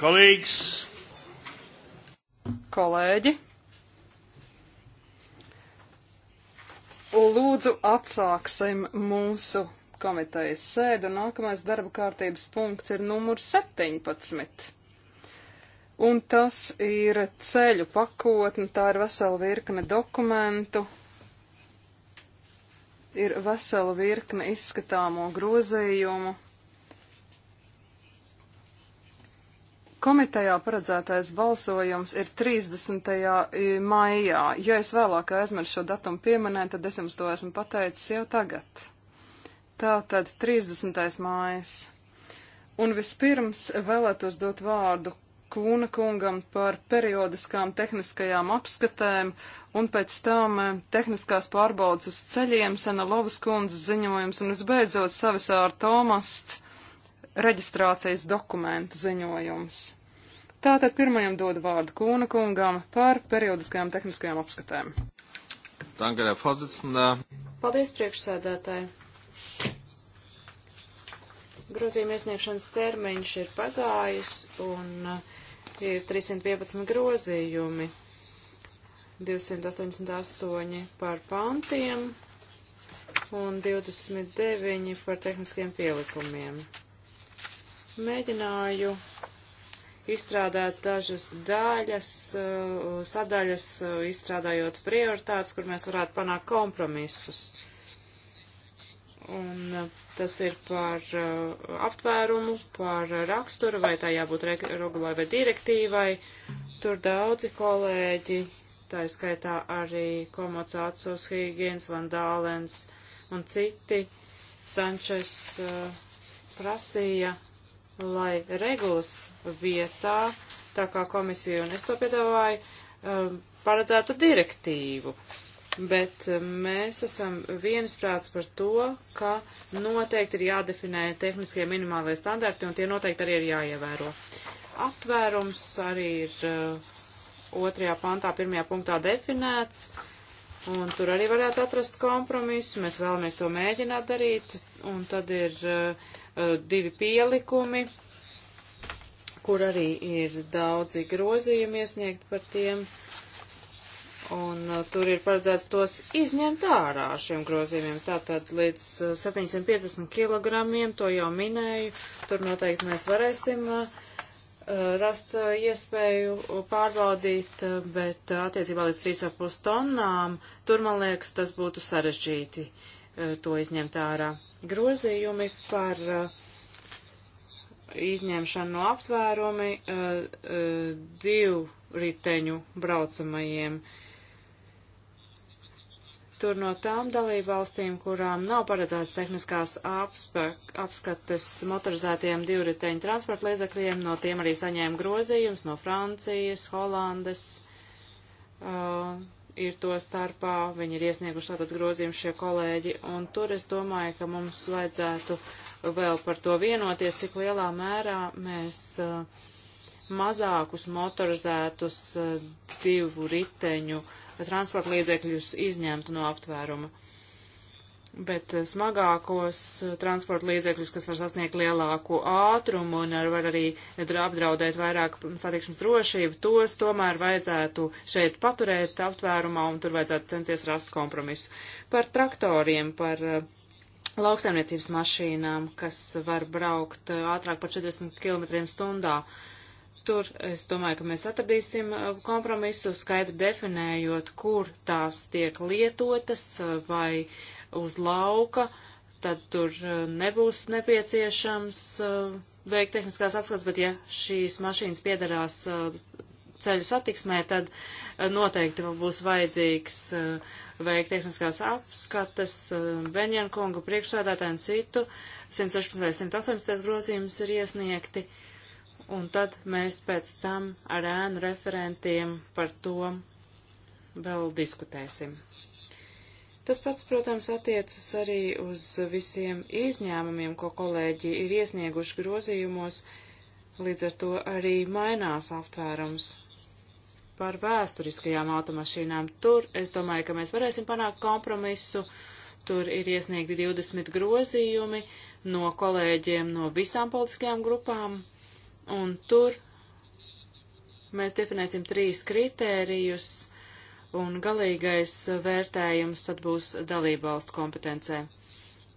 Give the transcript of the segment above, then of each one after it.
Kolēģis. Kolēģi. Lūdzu, atsāksim mūsu komitejas sēdu. Nākamais darba kārtības punkts ir numur 17. Un tas ir ceļu pakotne, tā ir vesela virkne dokumentu, ir vesela virkne izskatāmo grozījumu. Komitejā paredzētais balsojums ir 30. Eh, maijā. Ja es vēlāk aizmirsu šo datumu pieminēt, tad es jums to esmu pateicis jau tagad. Tā tad 30. mājas. Un vispirms vēlētos dot vārdu Kūna kungam par periodiskām tehniskajām apskatēm, un pēc tam eh, tehniskās pārbaudas uz ceļiem Sena Lovas kundzes ziņojums, un visbeidzot Savisāra Tomasts reģistrācijas dokumentu ziņojums. Tātad pirmajam dodu vārdu Kūna kungam par periodiskajām tehniskajām apskatēm. Paldies, priekšsēdētāji! Grozījuma iesniegšanas termiņš ir pagājis un uh, ir 315 grozījumi, 288 par pantiem un 29 par tehniskiem pielikumiem. Mēģināju izstrādāt dažas daļas, uh, sadaļas, uh, izstrādājot prioritātes, kur mēs varētu panākt kompromisus. Un uh, tas ir par aptvērumu, par raksturu, vai tā jābūt regulai vai direktīvai. Tur daudzi kolēģi, tā skaitā arī Komocācos, Hīgins, Vandālens un citi, Sančes prasīja lai regulas vietā, tā kā komisija un es to piedāvāju, um, paredzētu direktīvu. Bet um, mēs esam viensprāts par to, ka noteikti ir jādefinē tehniskie minimālie standarti, un tie noteikti arī ir jāievēro. Aptvērums arī ir uh, otrajā pantā, pirmajā punktā definēts. Uh, Un tur arī varētu atrast kompromisu, mēs vēlamies to mēģināt darīt, un tad ir uh, divi pielikumi, kur arī ir daudzi grozījumi iesniegt par tiem, un uh, tur ir paredzēts tos izņemt ārā šiem grozījumiem, tātad līdz uh, 750 kilogramiem, to jau minēju, tur noteikti mēs varēsim uh, Eh, rast eh, iespēju pārbaudīt, eh, bet attiecībā līdz 3,5 tonnām, tur, man liekas, tas būtu sarežģīti to izņemt ārā. Grozījumi par izņemšanu no aptvērumi divu riteņu braucamajiem uh, jāaptur no tām dalībvalstīm, kurām nav paredzēts tehniskās apskates motorizētiem divriteņu transporta līdzekļiem, no tiem arī saņēma grozījums no Francijas, Holandes. Uh, ir to starpā, viņi ir iesnieguši tātad grozījumus šie kolēģi, un tur es domāju, ka mums vajadzētu vēl par to vienoties, cik lielā mērā mēs uh, mazākus motorizētus uh, divu riteņu uh, transporta līdzekļus izņemtu no aptvēruma. Bet eh, smagākos eh, transporta līdzekļus, kas var sasniegt lielāku ātrumu un ar, var arī apdraudēt vairāk mm, satiksmes drošību, tos tomēr vajadzētu šeit paturēt aptvērumā un tur vajadzētu centies rast kompromisu. Par traktoriem, par eh, lauksaimniecības mašīnām, kas var braukt ātrāk par 40 km stundā. Uh, Tur es domāju, ka mēs atradīsim uh, kompromisu, skaidri definējot, kur tās tiek lietotas uh, vai uz lauka, tad tur uh, nebūs nepieciešams veikt tehniskās apskats, bet ja šīs mašīnas piedarās ceļu satiksmē, tad noteikti būs vajadzīgs veikt tehniskās apskates Benjankunga priekšsādātājiem citu. 116. 118. grozījums ir iesniegti. Uh, un tad mēs pēc tam ar ēnu referentiem par to vēl diskutēsim. Tas pats, protams, attiecas arī uz visiem izņēmumiem, ko kolēģi ir iesnieguši grozījumos, līdz ar to arī mainās aptvērums. Par vēsturiskajām automašīnām tur es domāju, ka mēs varēsim panākt kompromisu. Tur ir iesniegti 20 grozījumi no kolēģiem no visām politiskajām grupām, un tur mēs definēsim trīs kritērijus, un galīgais vērtējums tad būs dalību valstu kompetencē.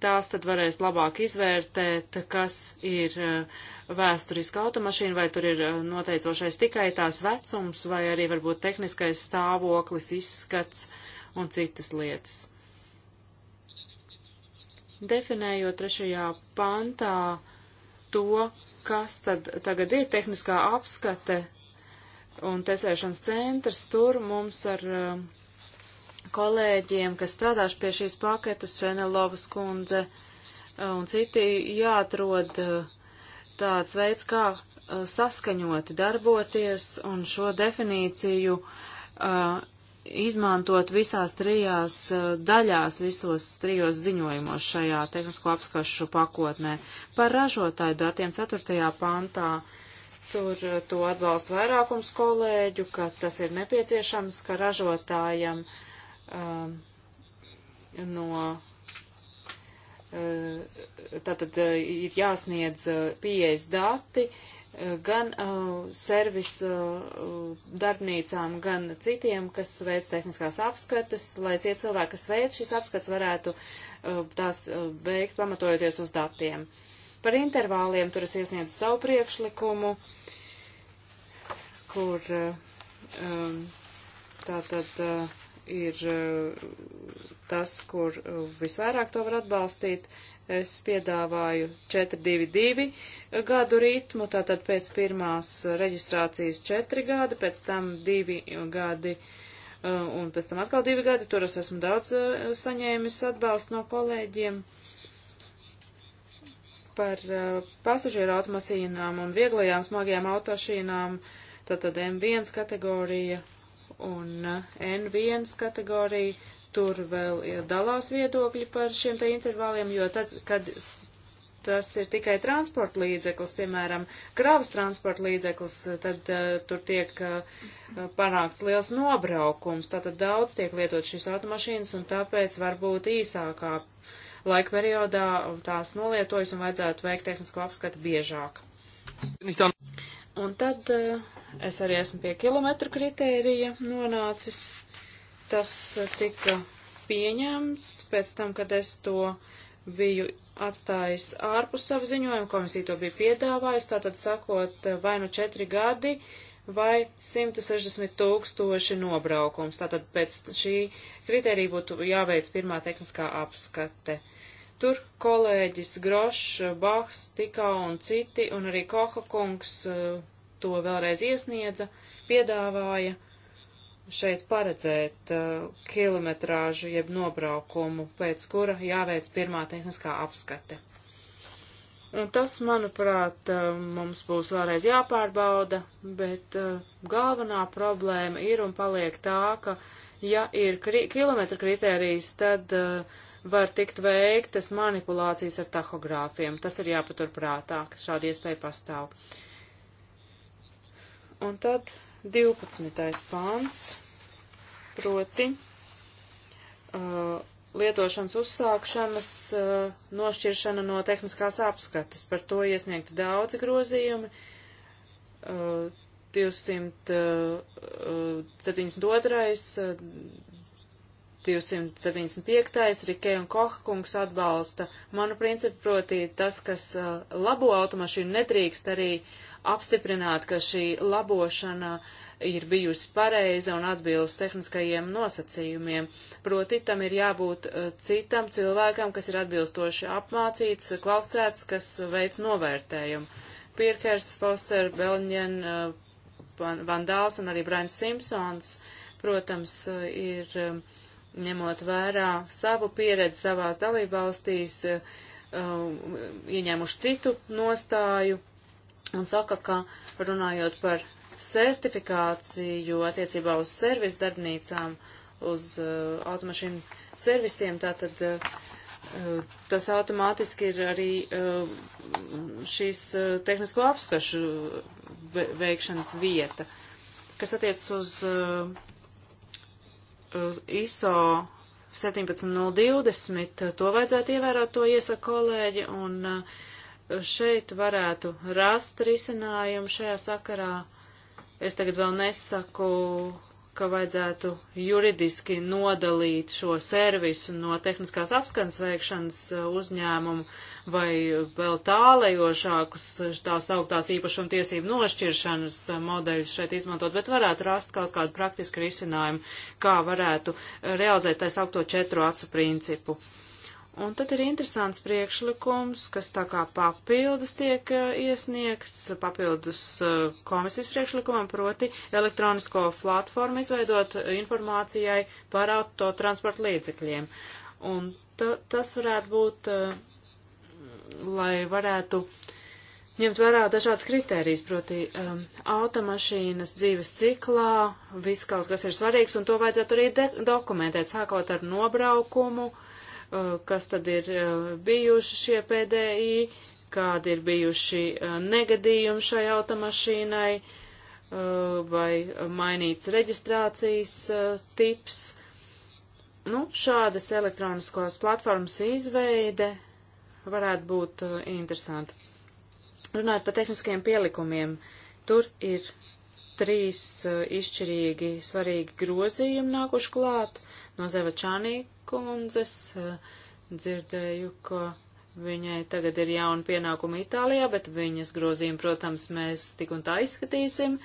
Tās tad varēs labāk izvērtēt, kas ir uh, vēsturiska automašīna, vai tur ir uh, noteicošais tikai tās vecums, vai arī varbūt tehniskais stāvoklis, izskats un citas lietas. Definējot trešajā pantā to, kas tad tagad ir tehniskā apskate un tesēšanas centrs, tur mums ar um, kolēģiem, kas strādāšu pie šīs paketes, Šenelovas kundze uh, un citi, jāatrod uh, tāds veids, kā uh, saskaņoti darboties un šo definīciju uh, izmantot visās trijās eh, daļās, visos trijos ziņojumos šajā tehnisko apskašu pakotnē. Par ražotāju datiem 4. pantā tur eh, to atbalsta vairākums kolēģu, ka tas ir nepieciešams, ka ražotājam um, no. Um, tātad ir jāsniedz pieejas dati, uh, gan uh, servisu uh, darbnīcām, gan citiem, kas veic tehniskās apskates, lai tie cilvēki, kas veic šīs apskates, varētu uh, tās uh, veikt pamatojoties uz datiem. Par intervāliem tur es iesniedzu savu priekšlikumu, kur uh, um, tātad uh, ir tas, kur visvairāk to var atbalstīt. Uh, es piedāvāju 4-2-2 gadu ritmu, tātad pēc pirmās reģistrācijas 4 gadi, pēc tam 2 gadi uh, un pēc tam atkal 2 gadi. Tur es esmu daudz uh, saņēmis atbalstu no kolēģiem par uh, pasažieru automašīnām un vieglajām smagajām automašīnām, tātad M1 kategorija un N1 kategorija, tur vēl dalās viedokļi par šiem te intervāliem, jo tad, kad tas ir tikai transporta līdzeklis, piemēram, kravas transporta līdzeklis, tad uh, tur tiek uh, panākts liels nobraukums, tātad daudz tiek lietot šīs automašīnas, un tāpēc varbūt īsākā laika periodā tās nolietojas un vajadzētu veikt tehnisko apskatu biežāk. Un tad uh, es arī esmu pie kilometru kritērija nonācis. Uh, Tas tika pieņemts pēc tam, kad es to biju atstājis ārpus savu ziņojumu, komisija to bija piedāvājusi, tātad sakot vai nu četri gadi, vai 160 tūkstoši nobraukums. Tātad pēc šī kriterija būtu jāveic pirmā tehniskā apskate. Tur kolēģis Grošs, Bahs, Tikā un citi, un arī Koha kungs eh, to vēlreiz iesniedza, piedāvāja. Uh, šeit paredzēt uh, kilometrāžu jeb nobraukumu, pēc kura jāveic pirmā tehniskā apskate. Un tas, manuprāt, uh, mums būs vēlreiz jāpārbauda, bet uh, galvenā problēma ir un paliek tā, ka, ja ir kri kilometra kritērijs, tad uh, var tikt veiktas manipulācijas ar tahogrāfiem. Tas ir jāpaturprātā, ka šāda iespēja pastāv. Un tad 12. pāns, proti uh, lietošanas uzsākšanas uh, nošķiršana no tehniskās apskates. Par to iesniegti daudzi grozījumi. Uh, 272. 275. Rikē un Koha kungs atbalsta manu principu, proti tas, kas labo automašīnu nedrīkst arī uh, apstiprināt, ka šī labošana ir bijusi pareiza un atbilst tehniskajiem nosacījumiem. Proti, tam ir jābūt eh, citam cilvēkam, kas ir atbilstoši apmācīts, kvalificēts, kas veic novērtējumu. Pirkers, Foster, Belņen, eh, Vandāls un arī Brains Simpsons, protams, eh, ir ņemot vērā savu pieredzi savās dalībvalstīs, ieņēmuši citu nostāju un saka, ka runājot par sertifikāciju attiecībā uz servis darbnīcām, uz uh, automašīnu servisiem, tātad uh, tas automātiski ir arī uh, šīs uh, tehnisko apskašu ve veikšanas vieta, kas attiecas uz, uh, uz ISO 17020, to vajadzētu ievērot, to iesaka kolēģi, un uh, šeit varētu rast risinājumu šajā sakarā. Es tagad vēl nesaku, ka vajadzētu juridiski nodalīt šo servisu no tehniskās apskanas veikšanas uh, uzņēmumu vai vēl tālējošākus uh, tās augtās īpašuma tiesību nošķiršanas uh, modeļus šeit izmantot, bet varētu rast kaut kādu praktisku risinājumu, kā varētu realizēt taisa augto četru acu principu. Uh, Un tad ir interesants priekšlikums, kas tā kā papildus tiek eh, iesniegts, papildus eh, komisijas priekšlikumam, proti elektronisko platformu izveidot informācijai par autotransporta līdzekļiem. Un tas varētu būt, eh, lai varētu ņemt vērā dažādas kritērijas, proti um, automašīnas dzīves ciklā, viss kaut kas ir svarīgs, un to vajadzētu arī dokumentēt, sākot ar nobraukumu, uh, Uh, kas tad ir uh, bijuši šie PDI, kādi ir bijuši uh, negadījumi šai automašīnai, vai mainīts reģistrācijas tips. Nu, šādas elektroniskās platformas izveide varētu būt interesanta. Runājot par tehniskajiem pielikumiem, tur ir trīs izšķirīgi svarīgi grozījumi nākuši klāt. No Zevačānī kundzes eh, dzirdēju, ka viņai tagad ir jauna pienākuma Itālijā, bet viņas grozījumu, protams, mēs tik un tā izskatīsim.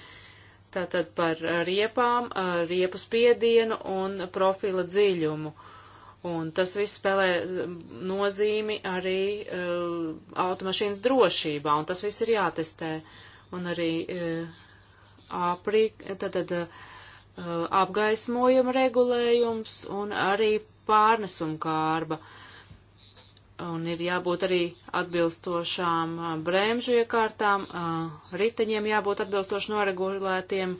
Tātad par riepām, eh, riepu spiedienu un profila dziļumu. Un tas viss spēlē eh, nozīmi arī uh, automašīnas drošībā, un tas viss ir jātestē. Un arī uh, aprīk, tad, tad uh, Uh, apgaismojuma regulējums un arī pārnesuma kārba. Un ir jābūt arī atbilstošām uh, bremžu iekārtām, uh, riteņiem jābūt atbilstoši noregulētiem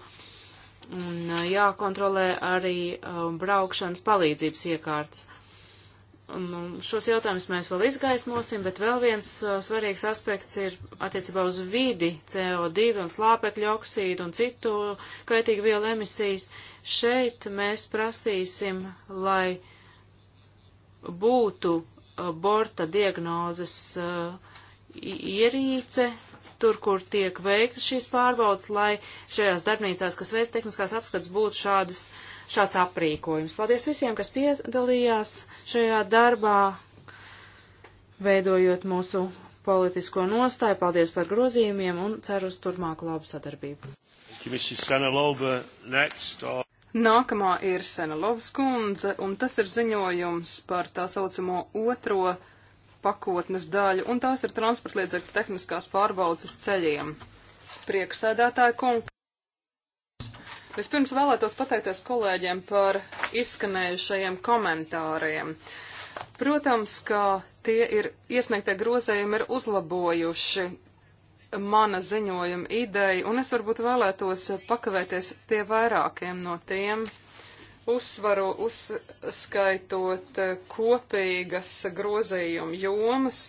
un jākontrolē arī braukšanas palīdzības iekārtas. Nu, šos jautājumus mēs vēl izgaismosim, bet vēl viens uh, svarīgs aspekts ir attiecībā uz vidi, CO2 un slāpekļu oksīdu un citu kaitīgu vielu emisijas. Šeit mēs prasīsim, lai būtu uh, borta diagnozes uh, ierīce, tur, kur tiek veikta šīs pārbaudas, lai šajās darbnīcās, kas veids tehniskās apskats, būtu šādas uh, šāds aprīkojums. Paldies visiem, kas piedalījās šajā darbā, veidojot mūsu politisko nostāju. Paldies par grozījumiem un ceru uz turpmāku labu sadarbību. Uh, Nākamā ir Senelovs kundze, un tas ir ziņojums par tā saucamo otro pakotnes daļu, un tās ir transportlīdzekļu tehniskās pārbaudas ceļiem. Prieksēdētāja kungs. Vispirms vēlētos pateikties kolēģiem par izskanējušajiem komentāriem. Protams, ka tie ir iesniegtie grozējumi ir uzlabojuši mana ziņojuma ideja, un es varbūt vēlētos pakavēties tie vairākiem no tiem uzsvaru uzskaitot kopīgas grozījuma jomas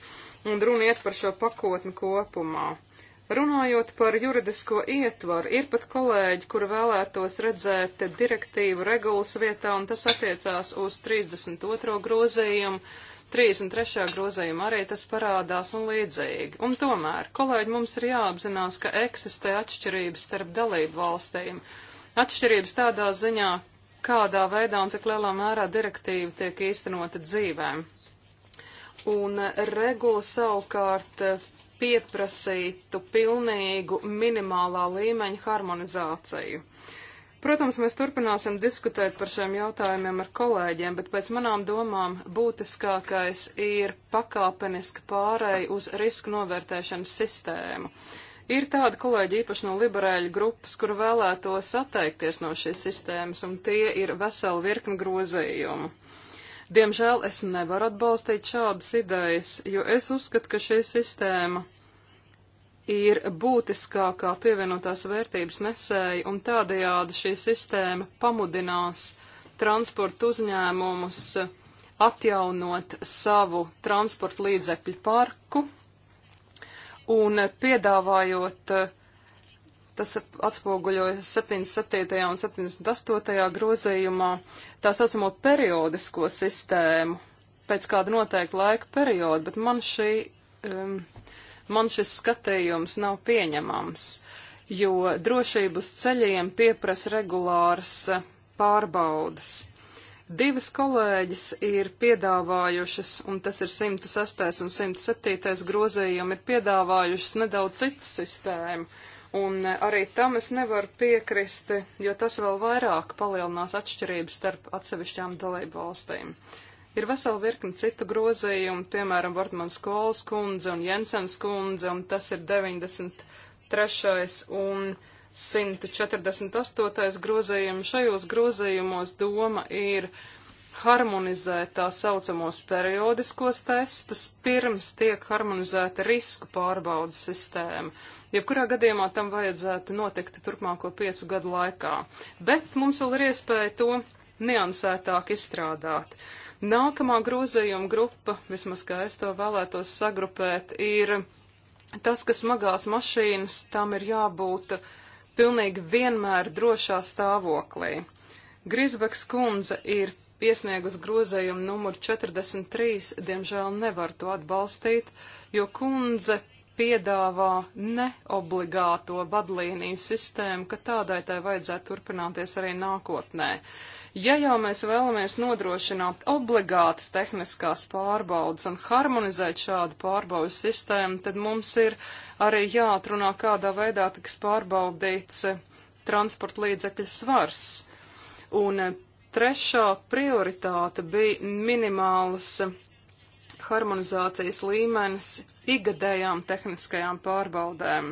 un runiet par šo pakotni kopumā. Runājot par juridisko ietvaru, ir pat kolēģi, kuri vēlētos redzēt direktīvu regulas vietā, un tas attiecās uz 32. grozījumu, 33. grozījumu arī tas parādās un līdzīgi. Un tomēr, kolēģi, mums ir jāapzinās, ka eksistē atšķirības starp dalību valstīm. Atšķirības tādā ziņā, kādā veidā un cik lielā mērā direktīva tiek īstenota dzīvēm. Un regula savukārt pieprasītu pilnīgu minimālā līmeņa harmonizāciju. Protams, mēs turpināsim diskutēt par šiem jautājumiem ar kolēģiem, bet pēc manām domām būtiskākais ir pakāpeniska pārēja uz risku novērtēšanas sistēmu. Ir tādi kolēģi īpaši no liberāļu grupas, kur vēlētos atteikties no šīs sistēmas, un tie ir veseli virkni grozījumu. Diemžēl es nevaru atbalstīt šādas idejas, jo es uzskatu, ka šī sistēma ir būtiskākā pievienotās vērtības nesēja, un tādējādi šī sistēma pamudinās transporta uzņēmumus atjaunot savu transporta līdzekļu parku un piedāvājot uh, Tas atspoguļojas 77. un 78. grozījumā tā saucamo periodisko sistēmu pēc kāda noteikta laika perioda, bet man, šī, um, man šis skatījums nav pieņemams, jo drošības ceļiem pieprasa regulāras uh, pārbaudas. Divas kolēģis ir piedāvājušas, un tas ir 106. un 107. grozījumi, ir piedāvājušas nedaudz citu sistēmu. Un eh, arī tam es nevaru piekrist, jo tas vēl vairāk palielinās atšķirības starp atsevišķām dalību valstīm. Ir vesela virkni citu grozījumu, piemēram, Vortmans Kols kundze un Jensens kundze, un tas ir 93. un 148. grozījums. Šajos grozījumos doma ir harmonizēt tā saucamos periodiskos testus, pirms tiek harmonizēta risku pārbaudas sistēma. Jebkurā gadījumā tam vajadzētu notikt turpmāko piecu gadu laikā. Bet mums vēl ir iespēja to niansētāk izstrādāt. Nākamā grozējuma grupa, vismaz kā es to vēlētos sagrupēt, ir tas, ka smagās mašīnas tam ir jābūt pilnīgi vienmēr drošā stāvoklī. Grisbeks kundze ir iesniegus grozējumu numuru 43, diemžēl nevar to atbalstīt, jo kundze piedāvā neobligāto vadlīniju sistēmu, ka tādai tai vajadzētu turpināties arī nākotnē. Ja jau mēs vēlamies nodrošināt obligātas tehniskās pārbaudas un harmonizēt šādu pārbaudas sistēmu, tad mums ir arī jāatrunā, kādā veidā tiks pārbaudīts transporta līdzekļu svars. Un Trešā prioritāte bija minimāls harmonizācijas līmenis igadējām tehniskajām pārbaudēm.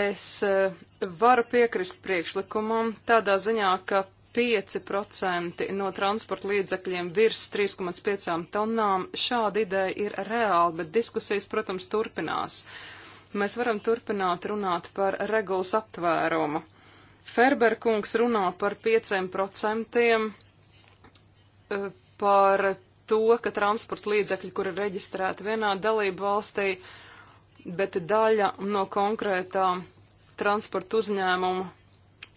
Es eh, varu piekrist priekšlikumam tādā ziņā, ka 5% no transporta līdzekļiem virs 3,5 tonnām. Šāda ideja ir reāla, bet diskusijas, protams, turpinās. Mēs varam turpināt runāt par regulas aptvērumu. Ferberkungs runā par 5% e, par to, ka transporta līdzekļi, kur ir reģistrēti vienā dalību valstī, bet daļa no konkrētā transporta uzņēmuma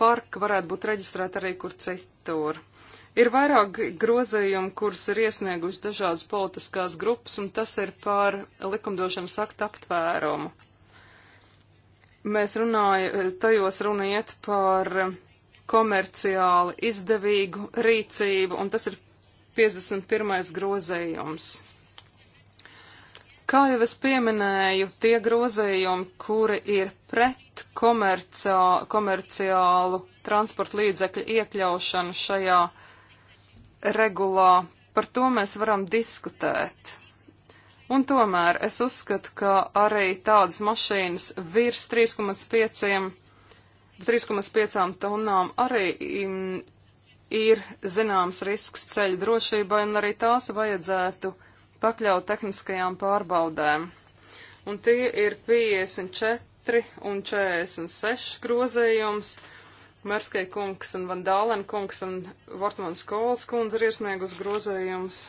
parka varētu būt reģistrēta arī kur citur. Ir vairāk grozījumu, kuras ir iesniegusi dažādas politiskās grupas, un tas ir par likumdošanas aktu aptvērumu mēs runāja, tajos runa iet par komerciāli izdevīgu rīcību, un tas ir 51. grozējums. Kā jau es pieminēju, tie grozējumi, kuri ir pret komerciā, komerciālu transporta līdzekļu iekļaušanu šajā regulā, par to mēs varam diskutēt. Un tomēr es uzskatu, ka arī tādas mašīnas virs 3,5 3,5 tonnām arī im, mm, ir zināms risks ceļu drošībai, un arī tās vajadzētu pakļaut tehniskajām pārbaudēm. Un tie ir 54 un 46 grozējums. Merskai kungs un Vandālen kungs un Vortmans Kols kundze ir iesniegus grozējums.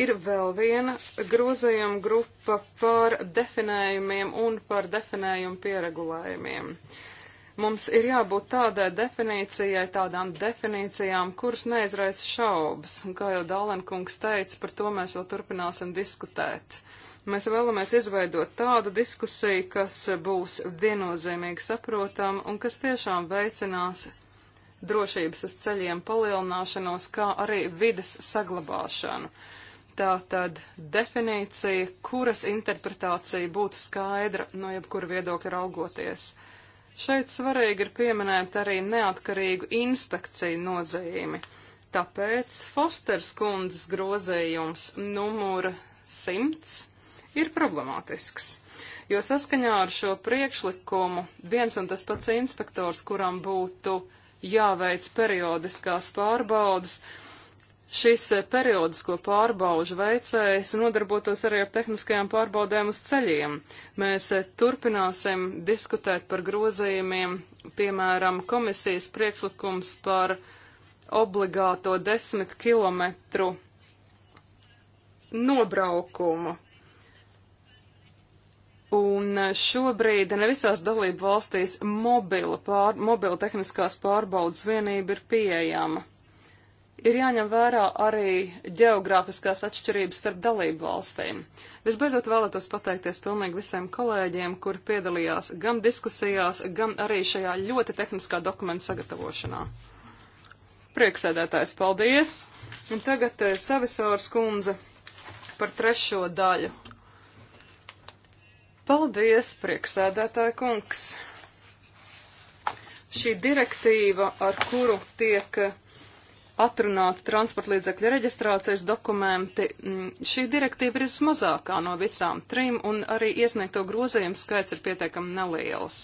Ir vēl viena grozījuma grupa par definējumiem un par definējumu pieregulējumiem. Mums ir jābūt tādai definīcijai, tādām definīcijām, kuras neizraisa šaubas, un kā jau Dālenkungs teica, par to mēs vēl turpināsim diskutēt. Mēs vēlamies izveidot tādu diskusiju, kas būs viennozīmīgi saprotama un kas tiešām veicinās drošības uz ceļiem palielināšanos, kā arī vidas saglabāšanu. Tā tad definīcija, kuras interpretācija būtu skaidra no jebkura viedokļa raugoties. Šeit svarīgi ir pieminēt arī neatkarīgu inspekciju nozīmi. Tāpēc Fosters kundzes grozējums numur 100 ir problemātisks, jo saskaņā ar šo priekšlikumu viens un tas pats inspektors, kuram būtu jāveic periodiskās pārbaudas, uh, šis eh, periodisko pārbaužu veicējs nodarbotos arī ar tehniskajām pārbaudēm uz ceļiem. Mēs eh, turpināsim diskutēt par grozījumiem, piemēram, komisijas priekšlikums par obligāto desmit kilometru nobraukumu. Un eh, šobrīd ne visās dalību valstīs mobila, pār, mobila tehniskās pārbaudas vienība ir pieejama ir jāņem vērā arī geogrāfiskās atšķirības starp dalību valstīm. Visbeidzot vēlētos pateikties pilnīgi visiem kolēģiem, kuri piedalījās gan diskusijās, gan arī šajā ļoti tehniskā dokumenta sagatavošanā. Prieksēdētājs, paldies! Un tagad eh, Savisors kundze par trešo daļu. Paldies, prieksēdētāja kungs! Šī direktīva, ar kuru tiek eh, atrunāti transportlīdzekļu reģistrācijas dokumenti. Mm, šī direktīva ir vismazākā no visām trim, un arī iesniegto grozījumu skaits ir pietiekami neliels.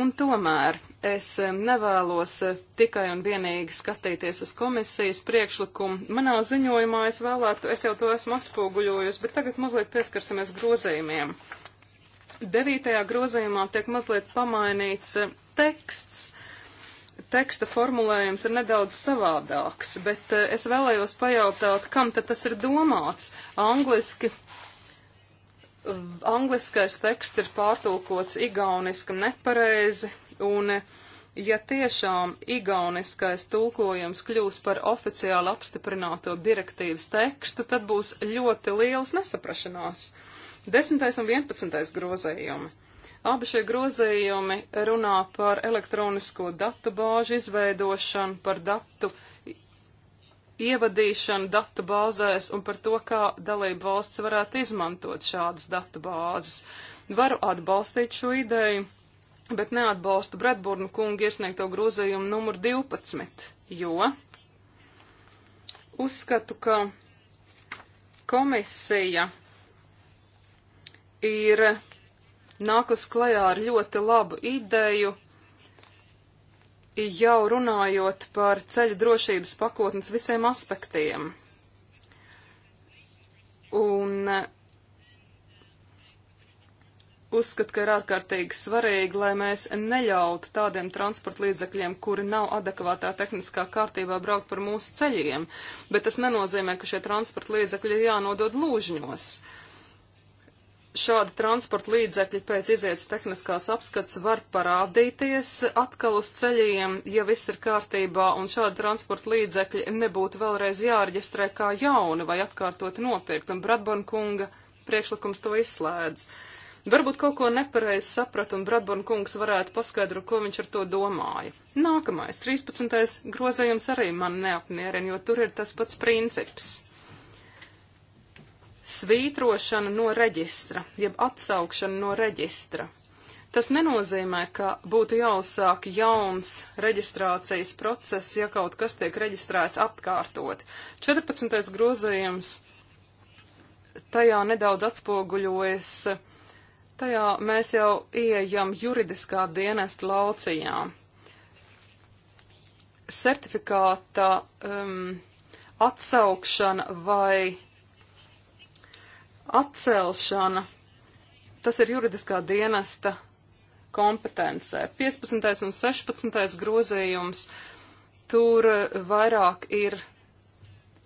Un tomēr es nevēlos eh, tikai un vienīgi skatīties uz komisijas priekšlikumu. Manā ziņojumā es vēlētu, es jau to esmu atspoguļojusi, bet tagad mazliet pieskarsimies grozījumiem. Devītajā grozījumā tiek mazliet pamainīts eh, teksts, teksta formulējums ir nedaudz savādāks, bet eh, es vēlējos pajautāt, kam tad tas ir domāts. Angliski, eh, angliskais teksts ir pārtulkots igauniski nepareizi, un eh, ja tiešām igauniskais tulkojums kļūs par oficiāli apstiprināto direktīvas tekstu, tad būs ļoti liels nesaprašanās. 10. un 11. grozējumi. Abi šie grozījumi runā par elektronisko datu bāžu izveidošanu, par datu ievadīšanu datu bāzēs un par to, kā dalību valsts varētu izmantot šādas datu bāzes. Varu atbalstīt šo ideju, bet neatbalstu Bredburnu kungu iesniegto grozījumu numur 12, jo uzskatu, ka komisija ir nākus klajā ar ļoti labu ideju, jau runājot par ceļu drošības pakotnes visiem aspektiem. Un eh, uzskatu, ka ir ārkārtīgi svarīgi, lai mēs neļautu tādiem transporta līdzekļiem, kuri nav adekvātā tehniskā kārtībā braukt par mūsu ceļiem, bet tas nenozīmē, ka šie transporta līdzekļi ir jānodod lūžņos. Uh, šādi transporta līdzekļi pēc izietas tehniskās apskats var parādīties atkal uz ceļiem, ja viss ir kārtībā, un šādi transporta līdzekļi nebūtu vēlreiz jāreģistrē kā jauni vai atkārtot nopirkt, un Bradburn kunga priekšlikums to izslēdz. Varbūt kaut ko nepareizi sapratu, un Bradburn kungs varētu paskaidrot, ko viņš ar to domāja. Nākamais, 13. grozējums arī man neapmierina, jo tur ir tas pats princips svītrošana no reģistra, jeb atsaukšana no reģistra. Tas nenozīmē, ka būtu jāuzsāk jauns reģistrācijas process, ja kaut kas tiek reģistrēts atkārtot. 14. grozījums tajā nedaudz atspoguļojas, tajā mēs jau ieejam juridiskā dienesta laucijā. Certifikāta um, atsaukšana vai atcelšana, tas ir juridiskā dienesta kompetencē. 15. un 16. grozījums, tur eh, vairāk ir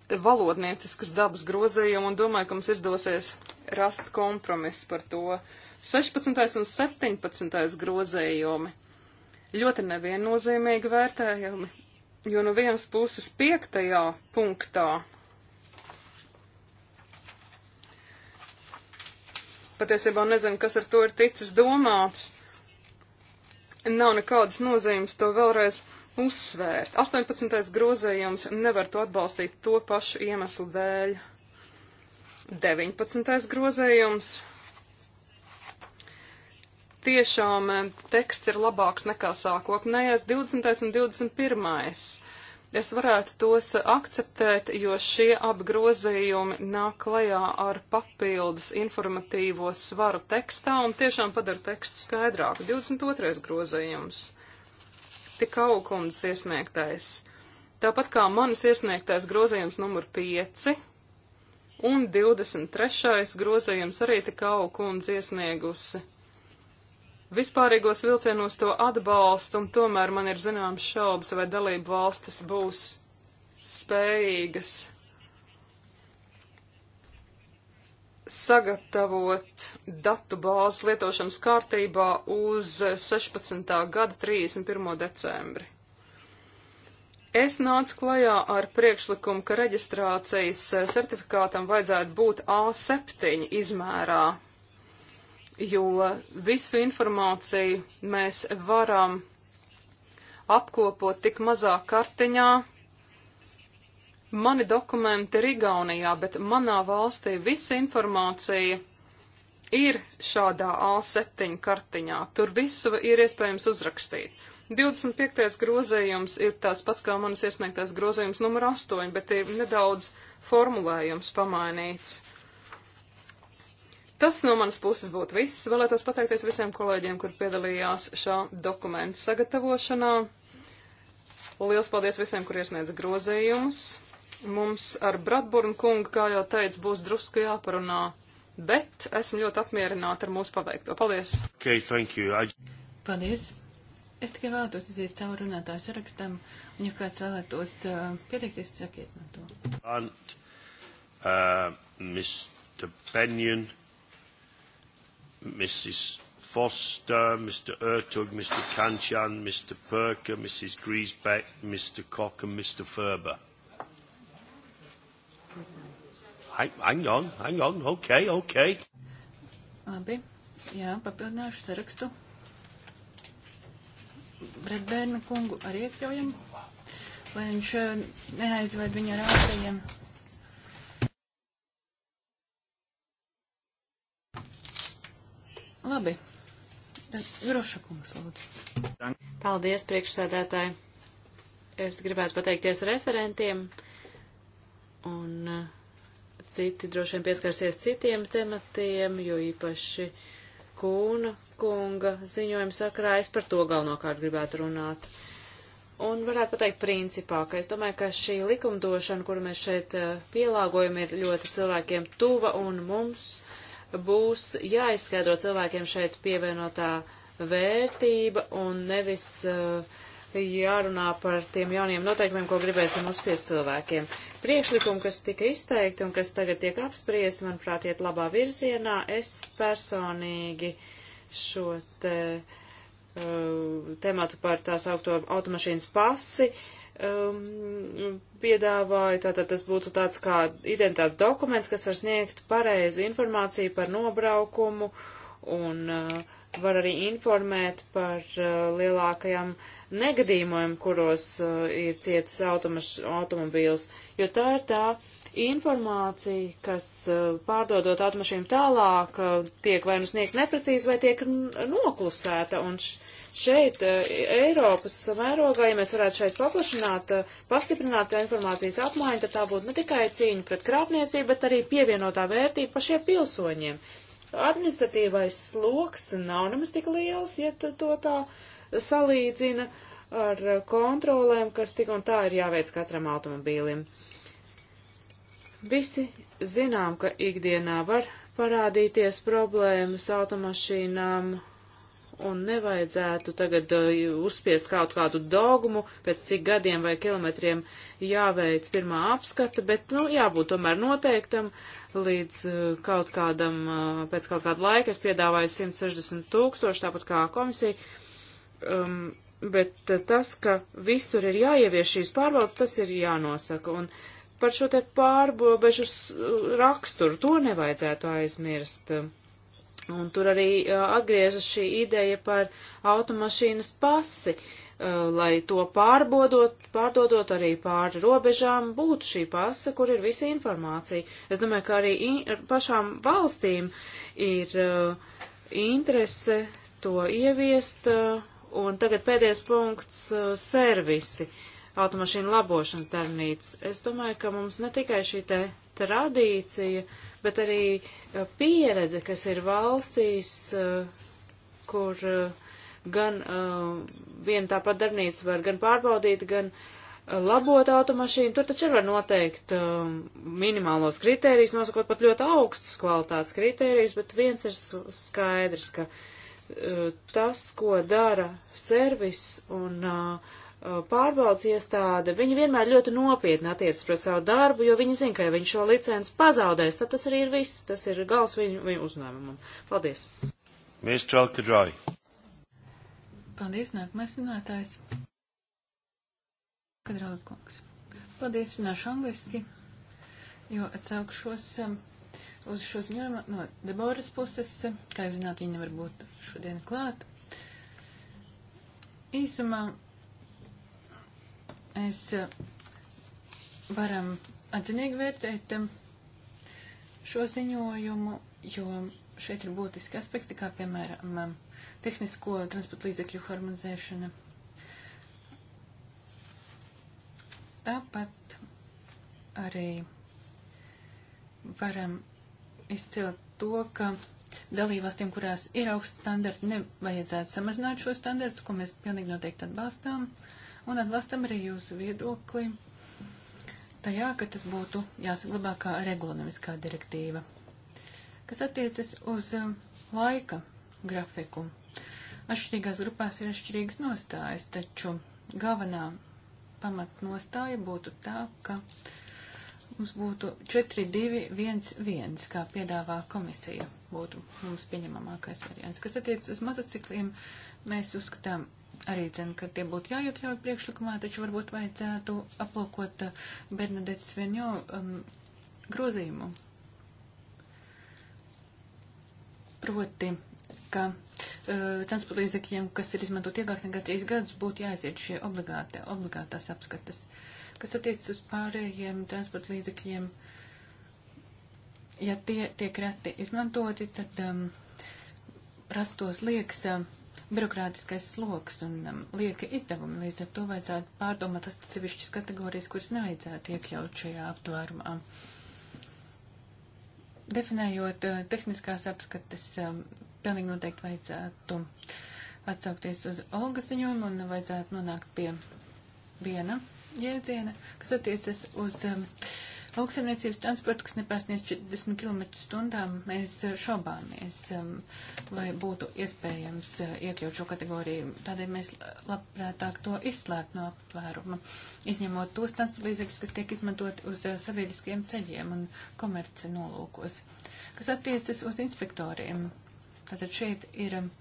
valodnieciskas dabas grozījumu un domāju, ka mums izdosies rast kompromisu par to. 16. un 17. grozījumi ļoti neviennozīmīgi vērtējumi, jo no vienas puses piektajā punktā patiesībā nezinu, kas ar to ir ticis domāts. Nav nekādas nozīmes to vēlreiz uzsvērt. 18. grozējums nevar to atbalstīt to pašu iemeslu dēļ. 19. grozējums. Tiešām eh, teksts ir labāks nekā sākotnējais 20. un 21 Es varētu tos akceptēt, jo šie apgrozījumi nāk klajā ar papildus informatīvo svaru tekstā un tiešām padara tekstu skaidrāku. 22. grozījums. Tik augums iesniegtais. Tāpat kā manis iesniegtais grozījums numur 5, un 23. grozījums arī tik augu kundze iesniegusi. Vispārīgos vilcienos to atbalstu, un tomēr man ir zināms šaubas, vai dalību valstis būs spējīgas sagatavot datu bāzes lietošanas kārtībā uz 16. gada 31. decembri. Es nācu klajā ar priekšlikumu, ka reģistrācijas certifikātam vajadzētu būt A7 izmērā jo visu informāciju mēs varam apkopot tik mazā kartiņā. Mani dokumenti ir Igaunijā, bet manā valstī visa informācija ir šādā A7 kartiņā. Tur visu ir iespējams uzrakstīt. 25. grozējums ir tāds pats kā manas iesniegtais grozējums numur 8, bet ir nedaudz formulējums pamainīts. Tas no manas puses būtu viss. Vēlētos pateikties visiem kolēģiem, kur piedalījās šā dokumenta sagatavošanā. Liels paldies visiem, kur iesniedz grozījumus. Mums ar Bratburnu kungu, kā jau teicu, būs drusku jāparunā, bet esmu ļoti apmierināta ar mūsu paveikto. Paldies! Okay, thank you. I... Paldies! Es tikai vēlētos iziet cauri runātāju sarakstam, un ja kāds vēlētos uh, pieteikties, sakiet man to. Ant, uh, Mr. Benjon. Mrs. Foster, Mr. Ertug, Mr. Kanchan, Mr. Perker, Mrs. Griesbeck, Mr. Cock, and Mr. Ferber. Hang on, hang on. Okay, okay. Labi. Jā, papildināšu sarakstu. Bredbērnu kungu arī iekļaujam, lai viņš eh, neaizved viņu ar ārējiem Labi. Groša kungs, lūdzu. Paldies, priekšsēdētāji. Es gribētu pateikties referentiem un eh, citi droši vien pieskarsies citiem tematiem, jo īpaši Kūna kunga ziņojuma sakrā es par to galvenokārt gribētu runāt. Un varētu pateikt principā, ka es domāju, ka šī likumdošana, kuru mēs šeit eh, pielāgojam, ir ļoti cilvēkiem tuva un mums būs jāizskaidro cilvēkiem šeit pievienotā vērtība un nevis uh, jārunā par tiem jauniem noteikumiem, ko gribēsim uzspiest cilvēkiem. Priekšlikumi, kas tika izteikti un kas tagad tiek apspriesti, manuprāt, iet labā virzienā. Es personīgi šo te, uh, tematu par tās augto automašīnas pasi uh, um, piedāvāju, tātad tas būtu tāds kā identitātes dokuments, kas var sniegt pareizu informāciju par nobraukumu un uh, var arī informēt par uh, lielākajām negadījumiem, kuros uh, ir cietis automobīls, jo tā ir tā informācija, kas uh, pārdodot automašīnu tālāk, uh, tiek vai nu sniegt neprecīzi, vai tiek noklusēta, un š, šeit, eh, Eiropas mērogā, ja mēs varētu šeit paplašināt, eh, pastiprināt informācijas apmaiņu, tad tā būtu ne tikai cīņa pret krāpniecību, bet arī pievienotā vērtība pašiem pilsoņiem. Administratīvais sloks nav nemaz tik liels, ja to tā salīdzina ar kontrolēm, kas tik un tā ir jāveic katram automobīlim. Visi zinām, ka ikdienā var parādīties problēmas automašīnām un nevajadzētu tagad uh, uzspiest kaut kādu dogmu, pēc cik gadiem vai kilometriem jāveic pirmā apskata, bet, nu, jābūt tomēr noteiktam līdz uh, kaut kādam, uh, pēc kaut kāda laika es piedāvāju 160 tūkstoši, tāpat kā komisija. Um, bet uh, tas, ka visur ir jāievieš šīs pārvaldes, tas ir jānosaka. Un par šo te pārbobežu uh, raksturu to nevajadzētu aizmirst. Uh, Un tur arī atgriežas šī ideja par automašīnas pasi, lai to pārbodot, pārdodot arī pāri robežām, būtu šī pasa, kur ir visa informācija. Es domāju, ka arī pašām valstīm ir interese to ieviest. Un tagad pēdējais punkts - servisi, automašīnu labošanas darbnīca. Es domāju, ka mums ne tikai šī te tradīcija, uh, bet arī eh, pieredze, kas ir valstīs, eh, kur eh, gan viena tāpat darbnīca var gan pārbaudīt, gan labot automašīnu. Tur taču var noteikt minimālos kritērijus, nosakot pat ļoti augstus kvalitātes kritērijus, bet viens ir skaidrs, ka tas, ko dara servis un uh, Uh, pārbaudas iestāde, viņi vienmēr ļoti nopietni attiecas pret savu darbu, jo viņi zina, ka ja viņi šo licenci pazaudēs, tad tas arī ir viss, tas ir gals viņu, viņu uzņēmumam. Paldies! Mr. Alkadroj. Paldies, nākamais runātājs. Alkadroj kungs. Paldies, runāšu angliski, jo atsaukšos um, uz šo ziņojumu no Deboras puses, kā jūs zināt, viņa nevar būt šodien klāt. Īsumā Mēs eh, varam atzinīgi vērtēt eh, šo ziņojumu, jo šeit ir būtiski aspekti, kā piemēram eh, tehnisko transporta līdzekļu harmonizēšana. Tāpat arī varam izcelt to, ka dalībvalstīm, kurās ir augsts standarti, nevajadzētu samazināt šo standartu, ko mēs pilnīgi noteikti atbalstām. Uh, un atbalstam arī jūsu viedokli tajā, ka tas būtu jāsaglabā kā regulamiskā direktīva, kas attiecas uz um, laika grafiku. Atšķirīgās grupās ir atšķirīgas nostājas, taču galvenā pamatnostāja būtu tā, ka mums būtu 4, 2, 1, 1, kā piedāvā komisija, būtu mums pieņemamākais variants. Kas attiec uz motocikliem, mēs uzskatām, arī dzinu, ka tie būtu jāiekļauj priekšlikumā, taču varbūt vajadzētu aplūkot eh, Bernadetes Vienjo um, grozījumu. Proti, ka uh, transporta līdzekļiem, kas ir izmantot ilgāk nekā trīs gadus, būtu jāiziet šie obligāti, obligātās apskatas. Kas attiecas uz pārējiem transporta līdzekļiem, ja tie tiek reti izmantoti, tad um, rastos liekas. Uh, birokrātiskais sloks un um, lieka izdevumi. Līdz ar to vajadzētu pārdomāt atsevišķas kategorijas, kuras nevajadzētu iekļaut šajā aptvērumā. Definējot uh, tehniskās apskates, um, pilnīgi noteikti vajadzētu atsaukties uz Olga ziņojumu un vajadzētu nonākt pie viena jēdziena, kas attiecas uz um, uh, lauksaimniecības transportu, kas nepārsniedz 40 km stundām, mēs eh, šobāmies, um, vai būtu iespējams eh, iekļaut šo kategoriju. Tādēļ mēs eh, labprātāk to izslēgt no aptvēruma, izņemot tos transporta līdzekļus, kas tiek izmantot uz sabiedriskiem ceļiem un komerci nolūkos. Kas attiecas uz inspektoriem, tātad šeit ir um,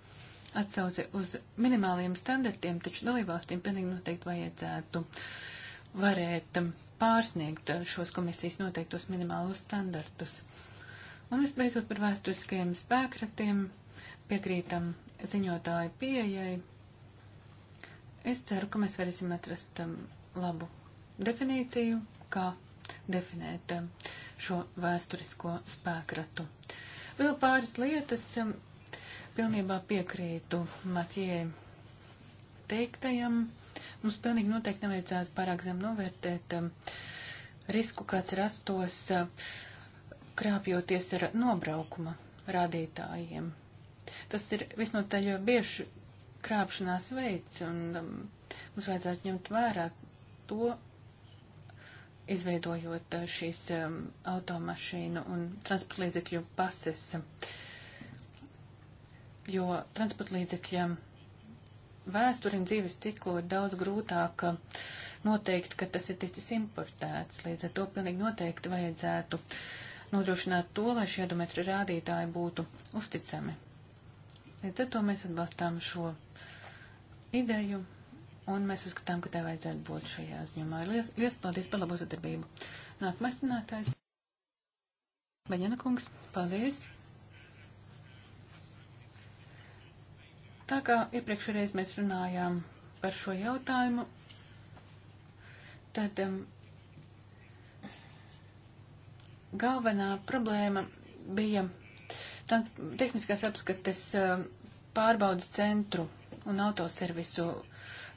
atsauce uz minimāliem standartiem, taču dalībvalstīm pilnīgi noteikti vajadzētu uh, varēt um, pārsniegt uh, šos komisijas noteiktos minimālos standartus. Un visbeidzot par vēsturiskajiem spēkratiem piekrītam ziņotāju pieejai. Es ceru, ka mēs varēsim atrast um, labu definīciju, kā definēt um, šo vēsturisko spēkratu. Vēl pāris lietas. Pilnībā piekrītu Matijai teiktajam Mums pilnīgi noteikti nevajadzētu pārāk zem novērtēt um, risku, kāds rastos uh, krāpjoties ar nobraukuma rādītājiem. Tas ir visnotaļ bieži krāpšanās veids, un um, mums vajadzētu ņemt vērā to, izveidojot uh, šīs um, automašīnu un transportlīdzekļu pases, jo transportlīdzekļiem. Um, vēsturi un dzīves ciklu ir daudz grūtāk uh, noteikt, ka tas ir ticis importēts. Līdz ar to pilnīgi noteikti vajadzētu nodrošināt to, lai šie odometri rādītāji būtu uzticami. Līdz ar to mēs atbalstām šo ideju, un mēs uzskatām, ka tā vajadzētu būt šajā ziņumā. Lies, lies paldies par labo sadarbību. Nākamais runātājs. Baņana kungs, paldies! Tā kā iepriekšreiz mēs runājām par šo jautājumu, tad um, galvenā problēma bija tāds tehniskās apskates um, pārbaudas centru un autoservisu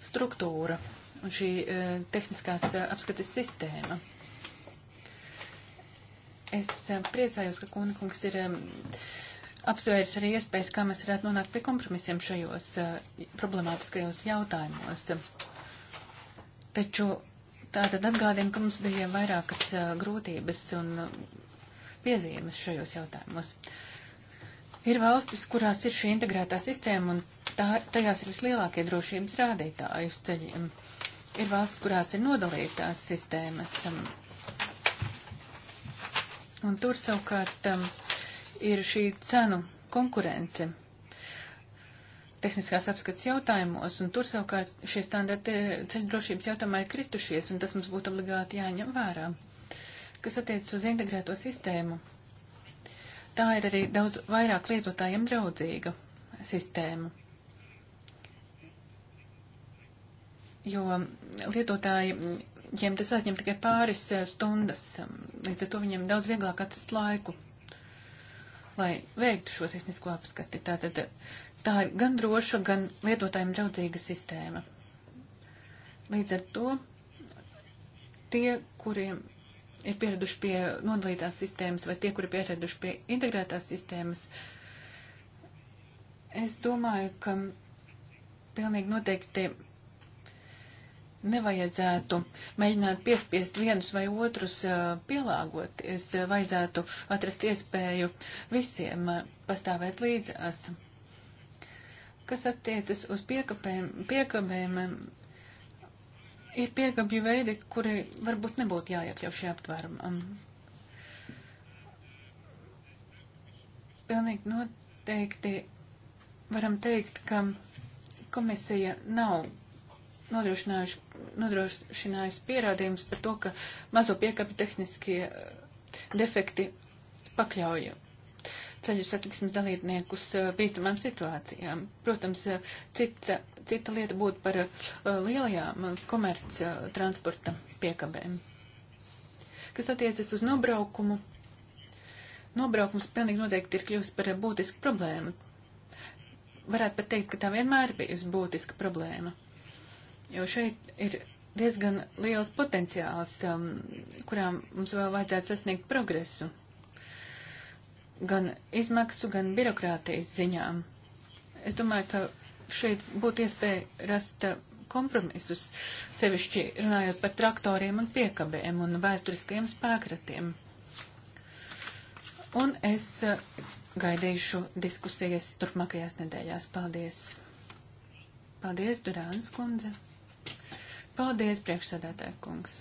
struktūra un šī uh, tehniskās uh, apskates sistēma. Es uh, priecājos, ka Kūna kungs ir. Um, apsvērs arī iespējas, kā mēs varētu nonākt pie kompromisiem šajos eh, problemātiskajos jautājumos. Taču tātad atgādina, ka mums bija vairākas eh, grūtības un eh, piezīmes šajos jautājumos. Ir valstis, kurās ir šī integrētā sistēma, un tā, tajās ir vislielākie drošības rādītāji uz ceļiem. Ir valstis, kurās ir nodalītās sistēmas. Um, un tur savukārt um, ir šī cenu konkurence tehniskās apskats jautājumos, un tur savukārt šie standarti ceļdrošības jautājumā ir kritušies, un tas mums būtu obligāti jāņem vērā. Kas attiecas uz integrēto sistēmu, tā ir arī daudz vairāk lietotājiem draudzīga sistēma. Jo lietotāji, viņiem tas aizņem tikai pāris stundas, līdz ar to viņiem daudz vieglāk atrast laiku lai veiktu šo tehnisko apskati. Tātad tā ir gan droša, gan lietotājiem draudzīga sistēma. Līdz ar to tie, kuriem ir pieraduši pie nodalītās sistēmas vai tie, kuri ir pieraduši pie integrētās sistēmas, es domāju, ka pilnīgi noteikti nevajadzētu mēģināt piespiest vienus vai otrus pielāgoties, vajadzētu atrast iespēju visiem pastāvēt līdzās. Kas attiecas uz piekabēm, piekabēm ir piekabju veidi, kuri varbūt nebūtu jāiekļau šajā aptvērumā. Pilnīgi noteikti varam teikt, ka komisija nav nodrošinājuši nodrošinājis pierādījums par to, ka mazo piekapu tehniskie eh, defekti pakļauj ceļu satiksmes dalībniekus eh, bīstamām situācijām. Protams, eh, cita, cita lieta būtu par lielajām komerc transporta piekabēm. Kas attiecas uz nobraukumu, nobraukums pilnīgi noteikti ir kļuvis par būtisku problēmu. Varētu pat teikt, ka tā vienmēr bijusi būtiska problēma jo šeit ir diezgan liels potenciāls, um, kurām mums vēl vajadzētu sasniegt progresu. Gan izmaksu, gan birokrātijas ziņām. Es domāju, ka šeit būtu iespēja rast uh, kompromisus, sevišķi runājot par traktoriem un piekabēm un vēsturiskajiem spēkratiem. Un es uh, gaidīšu diskusijas turpmākajās nedēļās. Paldies! Paldies, Durāns kundze! Paldies, priekšsēdētāja kungs.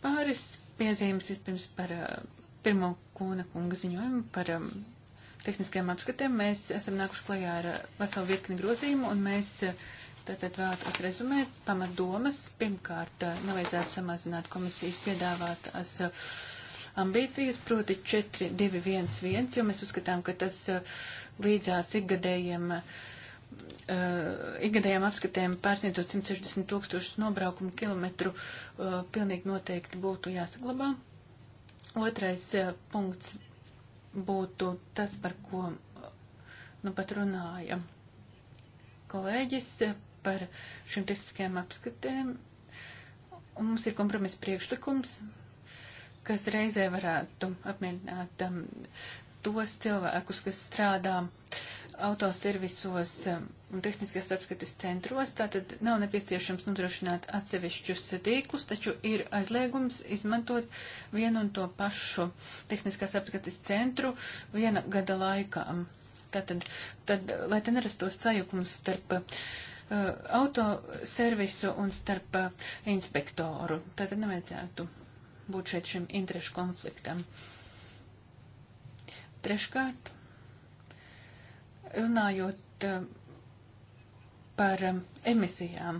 Pāris piezīmes vispirms par uh, pirmo kūna kunga ziņojumu par um, tehniskajiem apskatiem. Mēs esam nākuši klajā ar uh, veselu virkni grozījumu un mēs uh, tātad vēlētos rezumēt pamatdomas. Pirmkārt, uh, nevajadzētu samazināt komisijas piedāvātās. Uh, ambīcijas, proti 4, 2, 1, 1, jo mēs uzskatām, ka tas līdzās ikgadējiem uh, uh, eh, ikgadējām apskatēm pārsniedzot 160 tūkstošus nobraukumu kilometru, uh, pilnīgi noteikti būtu jāsaglabā. Otrais uh, punkts būtu tas, par ko uh, nu pat runāja kolēģis uh, par šīm tehniskajām apskatēm. Un mums ir kompromiss priekšlikums, kas reizē varētu apmierināt um, tos cilvēkus, kas strādā uh, autoservisos um, un tehniskās apskates centros, tātad nav nepieciešams nodrošināt atsevišķus tīklus, taču ir aizliegums izmantot vienu un to pašu tehniskās apskates centru viena gada laikā. Tātad, tad, lai te nerastos sajukums starp uh, autoservisu un starp uh, inspektoru, tātad nevajadzētu būt šeit šim interešu konfliktam. Treškārt Runājot eh, par eh, emisijām,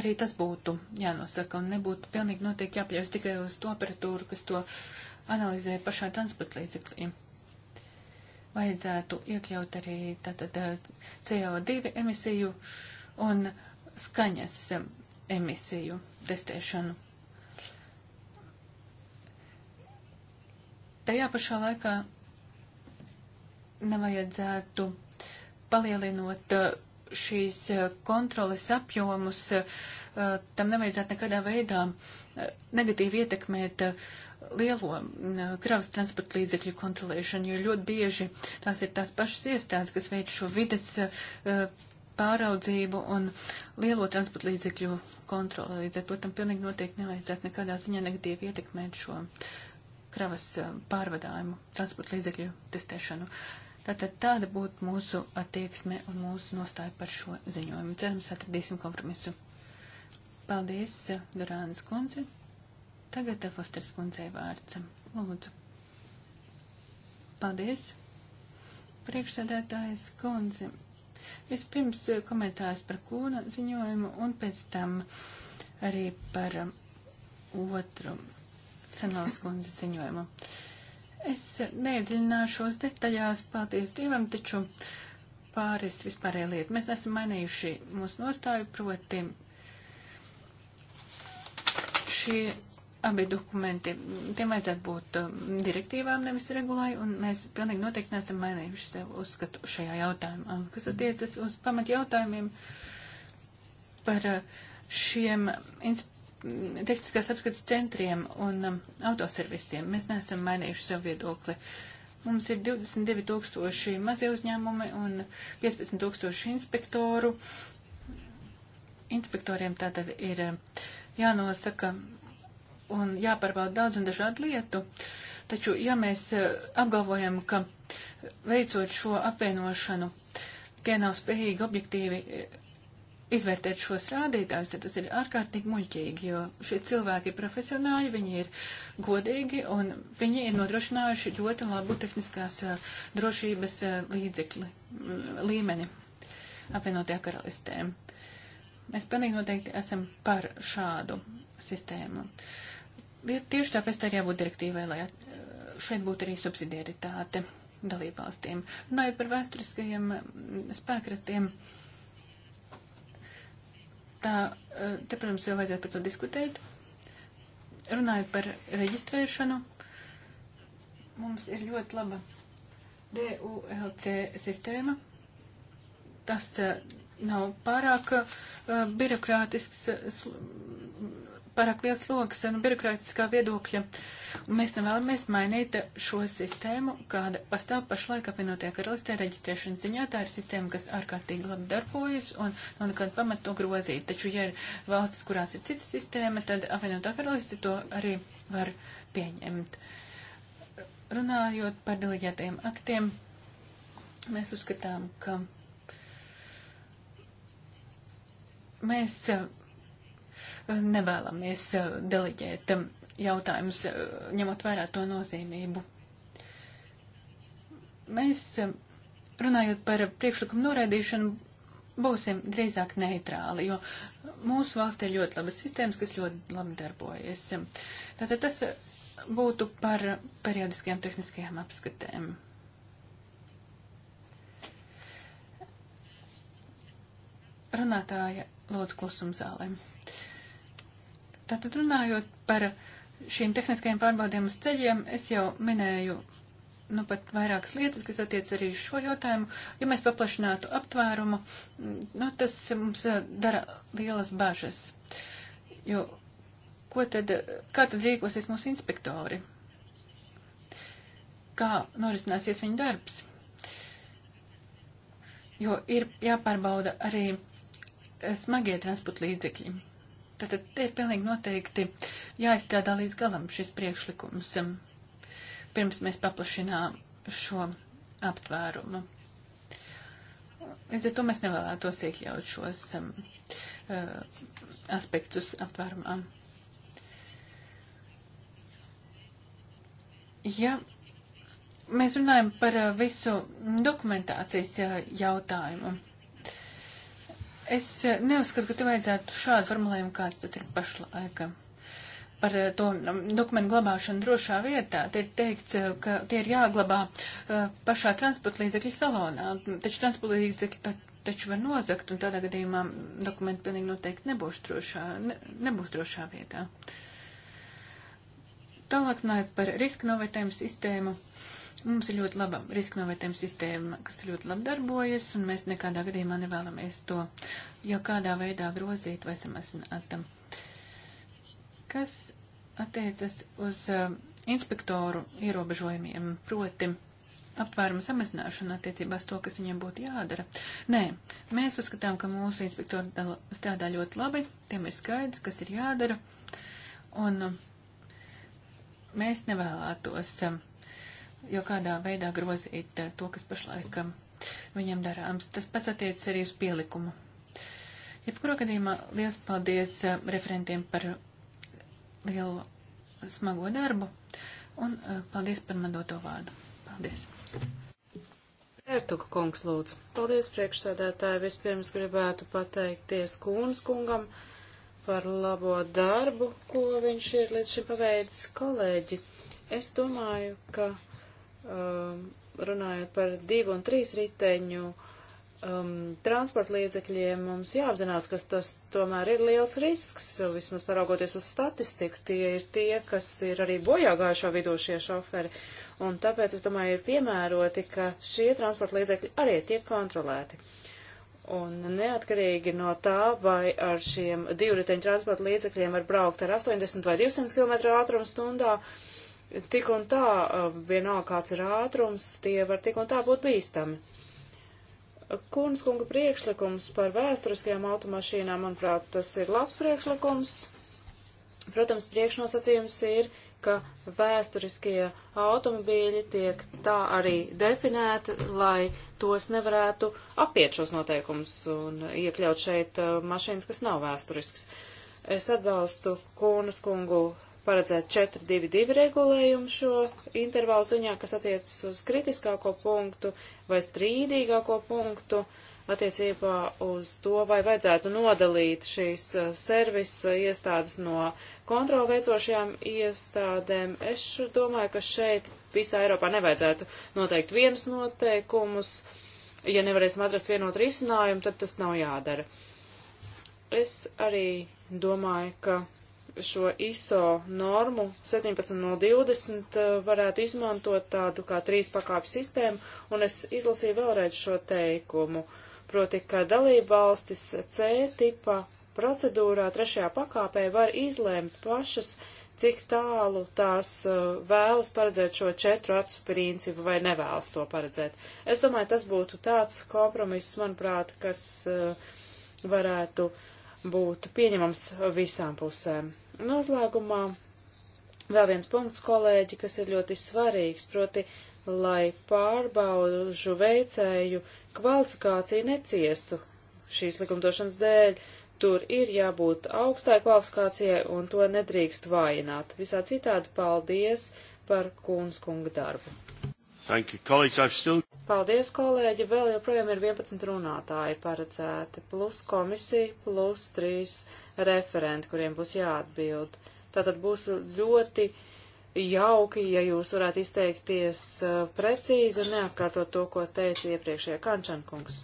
arī tas būtu jānosaka un nebūtu pilnīgi noteikti jāpļaus tikai uz to aparatūru, kas to analizē pašā transporta līdzeklī. Vajadzētu iekļaut arī tātad eh, CO2 emisiju un skaņas emisiju testēšanu. Tajā pašā laikā nevajadzētu palielinot uh, šīs uh, kontroles apjomus, uh, tam nevajadzētu nekādā veidā negatīvi ietekmēt lielo kravas transporta līdzekļu kontrolēšanu, jo ļoti bieži tās ir tās pašas iestādes, kas veic šo vides pāraudzību un lielo transporta līdzekļu kontroli. Līdz ar to tam pilnīgi noteikti nevajadzētu nekādā ziņā negatīvi ietekmēt šo kravas pārvadājumu, transporta līdzekļu testēšanu. Uh, Tātad tāda būtu mūsu attieksme un mūsu nostāja par šo ziņojumu. Cerams, atradīsim kompromisu. Paldies, Durānas kundze. Tagad Fosters kundzei vārds. Lūdzu. Paldies. Priekšsēdētājs kundze. Vispirms komentārs par kūna ziņojumu un pēc tam arī par otru Senovas kundzes ziņojumu. Uh, Es neiedziļināšos detaļās, paldies Dievam, taču pāris vispārējā lieta. Mēs nesam mainījuši mūsu nostāju, proti šie abi dokumenti, tiem vajadzētu būt um, direktīvām, nevis regulai, un mēs pilnīgi noteikti nesam mainījuši sev uzskatu šajā jautājumā, kas attiecas uz pamat jautājumiem par uh, šiem inspektoriem tehniskās apskates centriem un um, autoservisiem. Mēs neesam mainījuši savu viedokli. Mums ir 22 tūkstoši mazie uzņēmumi un 15 tūkstoši inspektoru. Inspektoriem tātad ir um, jānosaka un jāpārbauda daudz un dažādu lietu. Taču, ja mēs uh, apgalvojam, ka veicot šo apvienošanu, tie nav spējīgi objektīvi izvērtēt šos rādītājus, tad tas ir ārkārtīgi muļķīgi, jo šie cilvēki ir profesionāļi, viņi ir godīgi un viņi ir nodrošinājuši ļoti labu tehniskās drošības līdzekli, līmeni apvienotajā karalistē. Mēs pilnīgi noteikti esam par šādu sistēmu. Tieši tāpēc tā ir jābūt direktīvai, lai šeit būtu arī subsidiaritāte dalībvalstīm. Runājot par vēsturiskajiem spēkratiem. Uh, tā, e, te, protams, jau vajadzētu par to diskutēt. Runājot par reģistrēšanu, mums ir ļoti laba DULC sistēma. Tas e, nav pārāk e, birokrātisks pārāk liels lokus no birokrātiskā viedokļa. Un mēs nevēlamies mainīt šo sistēmu, kāda pastāv pašlaik apvienotajā karalistē reģistrēšanas ziņā. Tā ir sistēma, kas ārkārtīgi labi darbojas un nav nekāda pamata to grozīt. Taču, ja ir valstis, kurās ir cita sistēma, tad apvienotā karaliste to arī var pieņemt. Runājot par delegētajiem aktiem, mēs uzskatām, ka mēs nevēlamies eh, deleģēt eh, jautājumus, eh, ņemot vērā to nozīmību. Mēs, runājot par priekšlikumu noraidīšanu, būsim drīzāk neitrāli, jo mūsu valstī ir ļoti labas sistēmas, kas ļoti labi darbojas. Tātad tas būtu par periodiskajām tehniskajām apskatēm. Runātāja lūdzu klusuma zālēm. Uh, Tātad runājot par šīm tehniskajām pārbaudēm uz ceļiem, es jau minēju nu, pat vairākas lietas, kas attiec arī uz šo jautājumu. Ja mēs paplašinātu aptvērumu, nu, tas mums eh, dara lielas bažas. Jo, ko tad, kā tad rīkosies mūsu inspektori? Kā norisināsies viņu darbs? Jo ir jāpārbauda arī smagie transporta līdzekļi. Tātad te ir pilnīgi noteikti jāizstrādā līdz galam šis priekšlikums, um, pirms mēs paplašinām šo aptvērumu. Līdz ar to mēs nevēlētos iekļaut šos um, uh, aspektus aptvērumā. Ja mēs runājam par uh, visu dokumentācijas uh, jautājumu, Es eh, neuzskatu, ka te vajadzētu šādu formulējumu, kāds tas ir pašlaika. Par eh, to mm, dokumentu glabāšanu drošā vietā, te ir teikts, eh, ka tie ir jāglabā pašā transporta līdzekļa salonā, taču transporta līdzekļi tā, taču var nozakt, un tādā gadījumā dokumenti pilnīgi noteikti nebūs drošā, ne, nebūs drošā vietā. Tālāk runājot par riska novērtējumu sistēmu. Uh, Mums ir ļoti laba riska novērtējuma sistēma, kas ļoti labi darbojas, un mēs nekādā gadījumā nevēlamies to jau kādā veidā grozīt vai samazināt. Kas attiecas uz uh, inspektoru ierobežojumiem, proti apvērumu samazināšanu attiecībās to, kas viņiem būtu jādara. Nē, mēs uzskatām, ka mūsu inspektori strādā ļoti labi, tiem ir skaidrs, kas ir jādara, un um, mēs nevēlētos uh, jau kādā veidā grozīt eh, to, kas pašlaik eh, viņam darāms. Tas pats attiec arī uz pielikumu. Jebkurā gadījumā liels paldies eh, referentiem par lielu smago darbu un paldies par man doto vārdu. Paldies! Ertuka kungs lūdzu. Paldies priekšsēdētāji. Vispirms gribētu pateikties Kūnas kungam par labo darbu, ko viņš ir līdz šim paveicis kolēģi. Es domāju, ka Um, runājot par divu un trīs riteņu um, transporta līdzekļiem, mums jāapzinās, ka tas tomēr ir liels risks, vismaz paraugoties uz statistiku. Tie ir tie, kas ir arī bojāgājušo vidū šie šoferi. Un tāpēc, es domāju, ir piemēroti, ka šie transporta līdzekļi arī tiek kontrolēti. Un neatkarīgi no tā, vai ar šiem divriteņu transporta līdzekļiem var braukt ar 80 vai 200 km ātrumu stundā, uh, tik un tā, eh, vienalga kāds ir ātrums, tie var tik un tā būt bīstami. Kūnas kunga priekšlikums par vēsturiskajām automašīnām, manuprāt, tas ir labs priekšlikums. Protams, priekšnosacījums ir, ka vēsturiskie automobīļi tiek tā arī definēti, lai tos nevarētu apiet šos noteikumus un iekļaut šeit eh, mašīnas, kas nav vēsturisks. Es atbalstu Kūnas kungu paredzēt 4-2-2 regulējumu šo intervālu ziņā, kas attiecas uz kritiskāko punktu vai strīdīgāko punktu attiecībā uz to, vai vajadzētu nodalīt šīs uh, servisa iestādes no kontrolveicošajām iestādēm. Es domāju, ka šeit visā Eiropā nevajadzētu noteikt vienus noteikumus. Ja nevarēsim atrast vienotu risinājumu, tad tas nav jādara. Es arī domāju, ka šo ISO normu 17020 eh, varētu izmantot tādu kā trīs pakāpju sistēmu, un es izlasīju vēlreiz šo teikumu, proti, ka dalība valstis C tipa procedūrā trešajā pakāpē var izlēmt pašas, cik tālu tās eh, vēlas paredzēt šo četru acu principu vai nevēlas to paredzēt. Es domāju, tas būtu tāds kompromiss, manuprāt, kas eh, varētu būt pieņemams visām pusēm. Noslēgumā vēl viens punkts, kolēģi, kas ir ļoti svarīgs, proti, lai pārbaužu veicēju kvalifikācija neciestu šīs likumdošanas dēļ. Tur ir jābūt augstai kvalifikācijai un to nedrīkst vājināt. Visā citādi paldies par Kūnas kunga darbu. Thank you, colleagues. I've still... Paldies, kolēģi. Vēl joprojām ir 11 runātāji paredzēti, plus komisija, plus 3 referenti, kuriem būs jāatbild. Tātad būs ļoti jauki, ja jūs varētu izteikties uh, precīzi un neatkārtot to, ko teica iepriekšējā Kančankungs.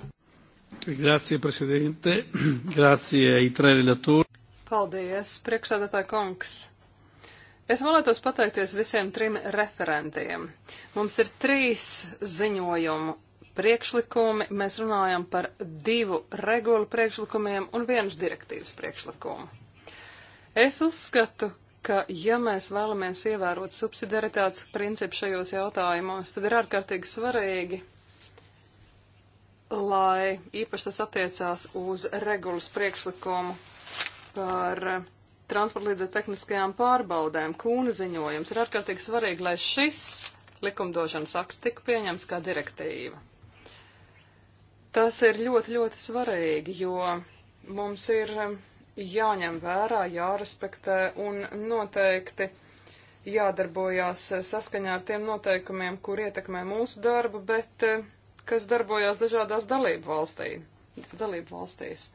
Grazie, prezidente. Grazie, itrēļa tur. Paldies, priekšsēdētāji kungs. Es vēlētos pateikties visiem trim referentiem. Mums ir trīs ziņojumu priekšlikumi. Mēs runājam par divu regulu priekšlikumiem un vienas direktīvas priekšlikumu. Es uzskatu, ka, ja mēs vēlamies ievērot subsidiaritātes principu šajos jautājumos, tad ir ārkārtīgi svarīgi, lai īpaši tas attiecās uz regulas priekšlikumu par transporta līdzekļu tehniskajām pārbaudēm, kūna ziņojums, ir ārkārtīgi svarīgi, lai šis likumdošanas akts tika pieņemts kā direktīva. Tas ir ļoti, ļoti svarīgi, jo mums ir um, jāņem vērā, jārespektē un noteikti jādarbojās uh, saskaņā ar tiem noteikumiem, kur ietekmē mūsu darbu, bet uh, kas darbojās dažādās dalību, valstī, dalību valstīs.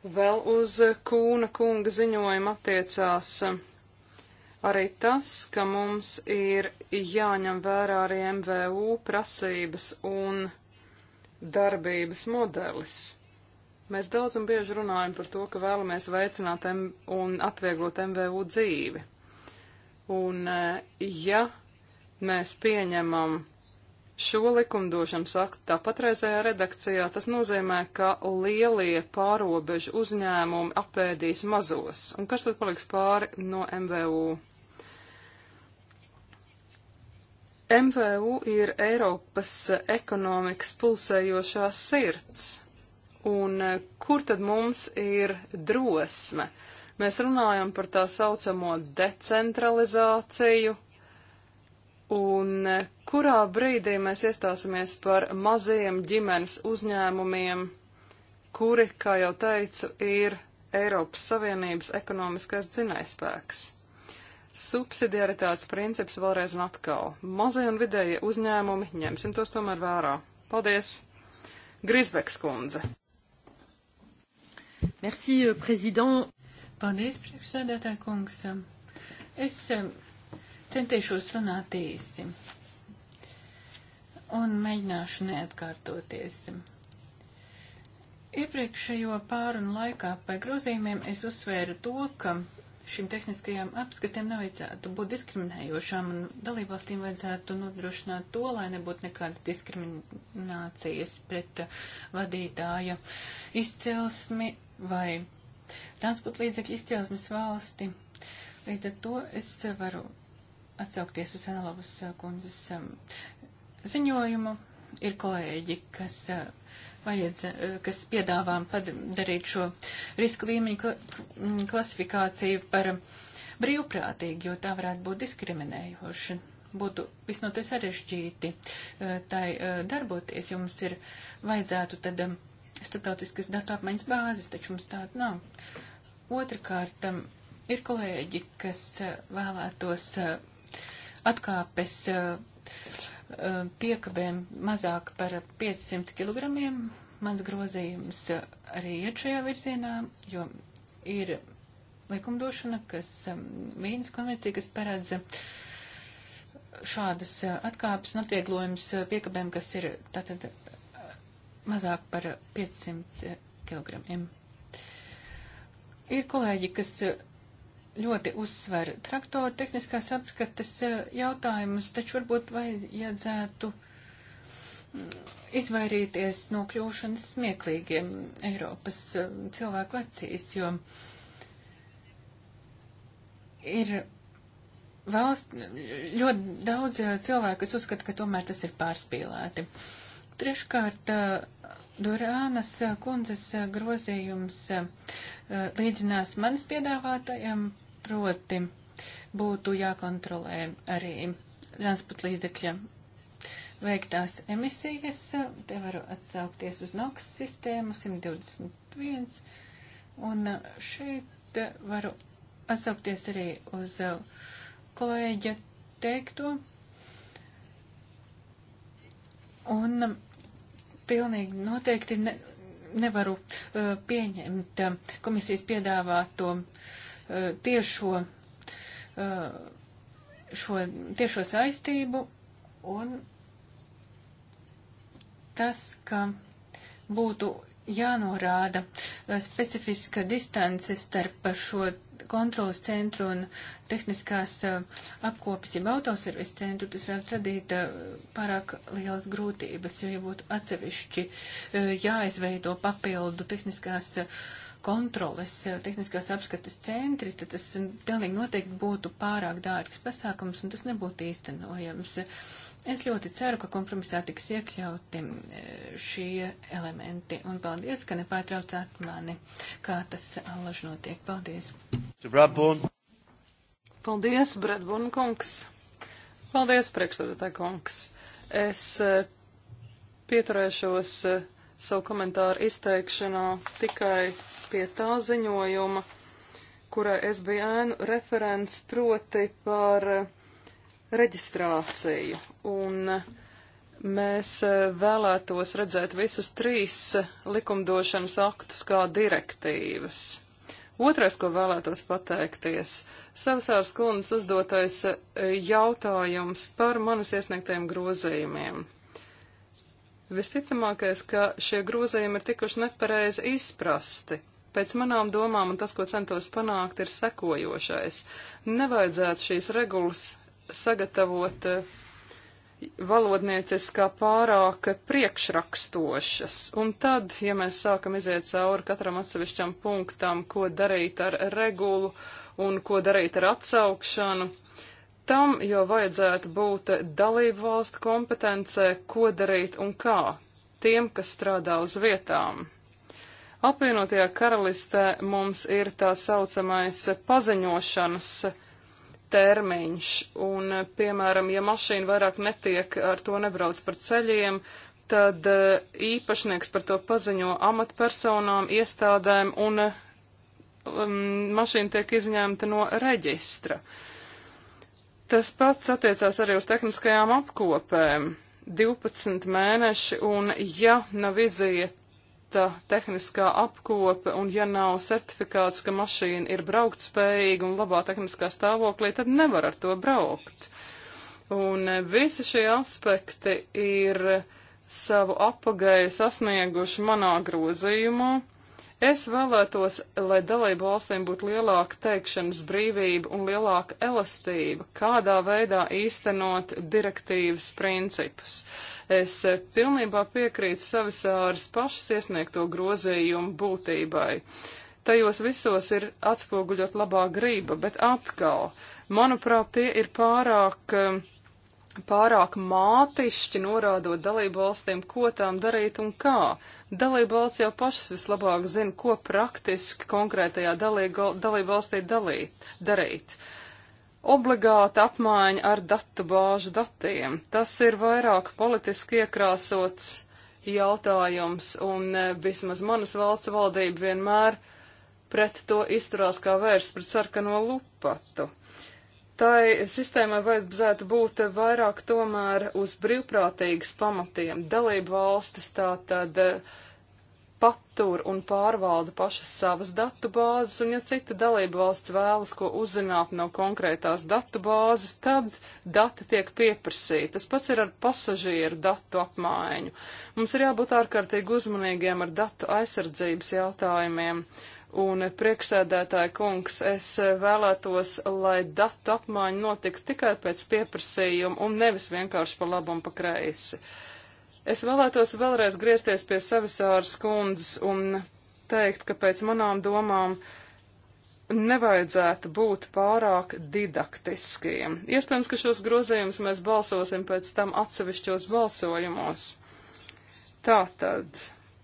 Vēl uz Kūna kunga ziņojuma attiecās eh, arī tas, ka mums ir jāņem vērā arī MVU prasības un darbības modelis. Mēs daudz un bieži runājam par to, ka vēlamies veicināt un atvieglot MVU dzīvi. Un eh, ja mēs pieņemam šo likumdošanas aktu tā patreizējā redakcijā, tas nozīmē, ka lielie pārobežu uzņēmumi apēdīs mazos. Un kas tad paliks pāri no MVU? MVU ir Eiropas ekonomikas pulsējošā sirds. Un eh, kur tad mums ir drosme? Mēs runājam par tā saucamo decentralizāciju, Un e, kurā brīdī mēs iestāsimies par maziem ģimenes uzņēmumiem, kuri, kā jau teicu, ir Eiropas Savienības ekonomiskais dzinējspēks? Subsidiaritātes princips vēlreiz un atkal. Mazie un vidējie uzņēmumi, ņemsim tos tomēr vērā. Paldies! Grisbeks kundze. Merci, euh, prezident. Paldies, priekšsēdētāji kungs. Es Centīšos runāt īsi un mēģināšu neatkārtoties. Iepriekšējo pārunu laikā par grozījumiem es uzsvēru to, ka šīm tehniskajām apskatēm nevajadzētu būt diskriminējošām un dalībvalstīm vajadzētu nodrošināt to, lai nebūtu nekādas diskriminācijas pret vadītāja izcelsmi vai transporta līdzekļu izcelsmes valsti. Līdz ar to es varu atsaukties uz Analovas eh, kundzes eh, ziņojumu. Ir kolēģi, kas, eh, vajadz, kas piedāvā padarīt šo riska līmeņu kla mm, klasifikāciju par brīvprātīgu, jo tā varētu būt diskriminējoša. Būtu visnotaļ sarežģīti tai darboties, jo mums ir vajadzētu tad starptautiskas datu apmaiņas bāzes, taču mums tāda nav. Otrakārt, ir kolēģi, kas vēlētos atkāpes uh, uh, piekabēm mazāk par 500 kg. Mans grozījums uh, arī iet šajā virzienā, jo ir likumdošana, kas Vīnas um, konvencija, kas paredz šādas atkāpes un atvieglojums piekabēm, kas ir tātad mazāk par 500 kg. Ir kolēģi, kas ļoti uzsver traktoru tehniskās apskates eh, jautājumus, taču varbūt vajadzētu mm, izvairīties no kļūšanas smieklīgiem Eiropas eh, cilvēku acīs, jo ir valsts ļoti daudz eh, cilvēku, kas uzskata, ka tomēr tas ir pārspīlēti. Treškārt, Durānas kundzes grozījums līdzinās manis piedāvātajam Proti būtu jākontrolē arī transporta līdzekļa veiktās emisijas. Te varu atsaukties uz NOX sistēmu 121. Un šeit varu atsaukties arī uz kolēģa teikto. Un pilnīgi noteikti ne, nevaru uh, pieņemt uh, komisijas piedāvāto uh, tiešo, šo tiešo saistību un tas, ka būtu jānorāda specifiska distance starp šo kontrolas centru un tehniskās apkopes, ja autoservis centru, tas varētu radīt pārāk lielas grūtības, jo, ja būtu atsevišķi jāizveido papildu tehniskās apkopes, kontroles eh, tehniskās apskates centri, tad tas mm, pilnīgi noteikti būtu pārāk dārgs pasākums un tas nebūtu īstenojams. Es ļoti ceru, ka kompromisā tiks iekļauti eh, šie elementi un paldies, ka nepārtraucāt mani, kā tas allaž eh, notiek. Paldies! Paldies, Bredbun kungs! Paldies, priekšstādātāj kungs! Es pieturēšos savu komentāru izteikšanā tikai pie tā ziņojuma, kurai es biju ēnu referents proti par eh, reģistrāciju. Un eh, mēs eh, vēlētos redzēt visus trīs likumdošanas aktus kā direktīvas. Otrais, ko vēlētos pateikties, Savsārs kundas uzdotais jautājums par manas iesniegtajiem grozījumiem. Visticamākais, ka šie grozījumi ir tikuši nepareizi izprasti, Pēc manām domām, un tas, ko centos panākt, ir sekojošais. Nevajadzētu šīs regulas sagatavot eh, valodnieciskā pārāk priekšrakstošas. Un tad, ja mēs sākam iziet cauri katram atsevišķam punktam, ko darīt ar regulu un ko darīt ar atsaukšanu, tam jau vajadzētu būt dalību valstu kompetencē, ko darīt un kā tiem, kas strādā uz vietām. Apvienotajā karalistē mums ir tā saucamais paziņošanas termiņš, un, piemēram, ja mašīna vairāk netiek ar to nebrauc par ceļiem, tad eh, īpašnieks par to paziņo amatpersonām, iestādēm, un um, mašīna tiek izņemta no reģistra. Tas pats attiecās arī uz tehniskajām apkopēm. 12 mēneši, un ja nav iziet strikta tehniskā apkope, un ja nav certifikāts, ka mašīna ir braukt spējīga un labā tehniskā stāvoklī, tad nevar ar to braukt. Un e, visi šie aspekti ir savu apagēju sasnieguši manā grozījumā. Es vēlētos, lai dalību valstīm būtu lielāka teikšanas brīvība un lielāka elastība, kādā veidā īstenot direktīvas principus. Es pilnībā piekrītu savisāras pašas iesniegto grozījumu būtībai. Tajos visos ir atspoguļot labā grība, bet atkal, manuprāt, tie ir pārāk um, pārāk mātišķi norādot dalību valstīm, ko tām darīt un kā. Dalību valsts jau pašas vislabāk zina, ko praktiski konkrētajā dalību valstī dalīt, darīt obligāta apmaiņa ar datubāžu datiem. Tas ir vairāk politiski iekrāsots jautājums, un e, vismaz manas valsts valdība vienmēr pret to izturās kā vērsts pret sarkano lupatu. Tai sistēmai vajadzētu būt vairāk tomēr uz brīvprātīgas pamatiem. Dalība valstis tā tad. Uh, e, patur un pārvalda pašas savas datubāzes, un ja cita dalība valsts vēlas ko uzzināt no konkrētās datubāzes, tad dati tiek pieprasīti. Tas pats ir ar pasažieru datu apmaiņu. Mums ir jābūt ārkārtīgi uzmanīgiem ar datu aizsardzības jautājumiem. Un priekšsēdētāja kungs, es vēlētos, lai datu apmaiņa notika tikai pēc pieprasījuma un nevis vienkārši pa labu un pa kreisi. Uh, Es vēlētos vēlreiz griezties pie savisāras kundzes un teikt, ka pēc manām domām nevajadzētu būt pārāk didaktiskiem. Iespējams, ka šos grozījumus mēs balsosim pēc tam atsevišķos balsojumos. Tātad,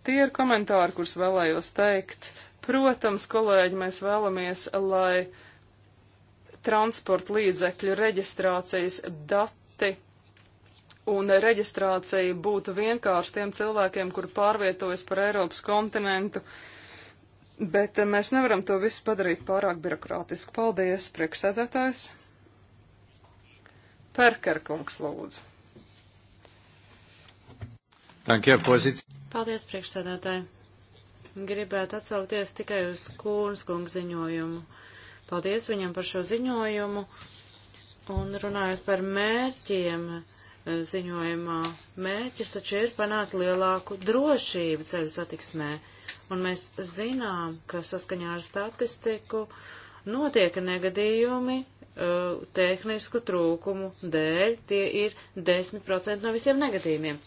tie ir komentāri, kurus vēlējos teikt. Protams, kolēģi, mēs vēlamies, lai transporta līdzekļu reģistrācijas dati un reģistrācija būtu vienkārši tiem cilvēkiem, kur pārvietojas par Eiropas kontinentu, bet eh, mēs nevaram to visu padarīt pārāk birokrātiski. Paldies, priekšsēdētājs. Perkerkungs, lūdzu. Paldies, priekšsēdētāji. Gribētu atsaukties tikai uz Kūnskungu ziņojumu. Paldies viņam par šo ziņojumu. Un runājot par mērķiem, uh, ziņojumā mērķis taču ir panākt lielāku drošību ceļu satiksmē, un mēs zinām, ka saskaņā ar statistiku notiek negadījumi uh, tehnisku trūkumu dēļ, tie ir 10% no visiem negadījumiem.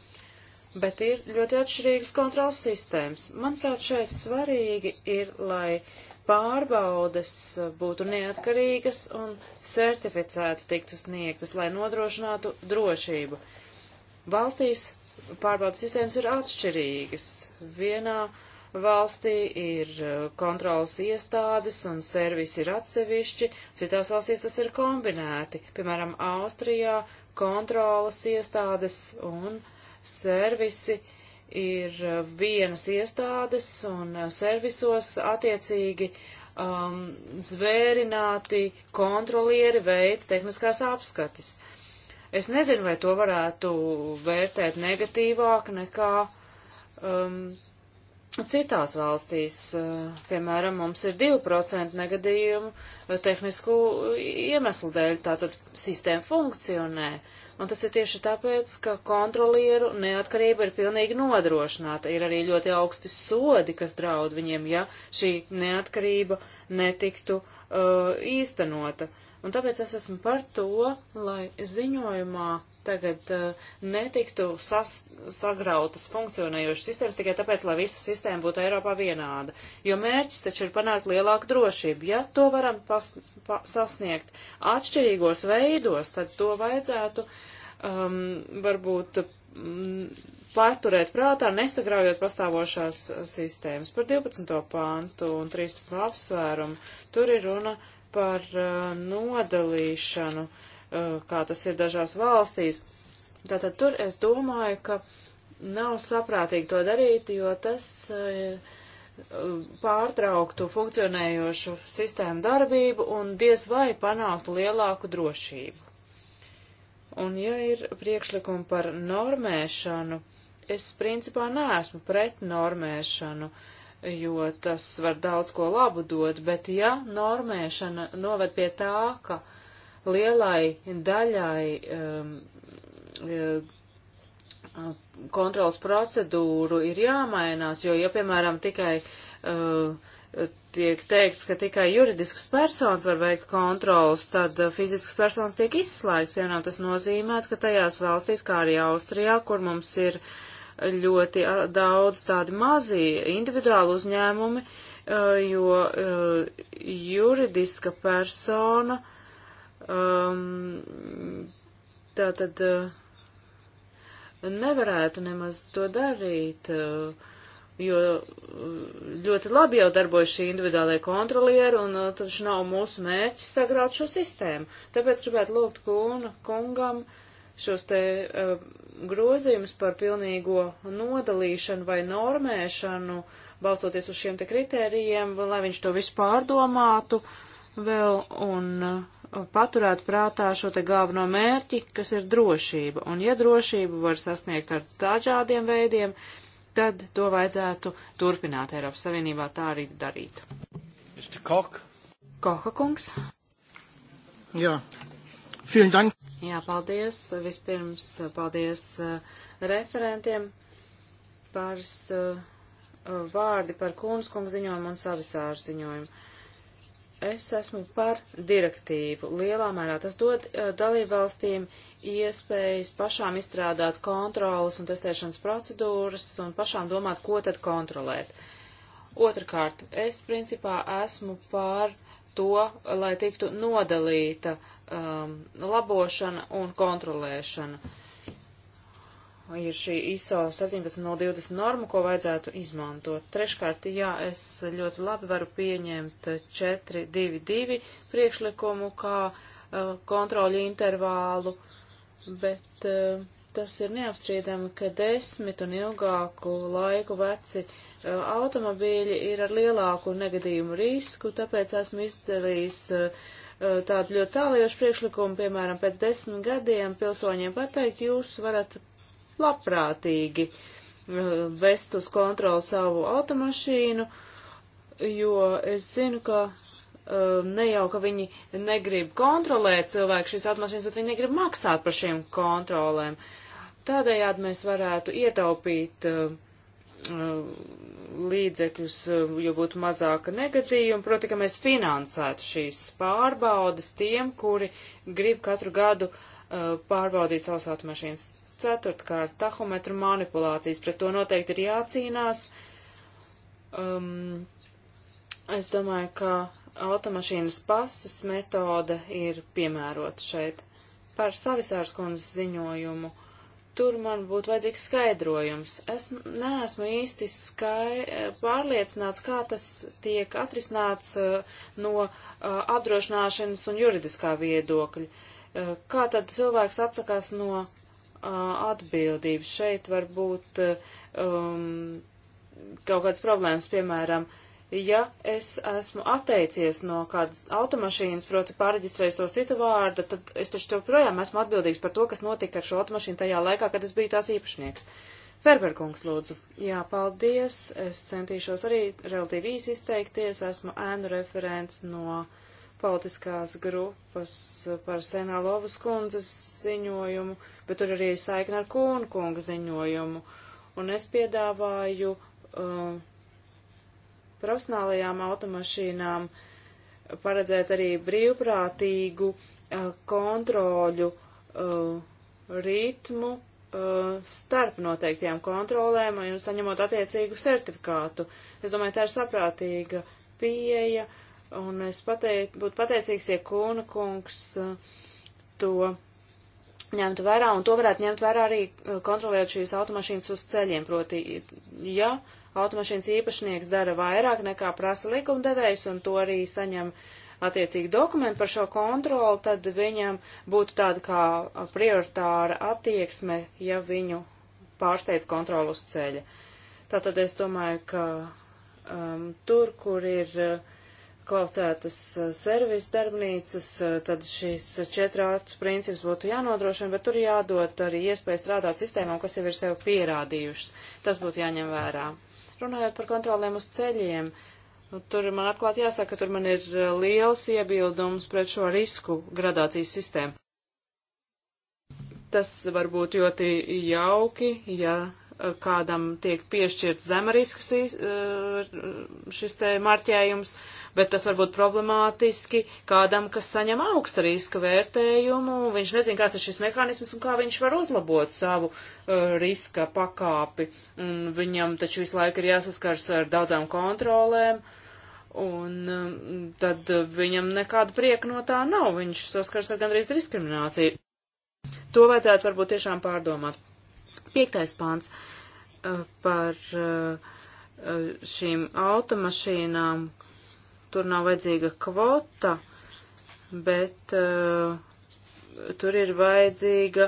Bet ir ļoti atšķirīgas kontrolas sistēmas. Manuprāt, šeit svarīgi ir, lai uh, pārbaudes eh, būtu neatkarīgas un certificēti tiktu sniegtas, lai nodrošinātu drošību. Valstīs pārbaudas sistēmas ir atšķirīgas. Vienā valstī ir eh, kontrolas iestādes un servisi ir atsevišķi, citās valstīs tas ir kombinēti. Piemēram, Austrijā kontrolas iestādes un servisi uh, ir eh, vienas iestādes un eh, servisos attiecīgi um, zvērināti kontrolieri veids tehniskās apskates. Es nezinu, vai to varētu vērtēt negatīvāk nekā um, citās valstīs. Uh, piemēram, mums ir 2% negadījumu tehnisku iemeslu dēļ, tātad sistēma funkcionē. Uh, Un tas ir tieši tāpēc, ka kontrolieru neatkarība ir pilnīgi nodrošināta. Ir arī ļoti augsti sodi, kas draud viņiem, ja šī neatkarība netiktu uh, īstenota. Un tāpēc es esmu par to, lai ziņojumā tagad uh, netiktu sas, sagrautas funkcionējošas sistēmas tikai tāpēc, lai visa sistēma būtu Eiropā vienāda. Jo mērķis taču ir panākt lielāku drošību. Ja to varam pas, pa, sasniegt atšķirīgos veidos, tad to vajadzētu um, varbūt um, mm, paturēt prātā, nesagraujot pastāvošās sistēmas. Par 12. pāntu un 13. apsvērumu tur ir runa par uh, nodalīšanu. Uh, Uh, kā tas ir dažās valstīs. Tātad tur es domāju, ka nav saprātīgi to darīt, jo tas uh, pārtrauktu funkcionējošu sistēmu darbību un diez vai panāktu lielāku drošību. Un ja ir priekšlikumi par normēšanu, es principā neesmu pret normēšanu, jo tas var daudz ko labu dot, bet ja normēšana noved pie tā, ka uh, lielai daļai um, uh, kontrols procedūru ir jāmainās, jo, ja, piemēram, tikai uh, tiek teikts, ka tikai juridisks persons var veikt kontrols, tad uh, fizisks persons tiek izslēgts. Piemēram, tas nozīmē, ka tajās valstīs, kā arī Austrijā, kur mums ir ļoti uh, daudz tādi mazi individuāli uzņēmumi, jo juridiska persona uh, um, tā tad uh, nevarētu nemaz to darīt, uh, jo ļoti labi jau darbojas šī individuālajā kontroliera, un uh, taču nav mūsu mērķis sagraut šo sistēmu. Tāpēc gribētu lūgt kūna, kungam šos te uh, grozījumus par pilnīgo nodalīšanu vai normēšanu, balstoties uz šiem te kritērijiem, lai viņš to visu pārdomātu vēl un. Uh, paturēt prātā šo te galveno mērķi, kas ir drošība. Un ja drošību var sasniegt ar dažādiem veidiem, tad to vajadzētu turpināt Eiropas Savienībā tā arī darīt. Mr. Kok. Koha kungs. Jā. Vielen dank. Jā, paldies. Vispirms paldies uh, referentiem par uh, vārdi par Kūnas kungu ziņojumu un Savisāru ziņojumu. Es esmu par direktīvu. Lielā mērā tas dod uh, dalībvalstīm iespējas pašām izstrādāt kontrolas un testēšanas procedūras un pašām domāt, ko tad kontrolēt. Otrakārt, es principā esmu par to, lai tiktu nodalīta um, labošana un kontrolēšana. Uh, ir šī ISO 17020 norma, ko vajadzētu izmantot. Treškārt, jā, es ļoti labi varu pieņemt 422 priekšlikumu kā uh, kontroļu intervālu, bet uh, tas ir neapstrīdami, ka desmit un ilgāku laiku veci uh, automobīļi ir ar lielāku negadījumu risku, tāpēc esmu izdarījis tādu ļoti tālajošu priekšlikumu, piemēram, pēc desmit gadiem pilsoņiem pateikt, jūs varat labprātīgi uh, vest uz kontroli savu automašīnu, jo es zinu, ka uh, ne jau, ka viņi negrib kontrolēt cilvēku šīs automašīnas, bet viņi negrib maksāt par šiem kontrolēm. Tādējādi mēs varētu ietaupīt uh, līdzekļus, jo būtu mazāka negadījuma. Proti, ka mēs finansētu šīs pārbaudas tiem, kuri grib katru gadu pārbaudīt savus automašīnas. Ceturtkārt, tahometru manipulācijas, pret to noteikti ir jācīnās. Um, es domāju, ka automašīnas pasas metode ir piemērota šeit. Par savisārs kundzes ziņojumu tur man būtu vajadzīgs skaidrojums. Es neesmu īsti skai, pārliecināts, kā tas tiek atrisināts uh, no uh, apdrošināšanas un juridiskā viedokļa. Uh, kā tad cilvēks atsakās no atbildību. Šeit var būt um, kaut kādas problēmas, piemēram, ja es esmu atteicies no kādas automašīnas, proti pāreģistrējis to citu vārdu, tad es taču joprojām esmu atbildīgs par to, kas notika ar šo automašīnu tajā laikā, kad es biju tās īpašnieks. Ferberkungs, lūdzu. Jā, paldies. Es centīšos arī relatīvi īsi izteikties. Esmu ēnu referents no politiskās grupas par Senālovas kundzes ziņojumu. Uh, bet tur arī saikna ar Kūnu kunga ziņojumu. Un es piedāvāju uh, profesionālajām automašīnām paredzēt arī brīvprātīgu uh, kontroļu uh, ritmu uh, starp noteiktajām kontrolēm un saņemot attiecīgu certifikātu. Es domāju, tā ir saprātīga pieeja, un es pateic, būtu pateicīgs, ja Kūna kungs uh, to ņemtu vērā, un to varētu ņemt vērā arī uh, kontrolējot šīs automašīnas uz ceļiem. Proti, ja automašīnas īpašnieks dara vairāk nekā prasa likumdevējs un to arī saņem attiecīgi dokumentu par šo kontroli, tad viņam būtu tāda kā prioritāra attieksme, ja viņu pārsteidz kontroli uz ceļa. Tātad es domāju, ka um, tur, kur ir uh, kvalificētas eh, servisa darbnīcas, eh, tad šīs četrāts princips būtu jānodrošina, bet tur jādod arī iespēja strādāt sistēmām, kas jau ir sev pierādījušas. Tas būtu jāņem vērā. Runājot par kontrolēm uz ceļiem, nu, tur man atklāti jāsaka, ka tur man ir eh, liels iebildums pret šo risku gradācijas sistēmu. Tas var būt ļoti jauki, ja kādam tiek piešķirts zemrisks e, šis te marķējums, bet tas var būt problemātiski kādam, kas saņem augsta riska vērtējumu. Viņš nezin, kāds ir šis mehānisms un kā viņš var uzlabot savu uh, riska pakāpi. Un viņam taču visu laiku ir jāsaskars ar daudzām kontrolēm. Un uh, tad viņam nekāda prieka no tā nav. Viņš saskars ar gandrīz diskrimināciju. To vajadzētu varbūt tiešām pārdomāt. Piektais pāns uh, par uh, uh, šīm automašīnām. Tur nav vajadzīga kvota, bet tur ir vajadzīga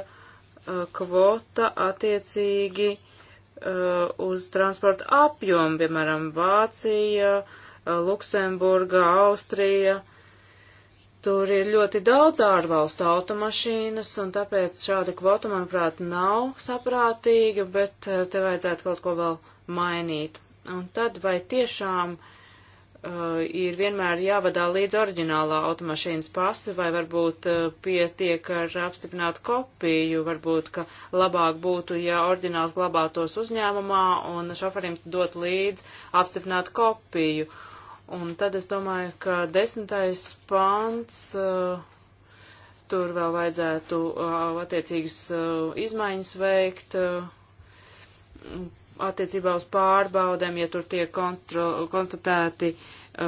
kvota attiecīgi uz transporta apjomu, piemēram, Vācija, Luksemburga, Austrija Tur ir ļoti daudz ārvalstu automašīnas, un tāpēc šāda kvota, manuprāt, nav saprātīga, bet eh, te vajadzētu kaut ko vēl mainīt. Un tad vai tiešām uh, ir vienmēr jāvadā līdz oriģinālā automašīnas pase, vai varbūt uh, pietiek ar apstiprinātu kopiju, varbūt, ka labāk būtu, ja oriģināls glabātos uzņēmumā un šoferim dot līdz apstiprinātu kopiju. Uh, Un tad es domāju, ka desmitais pāns uh, tur vēl vajadzētu uh, attiecīgas uh, izmaiņas veikt uh, attiecībā uz pārbaudēm, ja tur tiek konstatēti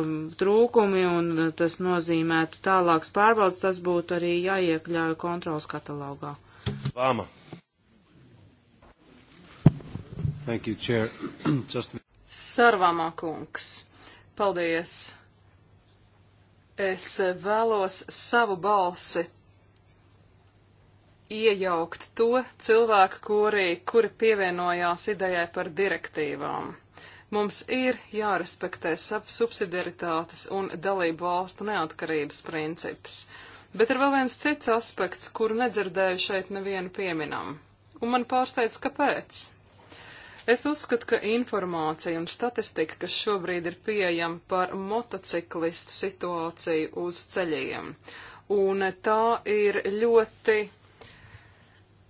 um, trūkumi un uh, tas nozīmētu tālāks pārbaudas, tas būtu arī jāiekļauj kontrols katalogā. Vāma. Thank you, Chair. Just... Sarvamā kungs. Paldies! Es vēlos savu balsi iejaukt to cilvēku, kuri, kuri pievienojās idejai par direktīvām. Mums ir jārespektē subsidiaritātes un dalību valstu neatkarības princips. Bet ir vēl viens cits aspekts, kuru nedzirdēju šeit nevienu pieminam. Un man pārsteidz, kāpēc? Es uzskatu, ka informācija un statistika, kas šobrīd ir pieejama par motociklistu situāciju uz ceļiem, un tā ir ļoti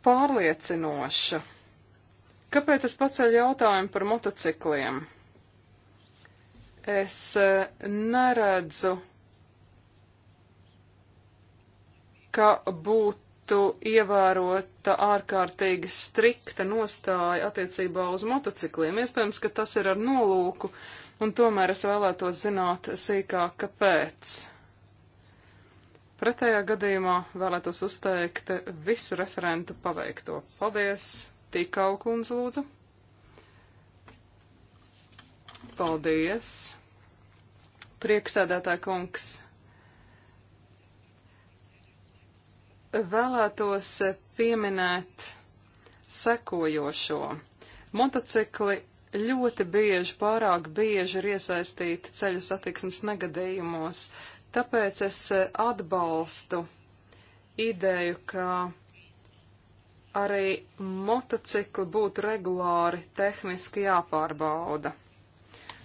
pārliecinoša. Kāpēc es paceļu jautājumu par motocikliem? Es e, neredzu, ka būtu tiktu ievērota ārkārtīgi strikta nostāja attiecībā uz motocikliem. Iespējams, ka tas ir ar nolūku, un tomēr es vēlētos zināt sīkāk, kāpēc. Pretējā gadījumā vēlētos uzteikt visu referentu paveikto. Paldies! Tikau kundze lūdzu! Paldies! Prieksēdētāja kungs! vēlētos pieminēt sekojošo. Motocikli ļoti bieži, pārāk bieži ir iesaistīti ceļu satiksmes negadījumos, tāpēc es atbalstu ideju, ka arī motocikli būtu regulāri tehniski jāpārbauda.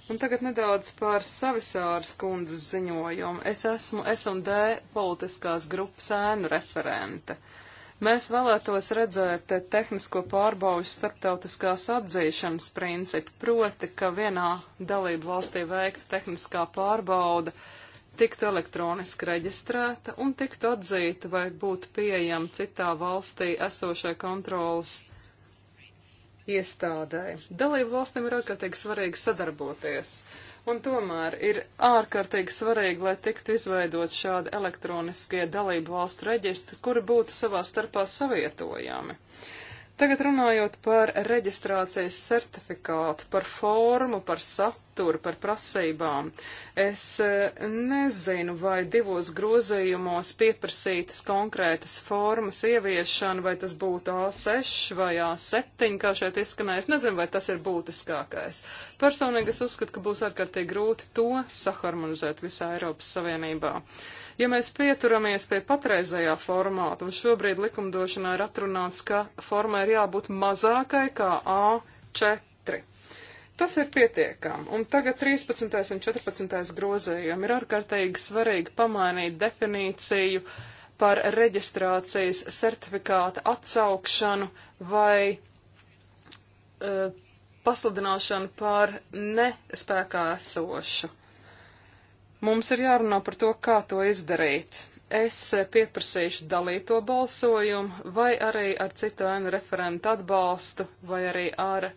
Un tagad nedaudz par Savisāras kundzes ziņojumu. Es esmu S&D politiskās grupas ēnu referente. Mēs vēlētos redzēt tehnisko pārbauju starptautiskās atzīšanas principu, proti, ka vienā dalību valstī veikta tehniskā pārbauda tiktu elektroniski reģistrēta un tiktu atzīta vai būtu pieejama citā valstī esošai kontrolas iestādē. Dalību valstīm ir ārkārtīgi svarīgi sadarboties, un tomēr ir ārkārtīgi svarīgi, lai tiktu izveidot šādi elektroniskie dalību valstu reģistri, kuri būtu savā starpā savietojami. Uh, Tagad runājot par reģistrācijas certifikātu, par formu, par saturu, par prasībām. Es e, nezinu, vai divos grozījumos pieprasītas konkrētas formas ieviešana, vai tas būtu A6 vai A7, kā šeit izskanēja. Es nezinu, vai tas ir būtiskākais. Personīgi es uzskatu, ka būs ārkārtīgi grūti to saharmonizēt visā Eiropas Savienībā. Uh, Ja mēs pieturamies pie patreizējā formāta, un šobrīd likumdošanā ir atrunāts, ka formai ir jābūt mazākai kā A4. Tas ir pietiekami, un tagad 13. un 14. grozējumi ir ārkārtīgi svarīgi pamainīt definīciju par reģistrācijas certifikāta atsaukšanu vai e, pasludināšanu par nespēkā esošu. Mums ir jārunā par to, kā to izdarīt. Es pieprasīšu dalīto balsojumu vai arī ar citu ēnu referentu atbalstu vai arī ar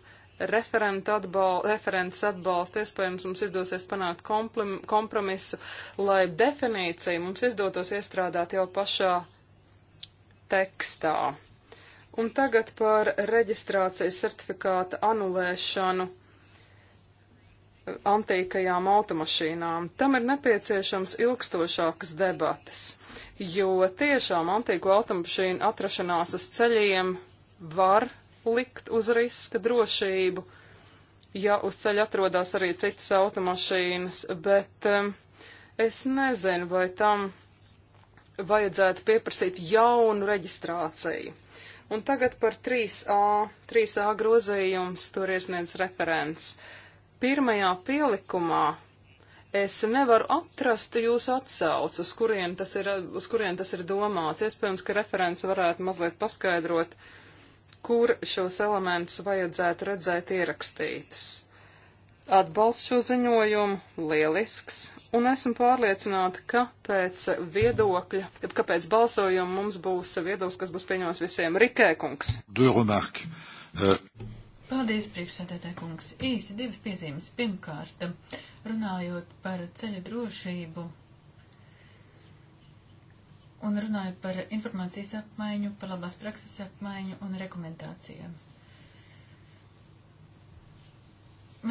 referentu atbal, referents atbalstu. Iespējams, mums izdosies panākt komplim, kompromisu, lai definīciju mums izdotos iestrādāt jau pašā tekstā. Un tagad par reģistrācijas certifikāta anulēšanu antīkajām automašīnām. Tam ir nepieciešams ilgstošākas debatas, jo tiešām antīku automašīnu atrašanās uz ceļiem var likt uz riska drošību, ja uz ceļa atrodas arī citas automašīnas, bet um, es nezinu, vai tam vajadzētu pieprasīt jaunu reģistrāciju. Un tagad par 3A, 3A grozījums, tur iesniedz referents. Uh, pirmajā pielikumā es nevaru atrast jūsu atsaucu, uz kurien tas ir, uz kurien tas ir domāts. Iespējams, ka referents varētu mazliet paskaidrot, kur šos elementus vajadzētu redzēt ierakstītus. Atbalsts šo ziņojumu lielisks, un esmu pārliecināta, ka pēc viedokļa, ka pēc balsojuma mums būs viedoklis, kas būs pieņemams visiem. Rikēkungs. Uh. Paldies, priekšsēdētāji kungs. Īsi divas piezīmes. Pirmkārt, runājot par ceļu drošību un runājot par informācijas apmaiņu, par labās prakses apmaiņu un rekomendācijām.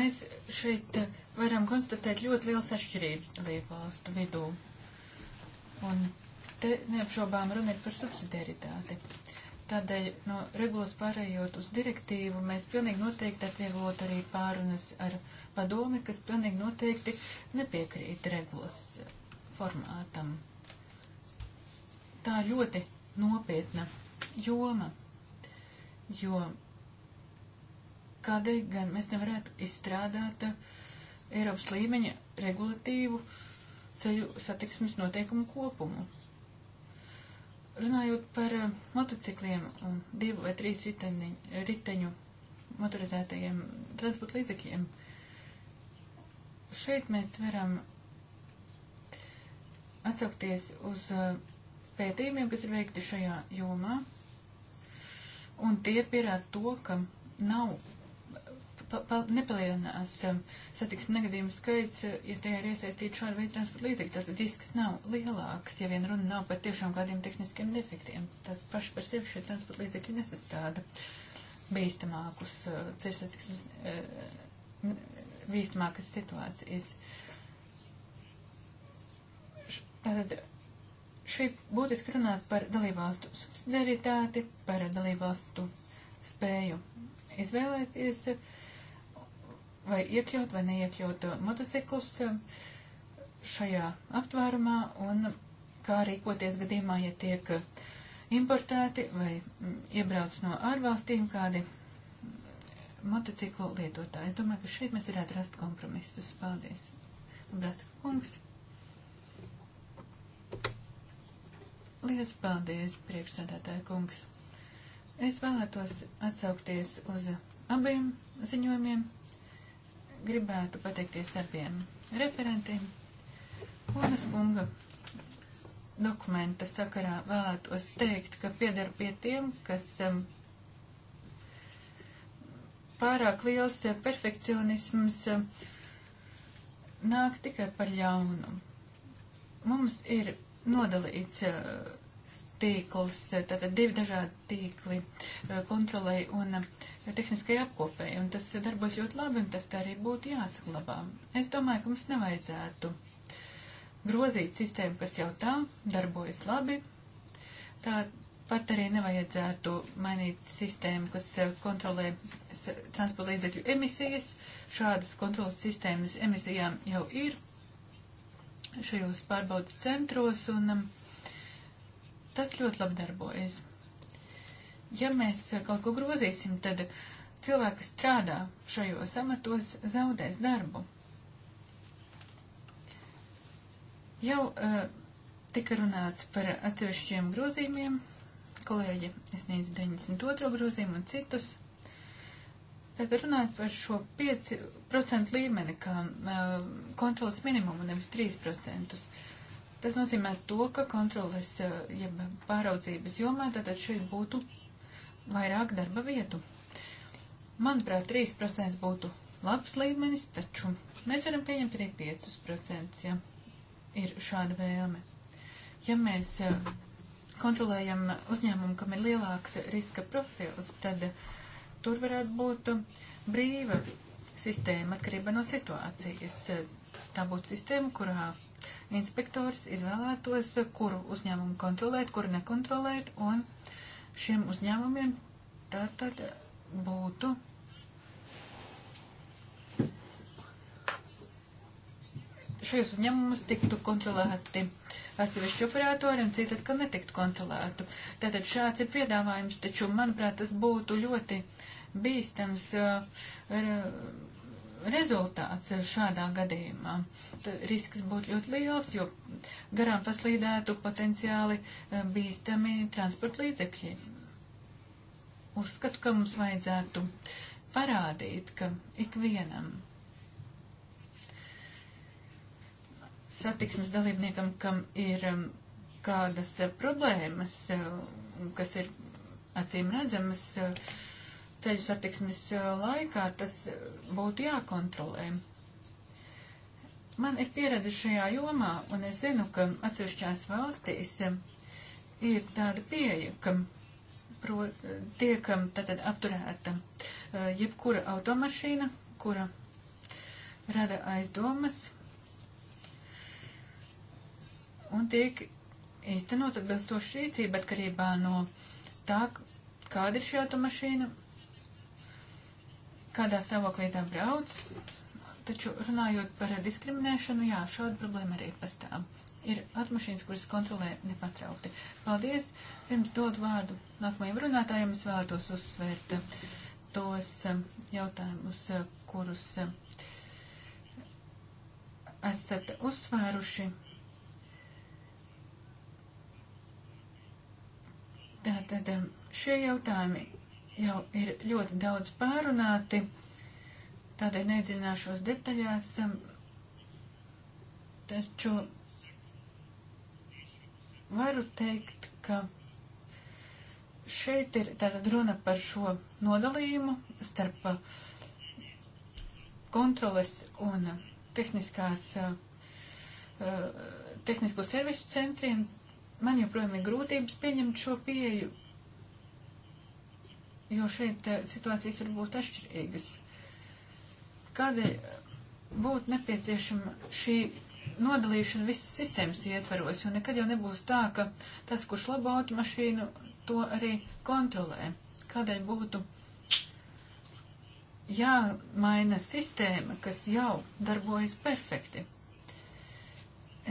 Mēs šeit varam konstatēt ļoti liels atšķirības dalību valstu vidū. Un te neapšaubām runa ir par subsidiaritāti. Uh, Tādēļ no regulas pārējot uz direktīvu mēs pilnīgi noteikti atvieglot arī pārunas ar padomi, kas pilnīgi noteikti nepiekrīt regulas eh, formātam. Tā ļoti nopietna joma, jo kādēļ gan mēs nevarētu izstrādāt eh, Eiropas līmeņa regulatīvu ceļu satiksmes noteikumu kopumu. Runājot par eh, motocikliem un divu vai trīs riteni, riteņu motorizētajiem transporta līdzekļiem, šeit mēs varam atsaukties uz eh, pētījumiem, kas ir veikti šajā jomā, un tie pierāda to, ka nav pa, pa, nepalielinās um, satiksmes negadījumu skaits, uh, ja tajā ir iesaistīta šāda veida transporta līdzekļi. Tātad risks nav lielāks, ja vien runa nav par tiešām kādiem tehniskiem defektiem. Tātad paši par sevi šie transporta līdzekļi nesastāda bīstamākus uh, ceļu satiksmes, uh, bīstamākas situācijas. Tātad šeit būtiski runāt par dalībvalstu subsidiaritāti, par dalībvalstu spēju izvēlēties uh, vai iekļaut vai neiekļaut motociklus eh, šajā aptvērumā un kā rīkoties gadījumā, ja tiek eh, importēti vai mm, iebrauc no ārvalstīm kādi mm, motociklu lietotāji. Es domāju, ka šeit mēs varētu rast kompromisus. Paldies. Brasta kungs. Lielas paldies, priekšsādātāja kungs. Es vēlētos atsaukties uz abiem ziņojumiem gribētu pateikties abiem referentiem. Unas kunga dokumenta sakarā vēlētos teikt, ka piedar pie tiem, kas um, pārāk liels perfekcionisms um, nāk tikai par ļaunu. Mums ir nodalīts uh, tīkls, tātad divi dažādi tīkli eh, kontrolēji un eh, tehniskai apkopēji, un tas darbos ļoti labi, un tas tā arī būtu jāsaglabā. Es domāju, ka mums nevajadzētu grozīt sistēmu, kas jau tā darbojas labi, tāpat arī nevajadzētu mainīt sistēmu, kas eh, kontrolē transporta līdzekļu emisijas. Šādas kontrolas sistēmas emisijām jau ir šajos pārbaudas centros, un um, Tas ļoti labi darbojas. Ja mēs kaut ko grozīsim, tad cilvēki, kas strādā šajos amatos, zaudēs darbu. Jau uh, tika runāts par atsevišķiem grozījumiem. Kolēģi iesniedz 92. grozījumu un citus. Tātad runāt par šo 5% līmeni, kā uh, kontrolas minimumu, nevis 3%. Tas nozīmē to, ka kontroles, eh, jeb ja pāraudzības jomā, tātad šeit būtu vairāk darba vietu. Manuprāt, 3% būtu labs līmenis, taču mēs varam pieņemt arī 5%, ja ir šāda vēlme. Ja mēs eh, kontrolējam uzņēmumu, kam ir lielāks riska profils, tad tur varētu būt brīva sistēma atkarībā no situācijas. Tā būtu sistēma, kurā Inspektors izvēlētos, kuru uzņēmumu kontrolēt, kuru nekontrolēt, un šiem uzņēmumiem tātad būtu šajos uzņēmumus tiktu kontrolēti atsevišķi operatori un citi atkal netiktu kontrolētu. Tātad šāds ir piedāvājums, taču, manuprāt, tas būtu ļoti bīstams uh, ar, rezultāts šādā gadījumā. Tad risks būtu ļoti liels, jo garām paslīdētu potenciāli e, bīstami transporta līdzekļi. Uzskatu, ka mums vajadzētu parādīt, ka ikvienam satiksmes dalībniekam, kam ir kādas e, problēmas, e, kas ir acīm redzamas, uh, ceļu satiksmes laikā, tas būtu jākontrolē. Man ir pieredze šajā jomā, un es zinu, ka atsevišķās valstīs ir tāda pieeja, ka pro, tiek tātad apturēta jebkura automašīna, kura rada aizdomas un tiek īstenot atbilstoši rīcība atkarībā no tā, kāda ir šī automašīna kādā stāvoklī tā brauc. Taču runājot par diskriminēšanu, jā, šāda problēma arī pastāv. Ir atmašīnas, kuras kontrolē nepatraukti. Paldies! Pirms dodu vārdu nākamajam runātājiem, es vēlētos uzsvērt tos um, jautājumus, uh, kurus um, esat uzsvēruši. Tātad um, šie jautājumi jau ir ļoti daudz pārunāti, tādēļ nedzināšos detaļās, taču varu teikt, ka šeit ir tātad runa par šo nodalījumu starp kontroles un tehniskās, eh, tehnisko servisu centriem. Man joprojām ir grūtības pieņemt šo pieeju, jo šeit eh, situācijas var būt atšķirīgas. Kādēļ eh, būtu nepieciešama šī nodalīšana visas sistēmas ietvaros, jo nekad jau nebūs tā, ka tas, kurš labo automašīnu, to arī kontrolē. Kādēļ būtu jāmaina sistēma, kas jau darbojas perfekti?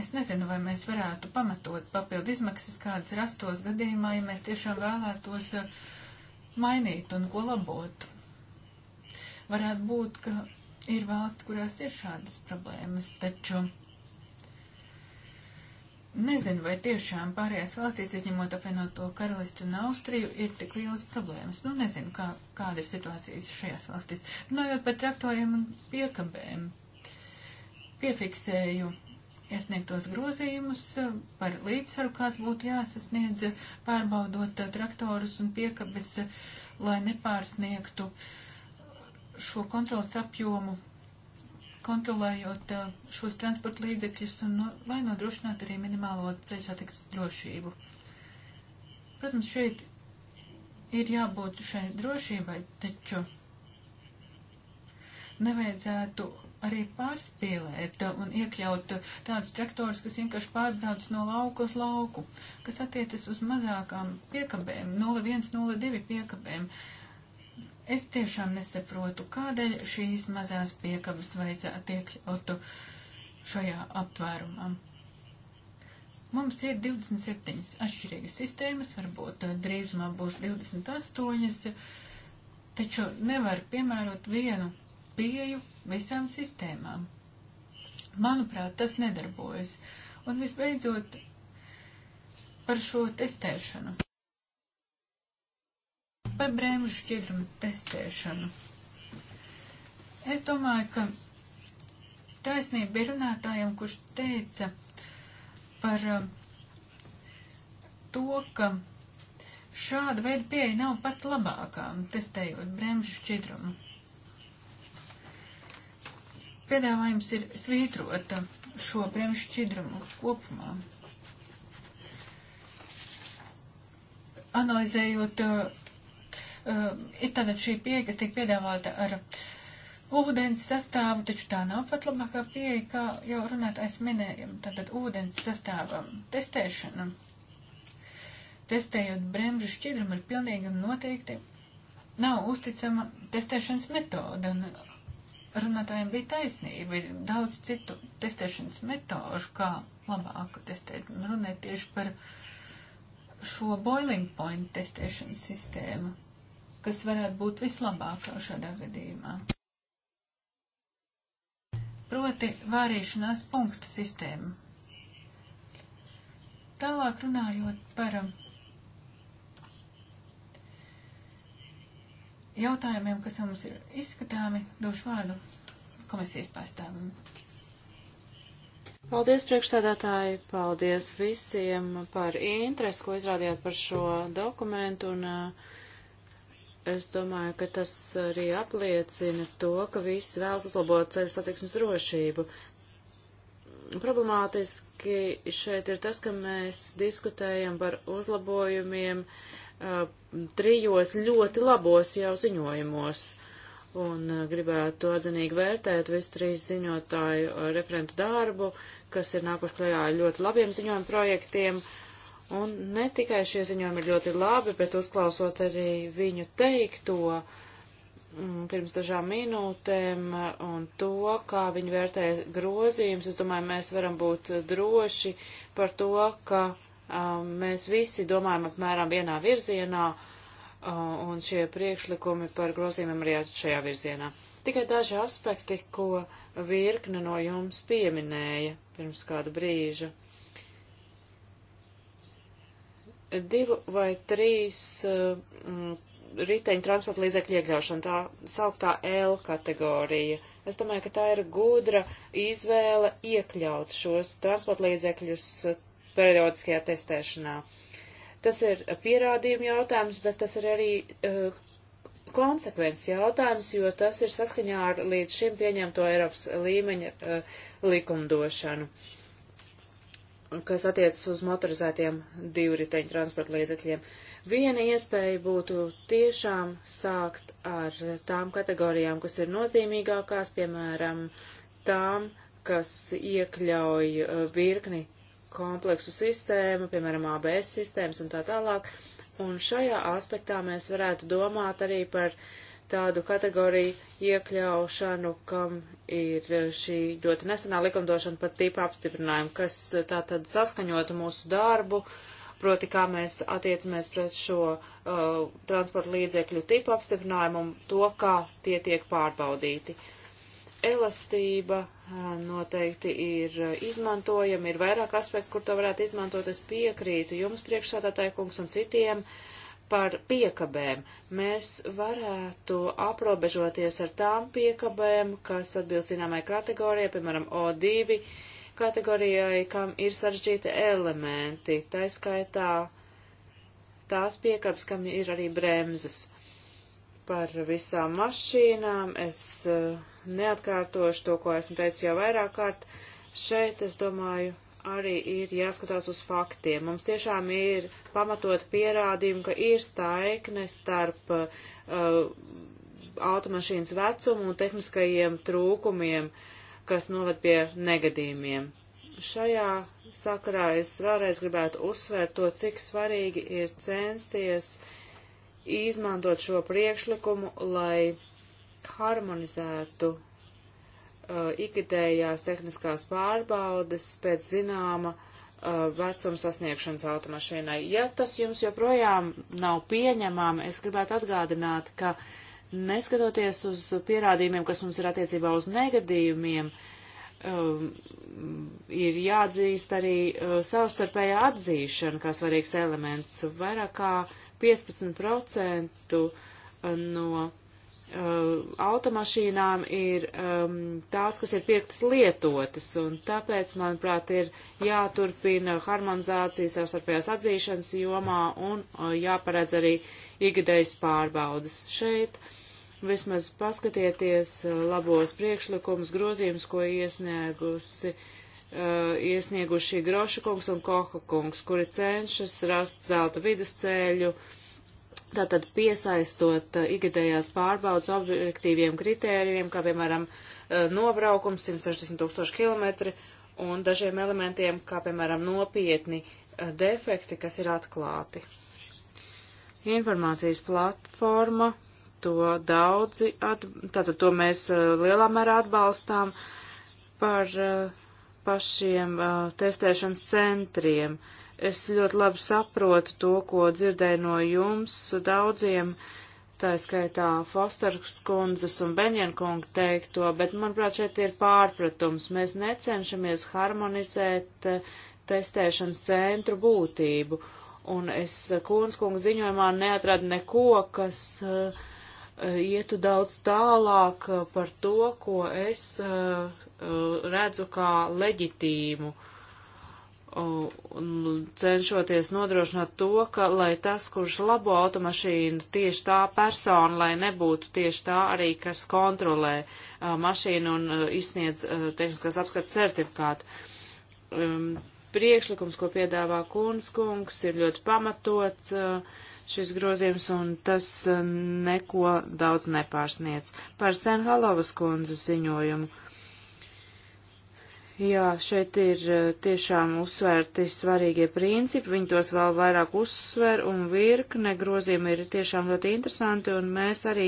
Es nezinu, vai mēs varētu pamatot papildu izmaksas, kādas rastos gadījumā, ja mēs tiešām vēlētos uh, mainīt un ko labot. Varētu būt, ka ir valsts, kurās ir šādas problēmas, taču nezinu, vai tiešām pārējās valstīs, izņemot apvienoto karalistu un Austriju, ir tik lielas problēmas. Nu, nezinu, kā, kāda ir situācijas šajās valstīs. Runājot par traktoriem un piekabēm, piefiksēju iesniegtos grozījumus eh, par līdzsvaru, kāds būtu jāsasniedz, pārbaudot eh, traktorus un piekabes, eh, lai nepārsniegtu šo kontrolas apjomu, kontrolējot šos transporta līdzekļus un no, lai nodrošinātu arī minimālo ceļu satiksmes drošību. Protams, šeit ir jābūt šai drošībai, taču nevajadzētu arī pārspīlēt un iekļaut tādus traktorus, kas vienkārši pārbrauc no lauka uz lauku, kas attiecas uz mazākām piekabēm, 0102 piekabēm. Es tiešām nesaprotu, kādēļ šīs mazās piekabas vajadzētu iekļaut šajā aptvērumā. Mums ir 27 atšķirīgas sistēmas, varbūt drīzumā būs 28, taču nevar piemērot vienu pieju visām sistēmām. Manuprāt, tas nedarbojas. Un visbeidzot, par šo testēšanu. Par brēmu šķidrumu testēšanu. Es domāju, ka taisnība ir runātājiem, kurš teica par uh, to, ka šāda veida pieeja nav pat labākā, testējot bremžu šķidrumu. Piedāvājums ir svītrot šo premšu šķidrumu kopumā. Analizējot, uh, ir tāda šī pieeja, kas tiek piedāvāta ar ūdens sastāvu, taču tā nav pat labākā pieeja, kā jau runātais minējam. Tātad ūdens sastāvam testēšana, testējot bremžu šķidrumu, ir pilnīgi noteikti nav uzticama testēšanas metoda. Un runātājiem bija taisnība. Ir daudz citu testēšanas metožu, kā labāk testēt. Runēt tieši par šo boiling point testēšanas sistēmu, kas varētu būt vislabākā šādā gadījumā. Proti vārīšanās punktu sistēma. Tālāk runājot par jautājumiem, kas mums ir izskatāmi, došu vārdu komisijas pārstāvim. Paldies, priekšsēdētāji, paldies visiem par interesi, ko izrādījāt par šo dokumentu, un uh, es domāju, ka tas arī apliecina to, ka viss vēlas uzlabot ceļu satiksmes drošību. Problemātiski šeit ir tas, ka mēs diskutējam par uzlabojumiem uh, uh, trijos ļoti labos jau ziņojumos. Un uh, gribētu atzinīgi vērtēt visu trīs ziņotāju uh, referentu darbu, kas ir nākuši klajā ļoti labiem ziņojumu projektiem. Un ne tikai šie ziņojumi ir ļoti labi, bet uzklausot arī viņu teikto, mm, pirms dažām minūtēm uh, un to, kā viņi vērtē grozījums. Es domāju, mēs varam būt droši par to, ka Um, mēs visi domājam apmēram vienā virzienā, uh, un šie priekšlikumi par grozījumiem arī šajā virzienā. Tikai daži aspekti, ko virkne no jums pieminēja pirms kāda brīža. Divu vai trīs uh, mm, riteņu transporta līdzekļu iekļaušana, tā sauktā L kategorija. Es domāju, ka tā ir gudra izvēle iekļaut šos transporta līdzekļus periodiskajā testēšanā. Tas ir pierādījuma jautājums, bet tas ir arī uh, konsekvences jautājums, jo tas ir saskaņā ar līdz šim pieņemto Eiropas līmeņa uh, likumdošanu, kas attiecas uz motorizētiem divriteņu transporta līdzekļiem. Viena iespēja būtu tiešām sākt ar tām kategorijām, kas ir nozīmīgākās, piemēram, tām, kas iekļauj uh, virkni kompleksu sistēmu, piemēram, ABS sistēmas un tā tālāk. Un šajā aspektā mēs varētu domāt arī par tādu kategoriju iekļaušanu, kam ir šī ļoti nesenā likumdošana par tīpa apstiprinājumu, kas tā tad saskaņotu mūsu darbu, proti kā mēs attiecamies pret šo uh, transporta līdzekļu tipu apstiprinājumu un to, kā tie tiek pārbaudīti. Uh, elastība noteikti ir izmantojama, ir vairāk aspektu, kur to varētu izmantot. Es piekrītu jums priekšsādātāju kungs un citiem par piekabēm. Mēs varētu aprobežoties ar tām piekabēm, kas atbilst zināmai kategorijai, piemēram, O2 kategorijai, kam ir sarežģīti elementi, tā skaitā tās piekabes, kam ir arī bremzes par visām mašīnām. Es eh, neatkārtošu to, ko esmu teicis jau vairāk kārt. Šeit, es domāju, arī ir jāskatās uz faktiem. Mums tiešām ir pamatot pierādījumi, ka ir staikne starp uh, automašīnas vecumu un tehniskajiem trūkumiem, kas noved pie negadījumiem. Šajā sakarā es vēlreiz gribētu uzsvērt to, cik svarīgi ir censties uh, izmantot šo priekšlikumu, lai harmonizētu uh, ikidējās tehniskās pārbaudes pēc zināma uh, vecuma sasniegšanas automašīnai. Ja tas jums joprojām nav pieņemām, es gribētu atgādināt, ka neskatoties uz pierādījumiem, kas mums ir attiecībā uz negadījumiem, um, ir jāatzīst arī uh, savstarpējā atzīšana kā svarīgs elements. Vairāk kā uh, 15% no uh, automašīnām ir um, tās, kas ir pirktas lietotas, un tāpēc, manuprāt, ir jāturpina harmonizācija savstarpējās atzīšanas jomā un uh, jāparedz arī ikgadējas pārbaudas. Šeit vismaz paskatieties uh, labos priekšlikumus, grozījumus, ko iesniegusi uh, Uh, iesnieguši Groša kungs un Koha kungs, kuri cenšas rast zelta vidusceļu, tātad piesaistot uh, ikgadējās pārbaudas objektīviem kritērijiem, kā piemēram uh, nobraukums 160 tūkstoši kilometri un dažiem elementiem, kā piemēram nopietni defekti, kas ir atklāti. Informācijas platforma, to daudzi, at, tātad to mēs lielā mērā atbalstām par uh, pašiem uh, testēšanas centriem. Es ļoti labi saprotu to, ko dzirdēju no jums daudziem, tā skaitā Fosters kundzes un Benjankunga teikto, bet manuprāt šeit ir pārpratums. Mēs necenšamies harmonizēt uh, testēšanas centru būtību. Un es Kūnskunga ziņojumā neatradu neko, kas uh, ietu daudz tālāk par to, ko es uh, Uh, redzu kā leģitīmu, uh, cenšoties nodrošināt to, ka lai tas, kurš labo automašīnu, tieši tā persona, lai nebūtu tieši tā arī, kas kontrolē uh, mašīnu un izsniedz tehniskās apskates certifikātu. Um, priekšlikums, ko piedāvā Kūnskungs, ir ļoti pamatots šis grozījums, un tas neko daudz nepārsniec. Par Senhalovas kundzes ziņojumu Jā, šeit ir eh, tiešām uzsvērti svarīgie principi, viņi tos vēl vairāk uzsver un virkne grozījumi ir tiešām ļoti interesanti un mēs arī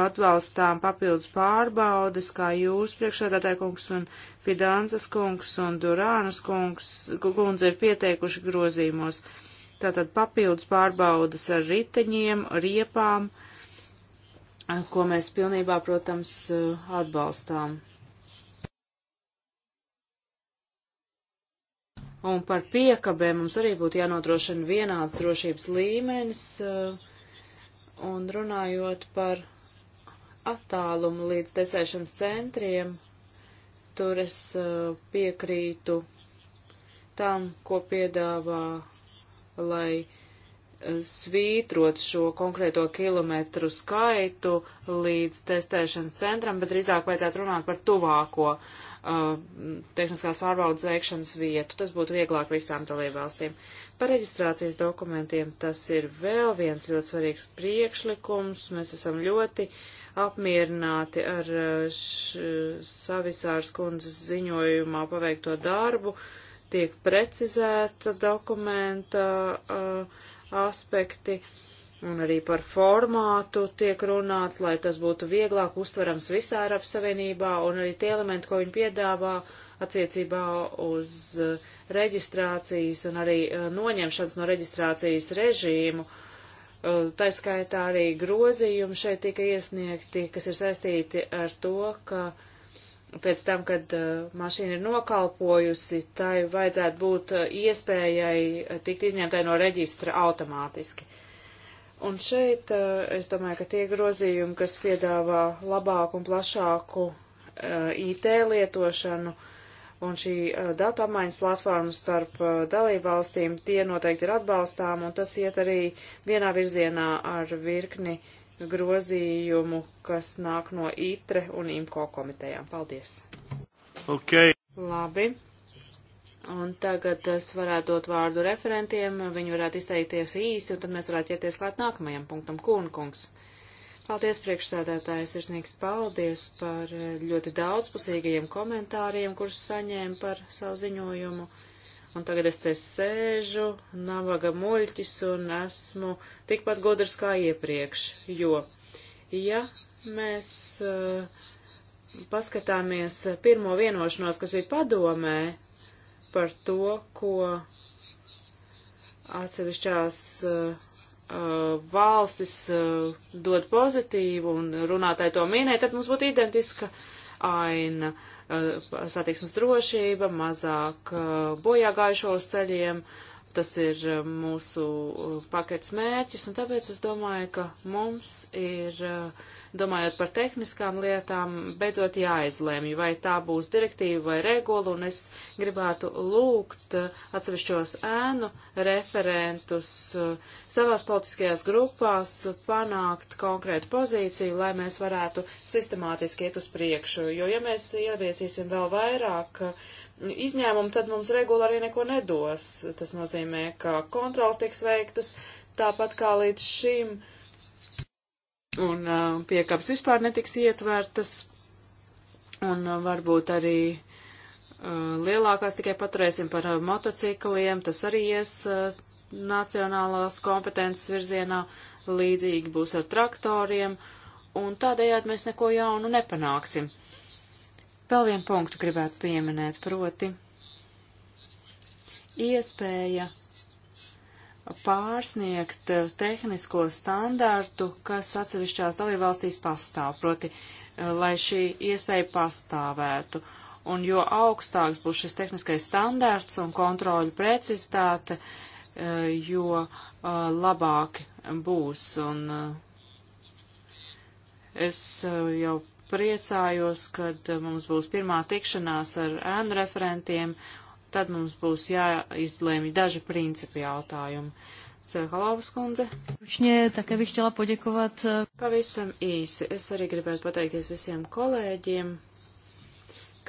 atbalstām papildus pārbaudes, kā jūs priekšādātāja kungs un Fidanzas kungs un Durānas kungs, kundze ir pieteikuši grozījumos. Tātad papildus pārbaudes ar riteņiem, riepām, ko mēs pilnībā, protams, eh, atbalstām. Un par piekabēm mums arī būtu jānodrošina vienāds drošības līmenis. Eh, un runājot par attālumu līdz desēšanas centriem, tur es eh, piekrītu tam, ko piedāvā, lai eh, svītrot šo konkrēto kilometru skaitu līdz testēšanas centram, bet drīzāk vajadzētu runāt par tuvāko uh, uh, tehniskās pārbaudas veikšanas vietu. Tas būtu vieglāk visām dalībvalstīm. Par reģistrācijas dokumentiem tas ir vēl viens ļoti svarīgs priekšlikums. Mēs esam ļoti apmierināti ar uh, Savisārs kundzes ziņojumā paveikto darbu. Tiek precizēta dokumenta uh, aspekti. Uh, un arī par formātu tiek runāts, lai tas būtu vieglāk uztverams visā Eiropas Savienībā, un arī tie elementi, ko viņi piedāvā attiecībā uz eh, reģistrācijas un arī eh, noņemšanas no reģistrācijas režīmu. Eh, tā skaitā arī grozījumi šeit tika iesniegti, kas ir saistīti ar to, ka pēc tam, kad uh, mašīna ir nokalpojusi, tai vajadzētu būt uh, iespējai tikt izņemtai no reģistra automātiski. Un šeit eh, es domāju, ka tie grozījumi, kas piedāvā labāku un plašāku eh, IT lietošanu un šī eh, datu apmaiņas platforma starp dalībvalstīm, tie noteikti ir atbalstām, un tas iet arī vienā virzienā ar virkni grozījumu, kas nāk no ITRE un IMCO komitejām. Paldies! Okay. Labi. Un tagad es varētu dot vārdu referentiem, viņi varētu izteikties īsi, un tad mēs varētu ķerties klāt nākamajam punktam. Kūnkungs. Paldies, priekšsēdētājs, ir sniegs paldies par ļoti daudzpusīgajiem komentāriem, kurus saņēmu par savu ziņojumu. Un tagad es te sēžu, navaga muļķis, un esmu tikpat gudrs kā iepriekš, jo, ja mēs uh, paskatāmies pirmo vienošanos, kas bija padomē, par to, ko atsevišķās uh, uh, valstis uh, dod pozitīvu un runātāji to minēja, tad mums būtu identiska aina uh, satiksmes drošība, mazāk uh, bojāgājušo uz ceļiem. Tas ir uh, mūsu paketes mērķis, un tāpēc es domāju, ka mums ir uh, domājot par tehniskām lietām, beidzot jāizlēmj, vai tā būs direktīva vai regula, un es gribētu lūgt atsevišķos ēnu referentus uh, savās politiskajās grupās panākt konkrētu pozīciju, lai mēs varētu sistemātiski iet uz priekšu, jo ja mēs ieviesīsim vēl vairāk, uh, izņēmumu, tad mums regula arī neko nedos. Tas nozīmē, ka kontrols tiks veiktas tāpat kā līdz šim. Uh, un uh, piekāpes vispār netiks ietvertas, un uh, varbūt arī uh, lielākās tikai paturēsim par motocikliem, tas arī ies nacionālās kompetences virzienā, līdzīgi būs ar traktoriem, un tādējādi mēs neko jaunu nepanāksim. Vēl vienu punktu gribētu pieminēt, proti iespēja pārsniegt eh, tehnisko standārtu, kas atsevišķās dalībvalstīs pastāv, proti, eh, lai šī iespēja pastāvētu. Un jo augstāks būs šis tehniskais standārts un kontroļu precizitāte, eh, jo labāk būs. Un es jau priecājos, kad mums būs pirmā tikšanās ar ēnu referentiem tad mums būs jāizlēmj daži principi jautājumi. Sehalovas kundze. Eh, Pavisam īsi. Es arī gribētu pateikties visiem kolēģiem,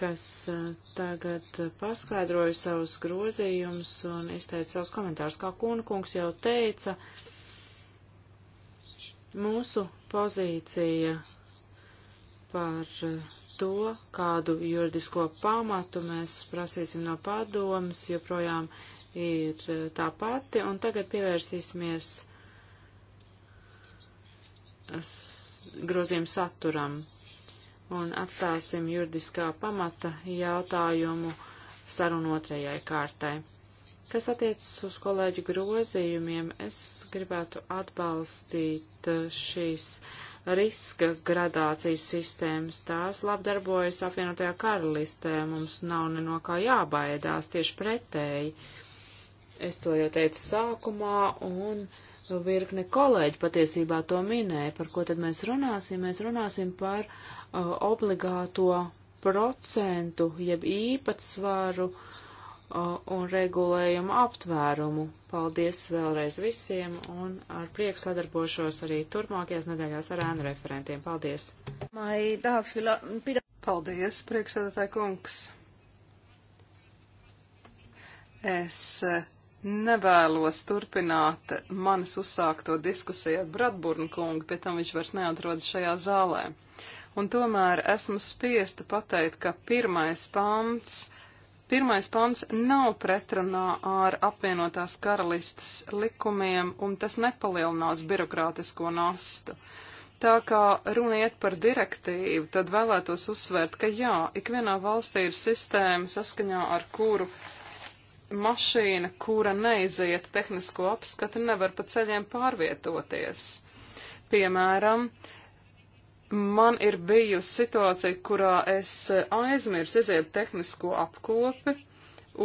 kas eh, tagad paskaidroja savus grozījumus un izteica savus komentārus. Kā Kūna kungs jau teica, mūsu pozīcija par eh, to, kādu juridisko pamatu mēs prasīsim no padomas, joprojām ir eh, tā pati, un tagad pievērsīsimies eh, grozījumu saturam un atstāsim juridiskā pamata jautājumu sarunu otrajai kārtai. Kas attiecas uz kolēģu grozījumiem, es gribētu atbalstīt šīs uh, riska gradācijas sistēmas. Tās labdarbojas apvienotajā karalistē, mums nav ne no kā jābaidās, tieši pretēji. Es to jau teicu sākumā, un virkne kolēģi patiesībā to minēja. Par ko tad mēs runāsim? Mēs runāsim par uh, obligāto procentu, jeb īpatsvaru uh, un regulējumu aptvērumu. Paldies vēlreiz visiem un ar prieku sadarbošos arī turpmākajās nedēļās ar ēnu referentiem. Paldies! Paldies, priekšsēdētāji kungs! Es e, nevēlos turpināt manis uzsākto diskusiju ar Bratburnu kungu, pie tam viņš vairs neatrodas šajā zālē. Un tomēr esmu spiesta pateikt, ka pirmais pants – Pirmais pants nav pretrunā ar apvienotās karalistas likumiem, un tas nepalielinās birokrātisko nastu. Tā kā runiet par direktīvu, tad vēlētos uzsvērt, ka jā, ikvienā valstī ir sistēma saskaņā ar kuru mašīna, kura neiziet tehnisko apskatu, nevar pa ceļiem pārvietoties. Piemēram, uh, man ir bijusi situācija, kurā es eh, aizmirsu iziet tehnisko apkopi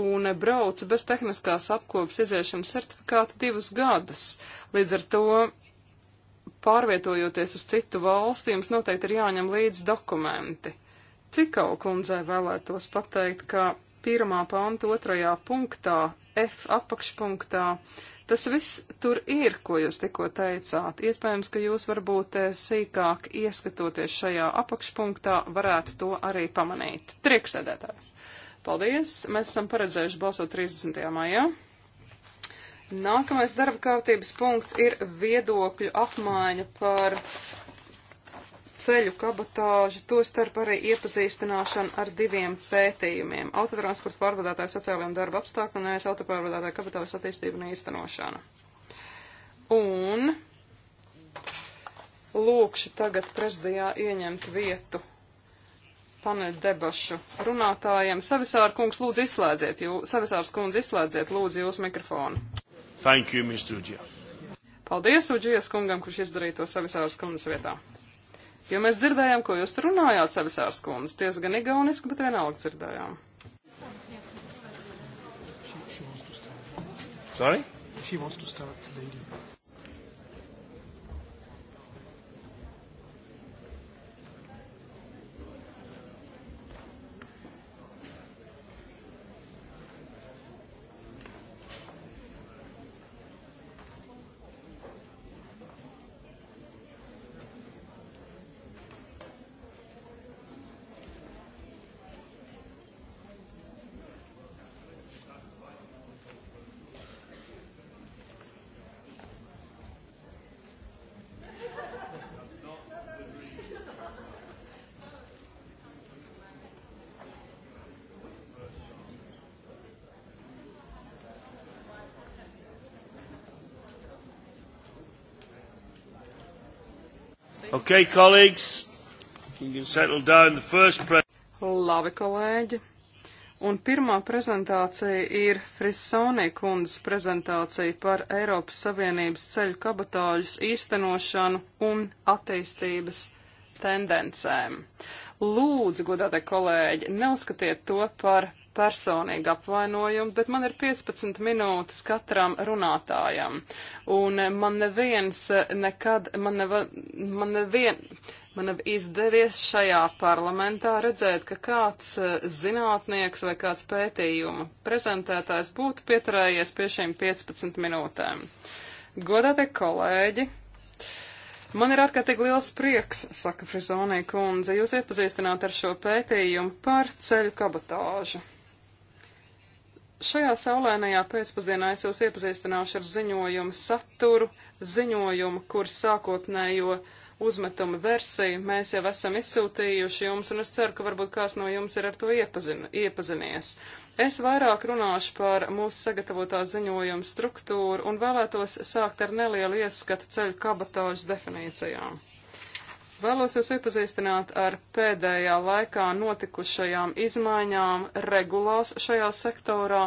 un braucu bez tehniskās apkopes iziešanas certifikāta divus gadus. Līdz ar to pārvietojoties uz citu valsti, jums noteikti ir jāņem līdzi dokumenti. Cikau kundzē vēlētos pateikt, ka pirmā panta otrajā punktā, F apakšpunktā, Tas viss tur ir, ko jūs tikko teicāt. Iespējams, ka jūs varbūt eh, sīkāk ieskatoties šajā apakšpunktā varētu to arī pamanīt. Triekšsēdētājs. Paldies! Mēs esam paredzējuši balsot 30. maijā. Nākamais darba kārtības punkts ir viedokļu apmaiņa par ceļu kabatāžu, to starp arī iepazīstināšanu ar diviem pētījumiem - autotransporta pārvadātāju sociālajiem darba apstākļiem un e autopārvadātāju kabatāžu attīstību un īstenošanu. Un lūkšu tagad trešdajā ieņemt vietu paneļu debašu runātājiem. Savisāra kungs, lūdzu, izslēdziet, jū, savisārs kundze, izslēdziet, lūdzu, jūsu mikrofonu. Thank you, Mr. Uģija. Paldies Uģijas kungam, kurš izdarīja to savisāras kundas vietā. Jo mēs dzirdējām, ko jūs tur runājāt, savisārs kundze, tiesa gan igauniski, bet vienalga dzirdējām. Sorry? She wants to start, lady. Okay, colleagues, you can settle down the first pre- Labi, kolēģi. Un pirmā prezentācija ir Frisonī kundzes prezentācija par Eiropas Savienības ceļu kabatāžas īstenošanu un attīstības tendencēm. Lūdzu, godātie kolēģi, neuzskatiet to par personīgi apvainojumi, bet man ir 15 minūtes katram runātājam. Un man neviens nekad, man, neva, man nevien, man nav izdevies šajā parlamentā redzēt, ka kāds eh, zinātnieks vai kāds pētījuma prezentētājs būtu pieturējies pie šīm 15 minūtēm. Godātie kolēģi! Man ir ārkārtīgi liels prieks, saka Frizonī kundze, jūs iepazīstināt ar šo pētījumu par ceļu kabatāžu. Šajā saulēnajā pēcpusdienā es jūs iepazīstināšu ar ziņojumu saturu, ziņojumu, kur sākotnējo uzmetuma versiju mēs jau esam izsūtījuši jums, un es ceru, ka varbūt kāds no jums ir ar to iepazina, iepazinies. Es vairāk runāšu par mūsu sagatavotā ziņojuma struktūru un vēlētos sākt ar nelielu ieskatu ceļu kabatāžu definīcijām. Vēlos jūs iepazīstināt ar pēdējā laikā notikušajām izmaiņām regulās šajā sektorā.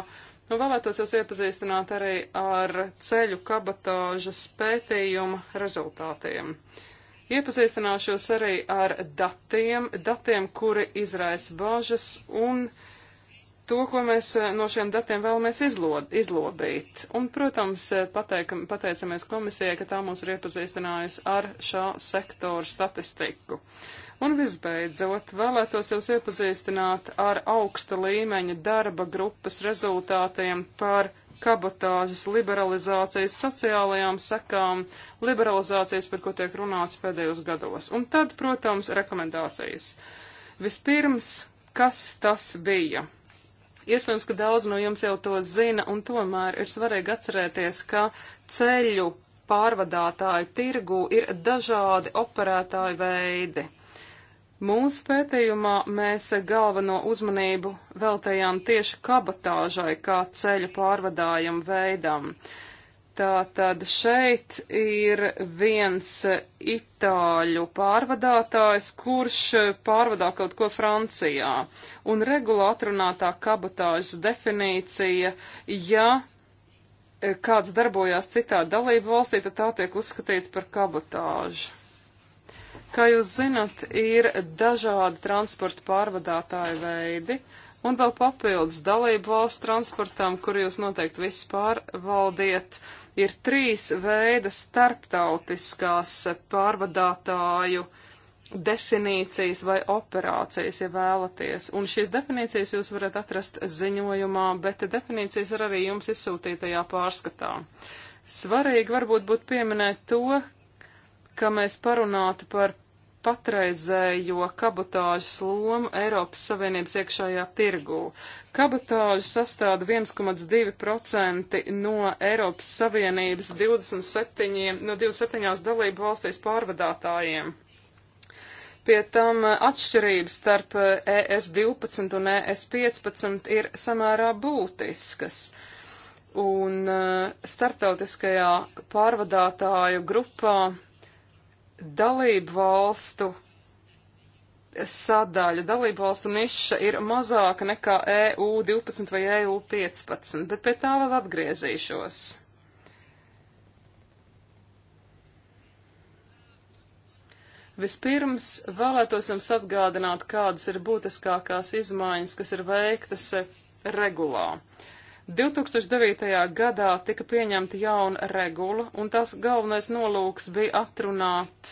Nu, vēlētos jūs iepazīstināt arī ar ceļu kabatāžas pētījuma rezultātiem. Iepazīstināšos arī ar datiem, datiem, kuri izraisa bažas un uh, to, ko mēs eh, no šiem datiem vēlamies izlod, izlobīt. Un, protams, eh, pateikam, pateicamies komisijai, ka tā mūs ir iepazīstinājusi ar šā sektora statistiku. Un visbeidzot, vēlētos jūs iepazīstināt ar augsta līmeņa darba grupas rezultātiem par kabotāžas liberalizācijas sociālajām sekām, liberalizācijas, par ko tiek runāts pēdējos gados. Un tad, protams, rekomendācijas. Vispirms, kas tas bija? Iespējams, ka daudz no jums jau to zina, un tomēr ir svarīgi atcerēties, ka ceļu pārvadātāju tirgu ir dažādi operētāju veidi. Mūsu pētījumā mēs galveno uzmanību veltējām tieši kabatāžai kā ceļu pārvadājumu veidam. Uh, Tā tad šeit ir viens itāļu pārvadātājs, kurš pārvadā kaut ko Francijā. Un regulā atrunātā kabatāžas definīcija, ja kāds darbojās citā dalību valstī, tad tā tiek uzskatīta par kabatāžu. Kā jūs zinat, ir dažādi transporta pārvadātāju veidi un vēl papildus dalību valsts transportam, kur jūs noteikti viss pārvaldiet. Uh, Ir trīs veidi starptautiskās pārvadātāju definīcijas vai operācijas, ja vēlaties. Un šīs definīcijas jūs varat atrast ziņojumā, bet definīcijas ir arī jums izsūtītajā pārskatā. Svarīgi varbūt būtu pieminēt to, ka mēs parunātu par patreizējo kabotāžas lomu Eiropas Savienības iekšējā tirgū. Kabotāža sastāda 1,2% no Eiropas Savienības 27, no 27 dalību valstīs pārvadātājiem. Pie tam atšķirības starp ES 12 un ES 15 ir samērā būtiskas un e, starptautiskajā pārvadātāju grupā dalību valstu sadaļa dalību valstu niša ir mazāka nekā EU 12 vai EU 15, bet pie tā vēl atgriezīšos. Vispirms vēlētos jums atgādināt, kādas ir būtiskākās izmaiņas, kas ir veiktas regulā. Uh, 2009. gadā tika pieņemta jauna regula, un tas galvenais nolūks bija atrunāt,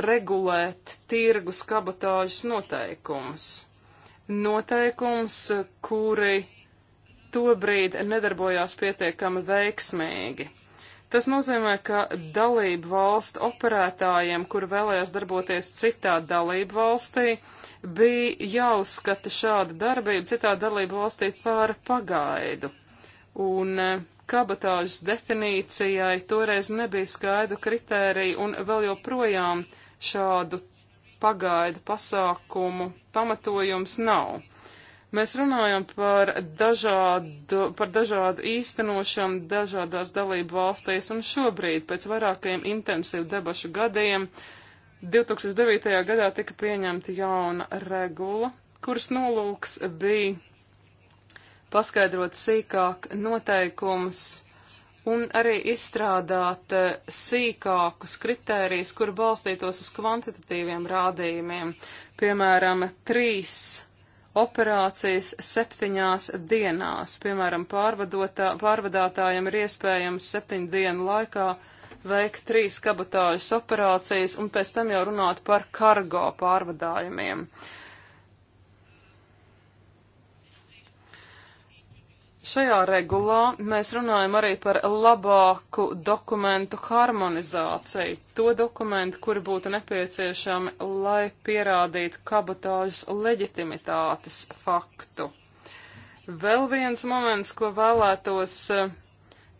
regulēt tirgus kabatāžas noteikumus. Noteikums, kuri tobrīd nedarbojās pietiekami veiksmīgi. Tas nozīmē, ka dalību valstu operētājiem, kur vēlējās darboties citā dalību valstī, bija jāuzskata šāda darbība citā dalību valstī par pagaidu. Un eh, kabatāžas definīcijai toreiz nebija skaidru kritēriju un vēl joprojām šādu pagaidu pasākumu pamatojums nav. Mēs runājam par dažādu, par dažādu īstenošanu dažādās dalību valstīs, un šobrīd, pēc vairākajiem intensīvu debašu gadiem, 2009. gadā tika pieņemta jauna regula, kuras nolūks bija paskaidrot sīkāk noteikumus un arī izstrādāt eh, sīkākus kritērijus, kur balstītos uz kvantitatīviem rādījumiem, piemēram, trīs operācijas septiņās dienās. Piemēram, pārvadātājiem ir iespējams septiņu dienu laikā veikt trīs kabatāžas operācijas un pēc tam jau runāt par kargo pārvadājumiem. Uh, Šajā regulā mēs runājam arī par labāku dokumentu harmonizāciju, to dokumentu, kuri būtu nepieciešami, lai pierādītu kabatāžas leģitimitātes faktu. Vēl viens moments, ko vēlētos eh,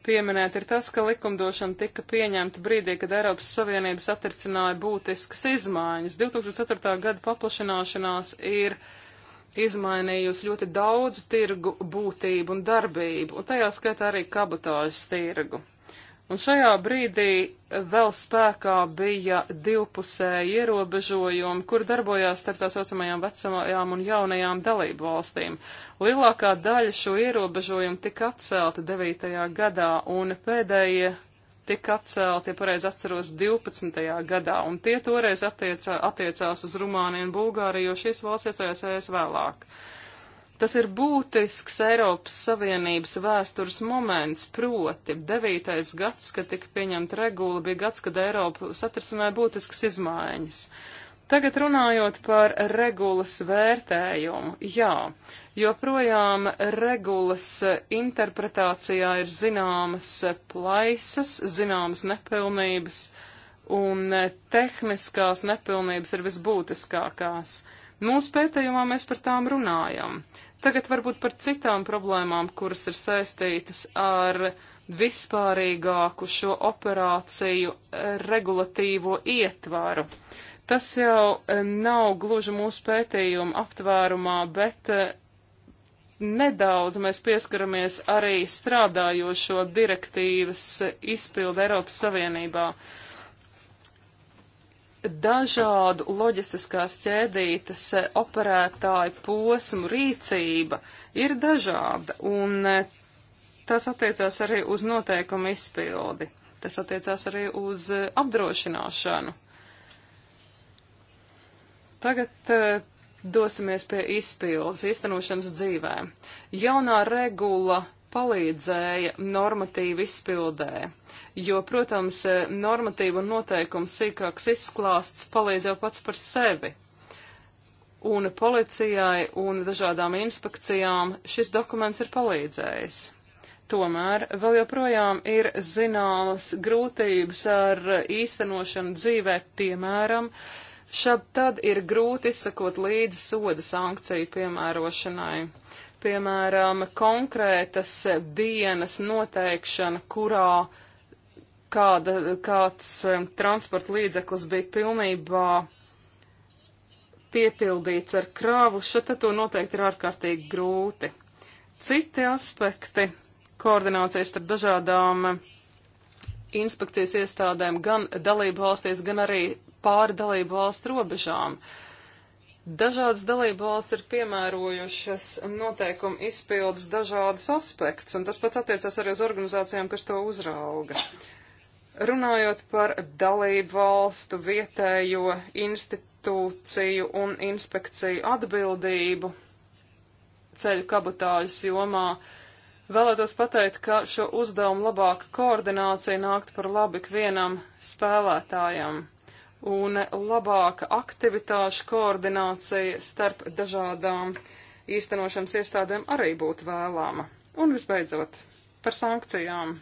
pieminēt, ir tas, ka likumdošana tika pieņemta brīdī, kad Eiropas Savienības atricināja būtiskas izmaiņas. 2004. gada paplašināšanās ir izmainījusi ļoti daudz tirgu būtību un darbību, un tajā skaitā arī kabatāžas tirgu. Un šajā brīdī vēl spēkā bija divpusēji ierobežojumi, kur darbojās starp tā saucamajām vecajām un jaunajām dalību valstīm. Lielākā daļa šo ierobežojumu tika atcelta 9. gadā, un pēdējie tika atcelti, ja pareizi atceros, 12. gadā, un tie toreiz attieca, attiecās uz Rumāniju un Bulgāriju, jo šīs valsts iestājās vēlāk. Tas ir būtisks Eiropas Savienības vēstures moments, proti, devītais gads, kad tika pieņemta regula, bija gads, kad Eiropa satrasināja būtiskas izmaiņas. Tagad runājot par regulas vērtējumu. Jā, joprojām regulas interpretācijā ir zināmas plaisas, zināmas nepilnības, un tehniskās nepilnības ir visbūtiskākās. Mūsu pētījumā mēs par tām runājam. Tagad varbūt par citām problēmām, kuras ir saistītas ar vispārīgāku šo operāciju regulatīvo ietvaru. Uh, Tas jau eh, nav gluži mūsu pētījuma aptvērumā, bet eh, nedaudz mēs pieskaramies arī strādājošo direktīvas eh, izpildu Eiropas Savienībā. Dažādu loģistiskās ķēdītes operētāju posmu rīcība ir dažāda, un tas attiecās arī uz noteikumu izpildi. Tas attiecās arī uz apdrošināšanu. Tagad e, dosimies pie izpildes, īstenošanas dzīvē. Jaunā regula palīdzēja normatīvu izpildē, jo, protams, eh, normatīva un noteikums sīkāks izklāsts palīdz jau pats par sevi. Un policijai un dažādām inspekcijām šis dokuments ir palīdzējis. Tomēr vēl joprojām ir zināmas grūtības ar īstenošanu dzīvē, piemēram, uh, Šad tad ir grūti izsakot līdz soda sankciju piemērošanai. Piemēram, konkrētas dienas noteikšana, kurā kāda, kāds um, transporta līdzeklis bija pilnībā piepildīts ar krāvu, šeit to noteikti ir ārkārtīgi grūti. Citi aspekti koordinācijas starp dažādām um, inspekcijas iestādēm gan dalību valstīs, gan arī pāri dalību valstu robežām. Dažādas dalību valsts ir piemērojušas noteikumu izpildes dažādus aspektus, un tas pats attiecas arī uz organizācijām, kas to uzrauga. Runājot par dalību valstu vietējo institūciju un inspekciju atbildību ceļu kabatājas jomā, vēlētos pateikt, ka šo uzdevumu labāka koordinācija nākt par labu ikvienam spēlētājam un labāka aktivitāšu koordinācija starp dažādām īstenošanas iestādēm arī būtu vēlama. Un visbeidzot, par sankcijām.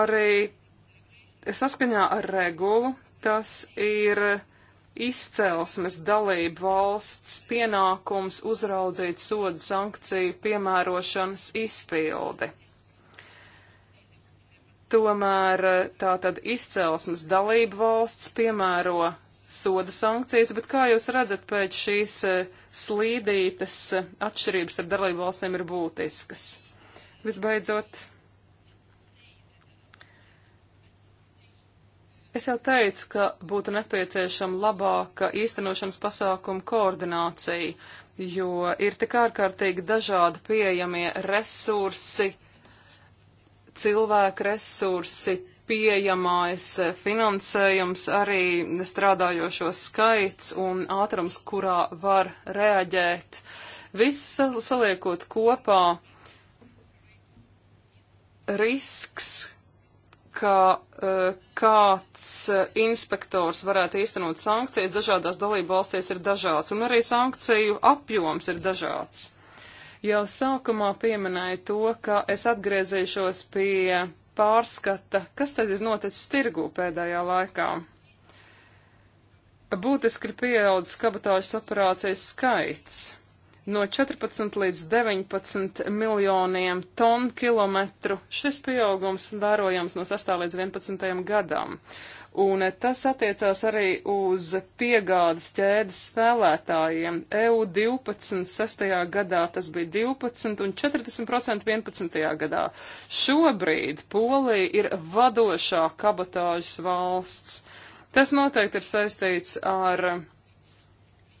Arī saskaņā ar regulu tas ir izcelsmes dalību valsts pienākums uzraudzīt sodu sankciju piemērošanas izpildi. Tomēr eh, tātad izcelsmes dalību valsts piemēro soda sankcijas, bet kā jūs redzat, pēc šīs eh, slīdītes eh, atšķirības starp dalību valstīm ir būtiskas. Visbeidzot, Es jau teicu, ka būtu nepieciešama labāka īstenošanas pasākuma koordinācija, jo ir tik ārkārtīgi dažādi pieejamie resursi, cilvēku resursi, pieejamais eh, finansējums, arī strādājošo skaits un ātrums, kurā var reaģēt. Viss saliekot kopā, risks, ka uh, kāds eh, inspektors varētu īstenot sankcijas dažādās dalību valstīs ir dažāds, un arī sankciju apjoms ir dažāds. Jau sākumā pieminēju to, ka es atgriezīšos pie pārskata, kas tad ir noticis tirgū pēdējā laikā. Būtiski ir pieaudzis kabatāžas operācijas skaits no 14 līdz 19 miljoniem tonu kilometru. Šis pieaugums vērojams no 6 līdz 11 gadam. Un tas attiecās arī uz piegādes ķēdes spēlētājiem. EU 12. 6. gadā tas bija 12 un 40% 11. gadā. Šobrīd Polija ir vadošā kabatāžas valsts. Tas noteikti ir saistīts ar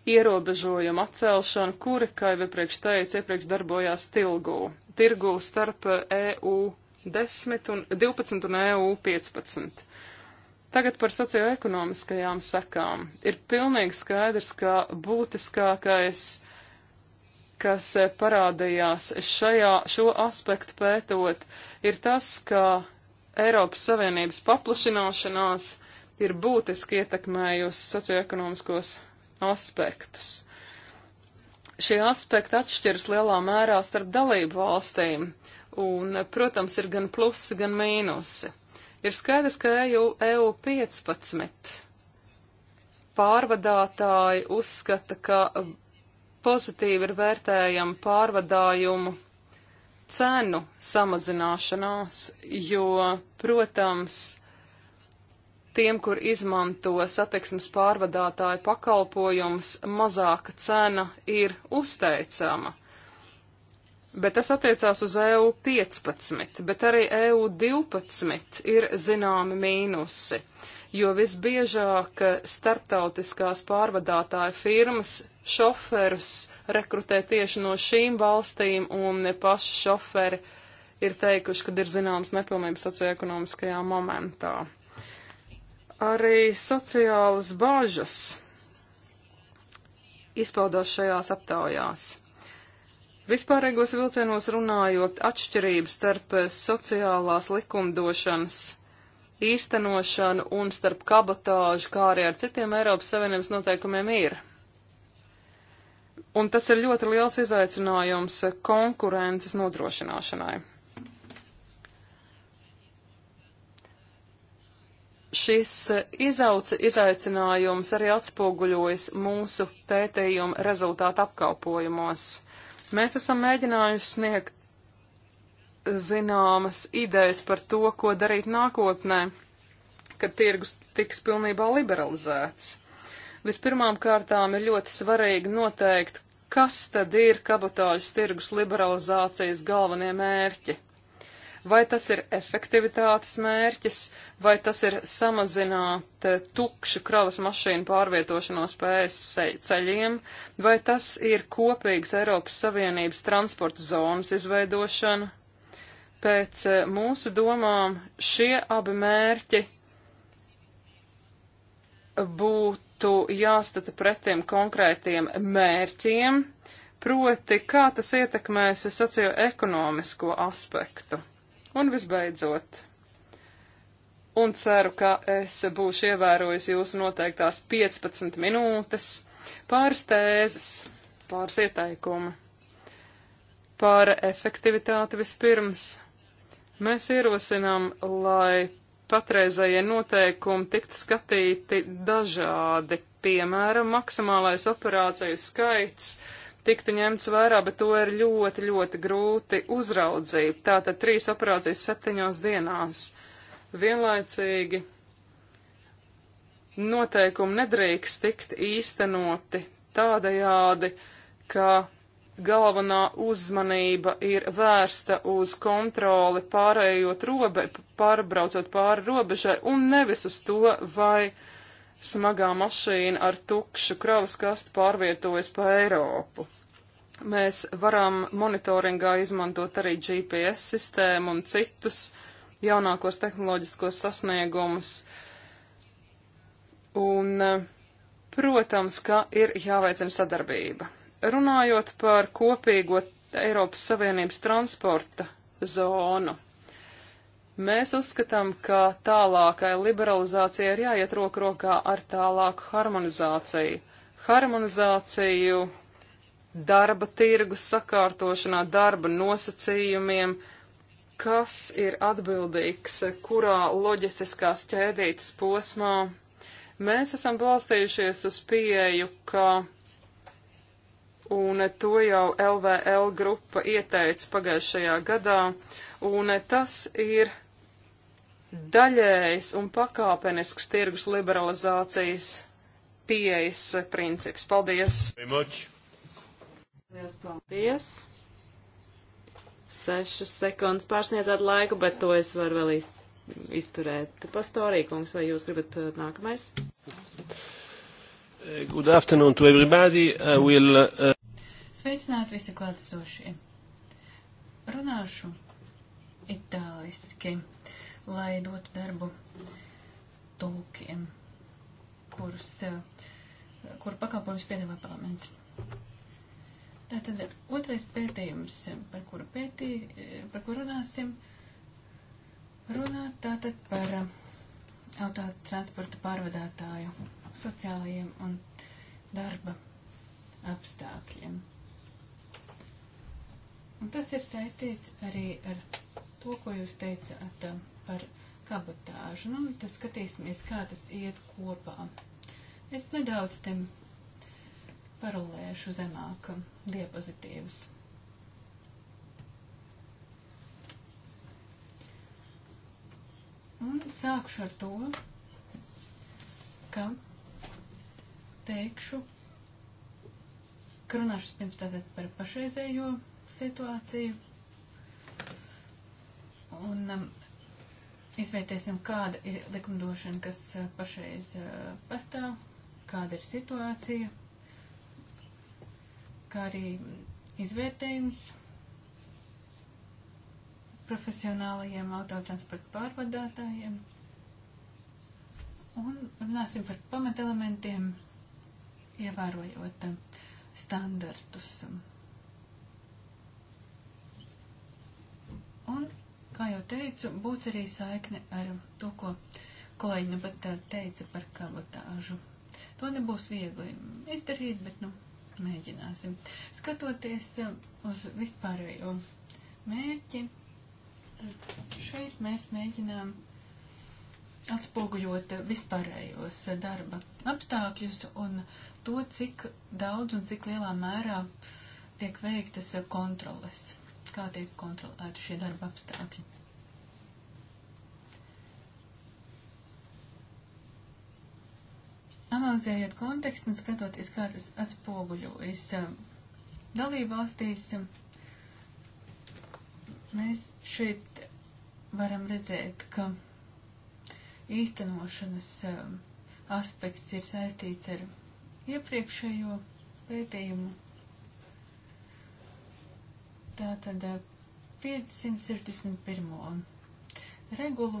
ierobežojumu atcelšanu, kuri, kā jau iepriekš teicu, iepriekš darbojās tilgū, tirgū starp EU 10 un 12 un EU 15. Tagad par socioekonomiskajām sekām. Ir pilnīgi skaidrs, ka būtiskākais, kas parādījās šajā, šo aspektu pētot, ir tas, ka Eiropas Savienības paplašināšanās ir būtiski ietekmējusi socioekonomiskos aspektus. Šie aspekti atšķiras lielā mērā starp dalību valstīm, un, protams, ir gan plusi, gan mīnusi. Ir skaidrs, ka EU, EU 15 pārvadātāji uzskata, ka pozitīvi ir vērtējama pārvadājumu cenu samazināšanās, jo, protams, tiem, kur izmanto satiksmes pārvadātāju pakalpojums, mazāka cena ir uzteicama. Bet tas attiecās uz EU 15, bet arī EU 12 ir zināmi mīnusi, jo visbiežāk starptautiskās pārvadātāja firmas šoferus rekrutē tieši no šīm valstīm un paši šoferi ir teikuši, ka ir zināmas nepilnības socioekonomiskajā momentā arī sociālas bāžas izpaudās šajās aptaujās. Vispārīgos vilcienos runājot, atšķirības starp sociālās likumdošanas īstenošanu un starp kabatāžu, kā arī ar citiem Eiropas Savienības noteikumiem ir. Un tas ir ļoti liels izaicinājums konkurences nodrošināšanai. šis eh, izauc, izaicinājums arī atspoguļojas mūsu pētījuma rezultātu apkalpojumos. Mēs esam mēģinājuši sniegt zināmas idejas par to, ko darīt nākotnē, kad tirgus tiks pilnībā liberalizēts. Vispirmām kārtām ir ļoti svarīgi noteikt, kas tad ir kabotāžas tirgus liberalizācijas galvenie mērķi. Vai tas ir efektivitātes mērķis, vai tas ir samazināt eh, tukšu kravas mašīnu pārvietošanos pa ES ceļiem, vai tas ir kopīgs Eiropas Savienības transporta zonas izveidošana. Pēc eh, mūsu domām šie abi mērķi būtu jāstata pretim konkrētiem mērķiem, proti kā tas ietekmēs socioekonomisko aspektu. Un visbeidzot, un ceru, ka es būšu ievērojis jūsu noteiktās 15 minūtes, pāris tēzes, pāris ieteikumi par efektivitāti vispirms. Mēs ierosinām, lai patreizējie noteikumi tiktu skatīti dažādi, piemēram, maksimālais operāciju skaits tiktu ņemts vērā, bet to ir ļoti, ļoti grūti uzraudzīt. Tātad trīs operācijas septiņos dienās. Vienlaicīgi noteikumi nedrīkst tikt īstenoti tādajādi, ka galvenā uzmanība ir vērsta uz kontroli pārējot robe, pārbraucot pāri robežai un nevis uz to, vai uh, smagā mašīna ar tukšu kravas kastu pārvietojas pa Eiropu. Mēs varam monitoringā izmantot arī GPS sistēmu un citus jaunākos tehnoloģiskos sasniegumus. Un, protams, ka ir jāveicina sadarbība. Runājot par kopīgo Eiropas Savienības transporta zonu. Mēs uzskatām, ka tālākai liberalizācijai ir jāiet roku rokā ar tālāku harmonizāciju. Harmonizāciju darba tirgus sakārtošanā, darba nosacījumiem, kas ir atbildīgs, kurā loģistiskās ķēdītas posmā. Mēs esam balstījušies uz pieeju, ka, un to jau LVL grupa ieteica pagājušajā gadā, un tas ir daļējs un pakāpenisks tirgus liberalizācijas pieejas princips. Paldies! Lielas paldies! Sešas sekundes pārsniedzāt laiku, bet to es varu vēl izturēt. Pastorīkums, vai jūs gribat uh, nākamais? Eh, good afternoon to everybody. I will, uh... Sveicināt visi klātesošie. Runāšu itāliski lai dotu darbu tulkiem, kurus, eh, kuru pakalpojums piedāvā parlaments. Tātad otrais pētījums, eh, par kuru pētī, eh, par kuru runāsim, runā tātad par autotransporta pārvadātāju sociālajiem un darba apstākļiem. Un tas ir saistīts arī ar to, ko jūs teicāt par kabotāžu. Nu, tad skatīsimies, kā tas iet kopā. Es nedaudz tam parolēšu zemāk diapozitīvus. Un sākšu ar to, ka teikšu, ka runāšu pirms tātad par pašreizējo situāciju. Un um, izvērtēsim, kāda ir likumdošana, kas eh, pašreiz eh, pastāv, kāda ir situācija, kā arī izvērtējums profesionālajiem autotransporta pārvadātājiem. Un runāsim par pamatelementiem, ievērojot eh, standartus. Un kā jau teicu, būs arī saikne ar to, ko kolēģi nu pat eh, teica par kabotāžu. To nebūs viegli izdarīt, bet, nu, mēģināsim. Skatoties eh, uz vispārējo mērķi, šeit mēs mēģinām atspoguļot vispārējos darba apstākļus un to, cik daudz un cik lielā mērā tiek veiktas kontroles kā tiek kontrolēti šie darba apstākļi. Analizējot kontekstu un skatoties, kā tas atspoguļojas um, dalībvalstīs, um, mēs šeit varam redzēt, ka īstenošanas um, aspekts ir saistīts ar iepriekšējo pētījumu Tātad 561. Eh, regulu.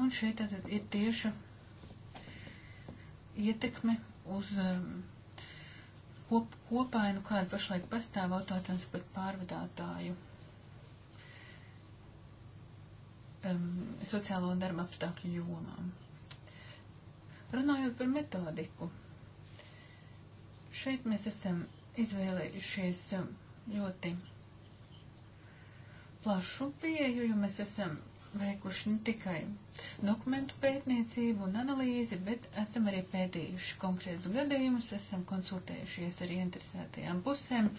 Un šeit tātad ir tieša ietekme uz um, kop, kopainu, kāda pašlaik pastāv autotransporta pārvadātāju um, sociālo un darba apstākļu jomām. Runājot par metodiku, šeit mēs esam izvēlējušies um, ļoti plašu pieeju, jo mēs esam veikuši ne tikai dokumentu pētniecību un analīzi, bet esam arī pētījuši konkrētus gadījumus, esam konsultējušies ar interesētajām pusēm,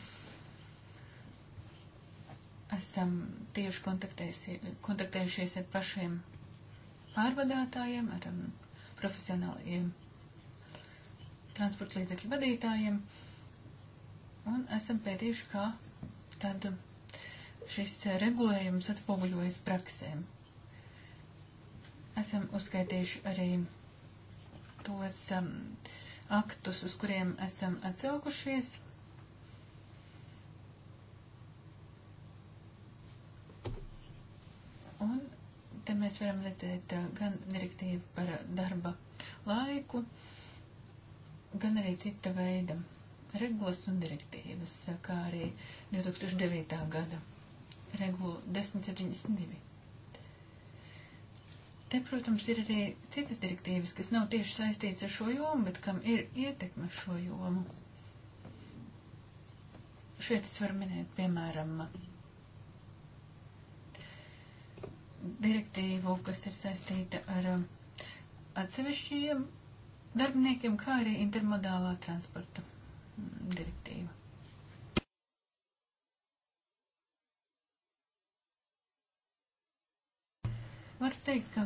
esam tieši kontaktējušies ar pašiem pārvadātājiem, ar um, profesionāliem transporta līdzekļu vadītājiem. Uh, Un esam pētījuši, kā tad šis regulējums atspoguļojas praksēm. Esam uzskaitījuši arī tos um, aktus, uz kuriem esam atsaukušies. Un te mēs varam redzēt uh, gan direktīvu par darba laiku, gan arī cita veida regulas un direktīvas, kā arī 2009. gada regulu 1072. Te, protams, ir arī citas direktīvas, kas nav tieši saistīts ar šo jomu, bet kam ir ietekme šo jomu. Šeit es varu minēt, piemēram, direktīvu, kas ir saistīta ar atsevišķiem darbiniekiem, kā arī intermodālā transporta direktīva. Var teikt, ka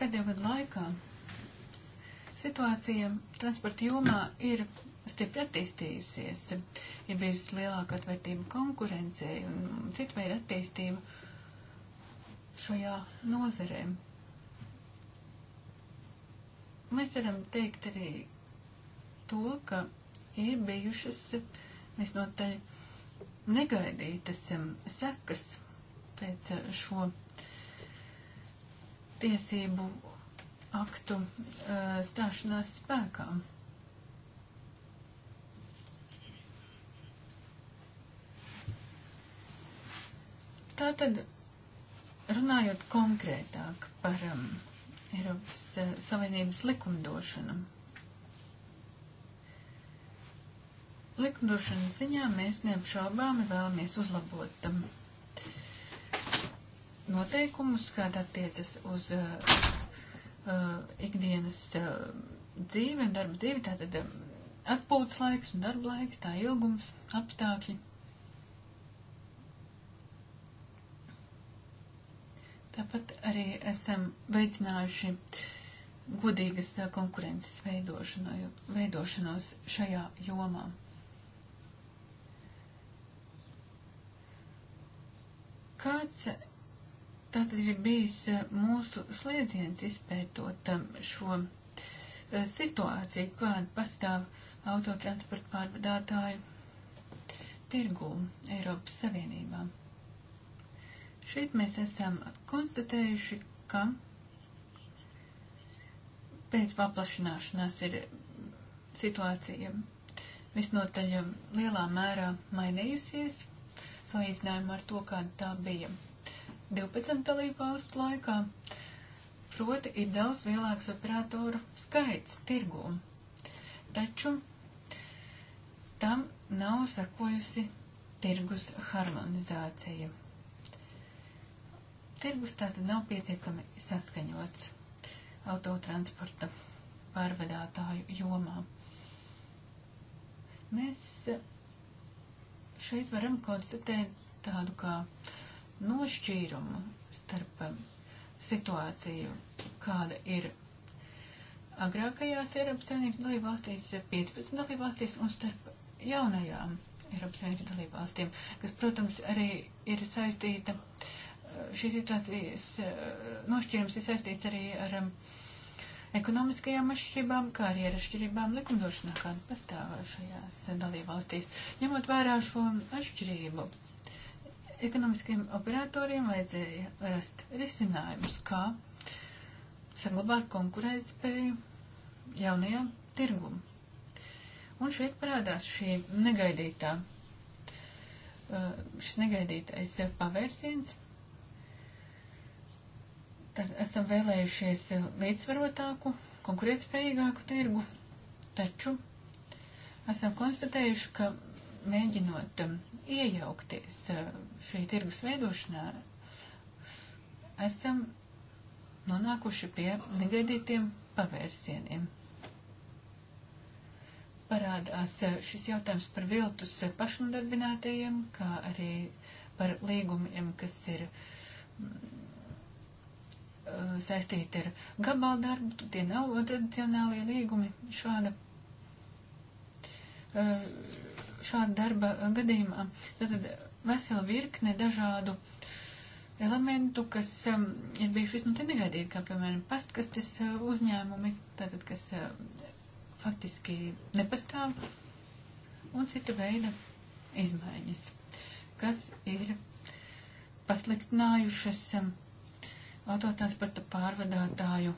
pēdējo gadu laikā situācija transporta jomā ir stipri attīstījusies. Ir bijusi lielāka atvērtība konkurencei un citu veidu attīstība šajā nozarē. Mēs varam teikt arī to, ka ir bijušas visnotaļ negaidītas um, sekas pēc uh, šo tiesību aktu uh, stāšanās spēkā. Tātad, runājot konkrētāk par um, Eiropas uh, Savienības likumdošanu, likumdošanas ziņā mēs neapšaubāmi vēlamies uzlabot um, noteikumus, kāda attiecas uz uh, uh, ikdienas uh, dzīvi un darba dzīvi, tātad um, atpūtas laiks un darba laiks, tā ilgums, apstākļi. Tāpat arī esam veicinājuši godīgas uh, konkurences veidošanos šajā jomā. Kāds tātad ir bijis eh, mūsu slēdziens izpētot um, šo eh, situāciju, kāda pastāv autotransporta pārvadātāju tirgū Eiropas Savienībā. Šeit mēs esam konstatējuši, ka pēc paplašināšanās ir situācija visnotaļ um, lielā mērā mainījusies salīdzinājumā ar to, kāda tā bija 12 dalību valstu laikā. Proti ir daudz lielāks operatoru skaits tirgū. Taču tam nav sekojusi tirgus harmonizācija. Tirgus tātad nav pietiekami saskaņots autotransporta pārvadātāju jomā. Mēs Šeit varam konstatēt tādu kā nošķīrumu starp um, situāciju, kāda ir agrākajās Eiropas Savienības dalībvalstīs, 15 dalībvalstīs un starp jaunajām Eiropas Savienības dalībvalstīm, kas, protams, arī ir saistīta, uh, šī situācijas uh, nošķirums ir saistīts arī ar, ar um, ekonomiskajām atšķirībām, kā arī ar atšķirībām likumdošanā, kāda pastāv šajās dalībvalstīs. Ņemot vērā šo atšķirību, ekonomiskajiem operatoriem vajadzēja rast risinājumus, kā saglabāt konkurētspēju jaunajā tirgumā. Un šeit parādās šī negaidītā, uh, šis negaidītais pavērsiens, Tad esam vēlējušies eh, līdzsvarotāku, konkurētspējīgāku tirgu, taču esam konstatējuši, ka mēģinot eh, iejaukties eh, šī tirgus veidošanā, esam nonākuši pie negaidītiem pavērsieniem. Parādās šis jautājums par viltus pašnodarbinātajiem, kā arī par līgumiem, kas ir Eh, saistīti ar gabaldarbu, tie nav tradicionālie līgumi šāda, eh, šāda darba gadījumā. Tātad vesela virkne dažādu elementu, kas um, ir bijuši visnotaļ nu, negaidīti, kā piemēram pastkastes uzņēmumi, tātad, kas uh, faktiski nepastāv, un cita veida izmaiņas, kas ir pasliktinājušas um, autotransporta pārvadātāju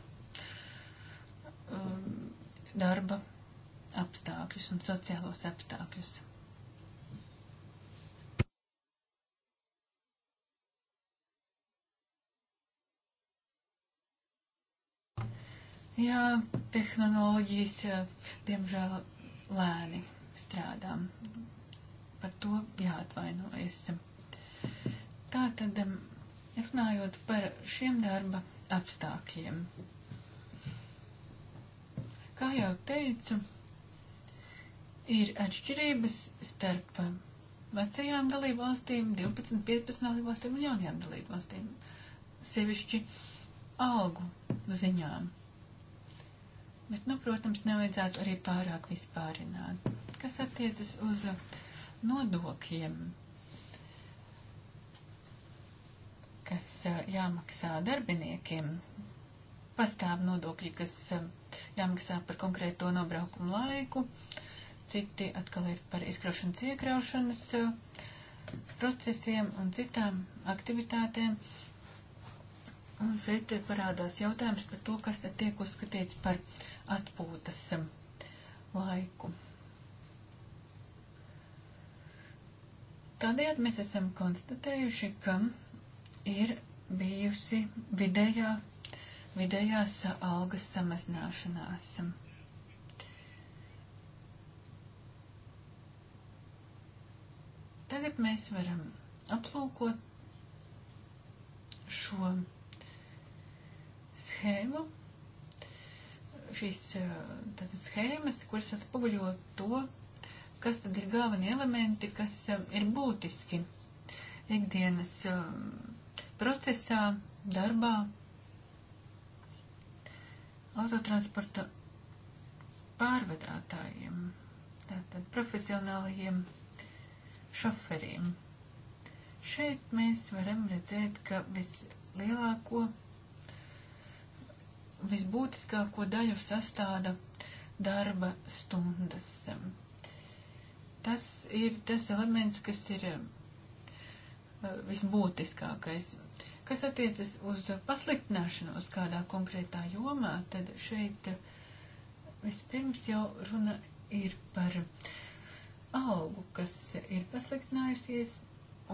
um, darba apstākļus un sociālos apstākļus. Jā, tehnoloģijas, diemžēl, lēni strādā. Par to jāatvainojas. Tā tad um, Runājot par šiem darba apstākļiem. Kā jau teicu, ir atšķirības starp vecajām dalībvalstīm, 12, 15 dalībvalstīm un jaunajām dalībvalstīm. Sevišķi algu ziņām. Bet, nu, protams, nevajadzētu arī pārāk vispārināt. Kas attiecas uz nodokļiem? kas jāmaksā darbiniekiem. Pastāv nodokļi, kas jāmaksā par konkrēto nobraukumu laiku, citi atkal ir par izkraušanas iekraušanas procesiem un citām aktivitātēm. Un šeit parādās jautājums par to, kas tad tiek uzskatīts par atpūtas laiku. Tādējādi mēs esam konstatējuši, ka ir bijusi vidējā, vidējās algas samazināšanās. Tagad mēs varam aplūkot šo schēmu, šīs eh, tātad schēmas, kuras atspoguļo to, kas tad ir galvenie elementi, kas eh, ir būtiski ikdienas eh, procesā, darbā, autotransporta pārvadātājiem, tātad profesionālajiem šoferiem. Šeit mēs varam redzēt, ka vislielāko, visbūtiskāko daļu sastāda darba stundas. Tas ir tas elements, kas ir eh, visbūtiskākais. Kas attiecas uz pasliktināšanos kādā konkrētā jomā, tad šeit vispirms jau runa ir par algu, kas ir pasliktinājusies,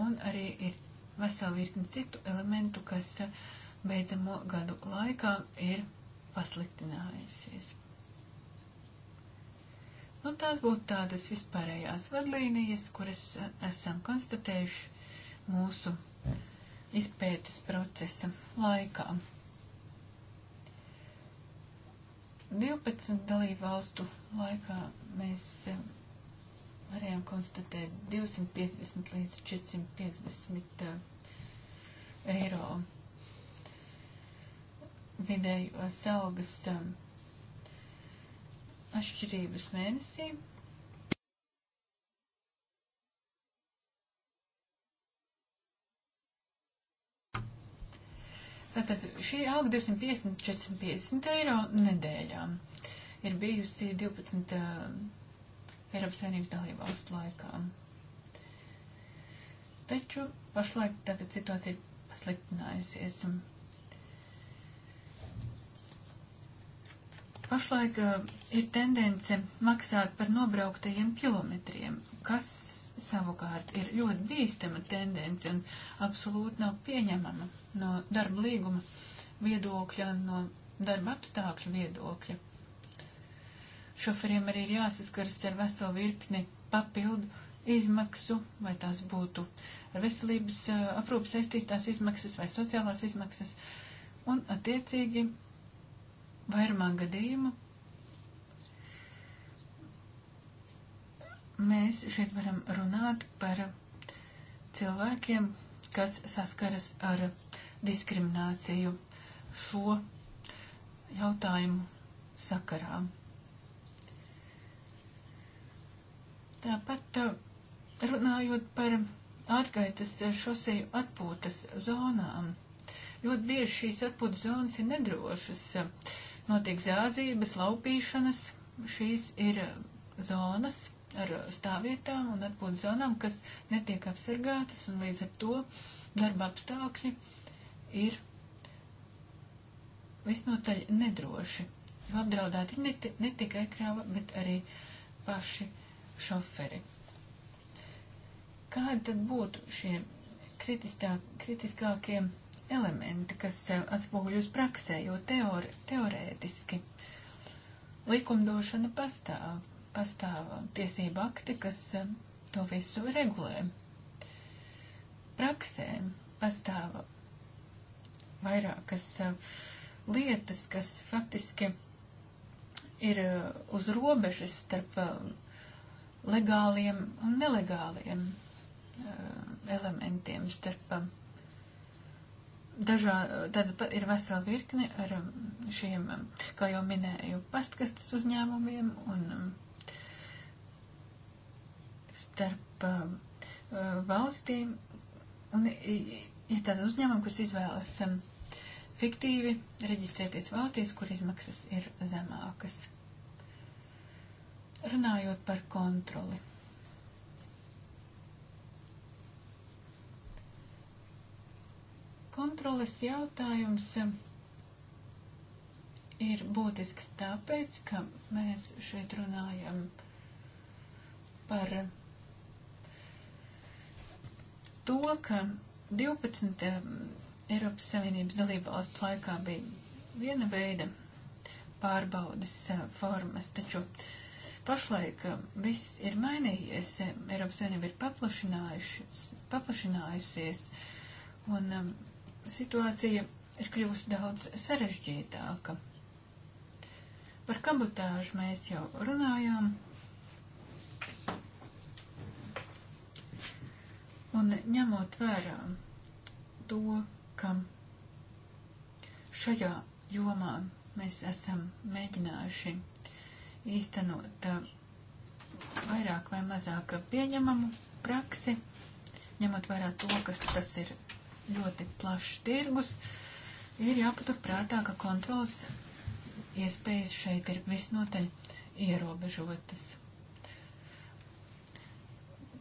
un arī ir vesela virkni citu elementu, kas beidzamo gadu laikā ir pasliktinājusies. Nu, tās būtu tādas vispārējās vadlīnijas, kuras esam konstatējuši mūsu izpētes procesa laikā. 12 dalību valstu laikā mēs eh, varējām konstatēt 250 līdz 450 eh, eiro vidējos eh, algas atšķirības mēnesī. Tātad šī alga 250-450 eiro nedēļā ir bijusi 12 uh, eh, Eiropas Savienības dalībvalstu laikā. Taču pašlaik tātad situācija ir pasliktinājusies. Pašlaik uh, ir tendence maksāt par nobrauktajiem kilometriem, kas savukārt ir ļoti bīstama tendence un absolūti nav pieņemama no darba līguma viedokļa un no darba apstākļu viedokļa. Šoferiem arī ir jāsaskaras ar veselu virkni papildu izmaksu, vai tās būtu ar veselības eh, aprūpas saistītās izmaksas vai sociālās izmaksas, un attiecīgi vairumā gadījumu mēs šeit varam runāt par cilvēkiem, kas saskaras ar diskrimināciju šo jautājumu sakarā. Tāpat uh, runājot par ārgaitas šoseju atpūtas zonām. Ļoti bieži šīs atpūtas zonas ir nedrošas. Notiek zādzības, laupīšanas. Šīs ir zonas, ar stāvvietām un atpūtas zonām, kas netiek apsargātas, un līdz ar to darba apstākļi ir visnotaļ nedroši. Jo apdraudēti ir ne, ne tikai krāva, bet arī paši šoferi. Kādi tad būtu šie kritistā, kritiskākie elementi, kas atspoguļos praksē, jo teori, teorētiski likumdošana pastāv pastāv tiesība akti, kas eh, to visu regulē. Praksē pastāv vairākas eh, lietas, kas faktiski ir eh, uz robežas starp legāliem un nelegāliem elementiem, starp dažā, tad ir vesela virkne ar šiem, kā jau minēju, pastkastes uzņēmumiem un starp um, uh, valstīm un ir tāda uzņēmuma, kas izvēlas um, fiktīvi reģistrēties valstīs, kur izmaksas ir zemākas. Runājot par kontroli. Kontroles jautājums um, ir būtisks tāpēc, ka mēs šeit runājam par to, ka 12 eh, Eiropas Savienības dalību valstu laikā bija viena veida pārbaudas eh, formas, taču pašlaik eh, viss ir mainījies, Eiropas Savienība ir paplašinājusies, un situācija ir kļuvusi daudz sarežģītāka. Par kabotāžu mēs jau runājām. Un ņemot vērā to, ka šajā jomā mēs esam mēģinājuši īstenot uh, vairāk vai mazāk pieņemamu praksi, ņemot vērā to, ka tas ir ļoti plašs tirgus, ir jāpatur prātā, ka kontrols iespējas šeit ir visnotaļ ierobežotas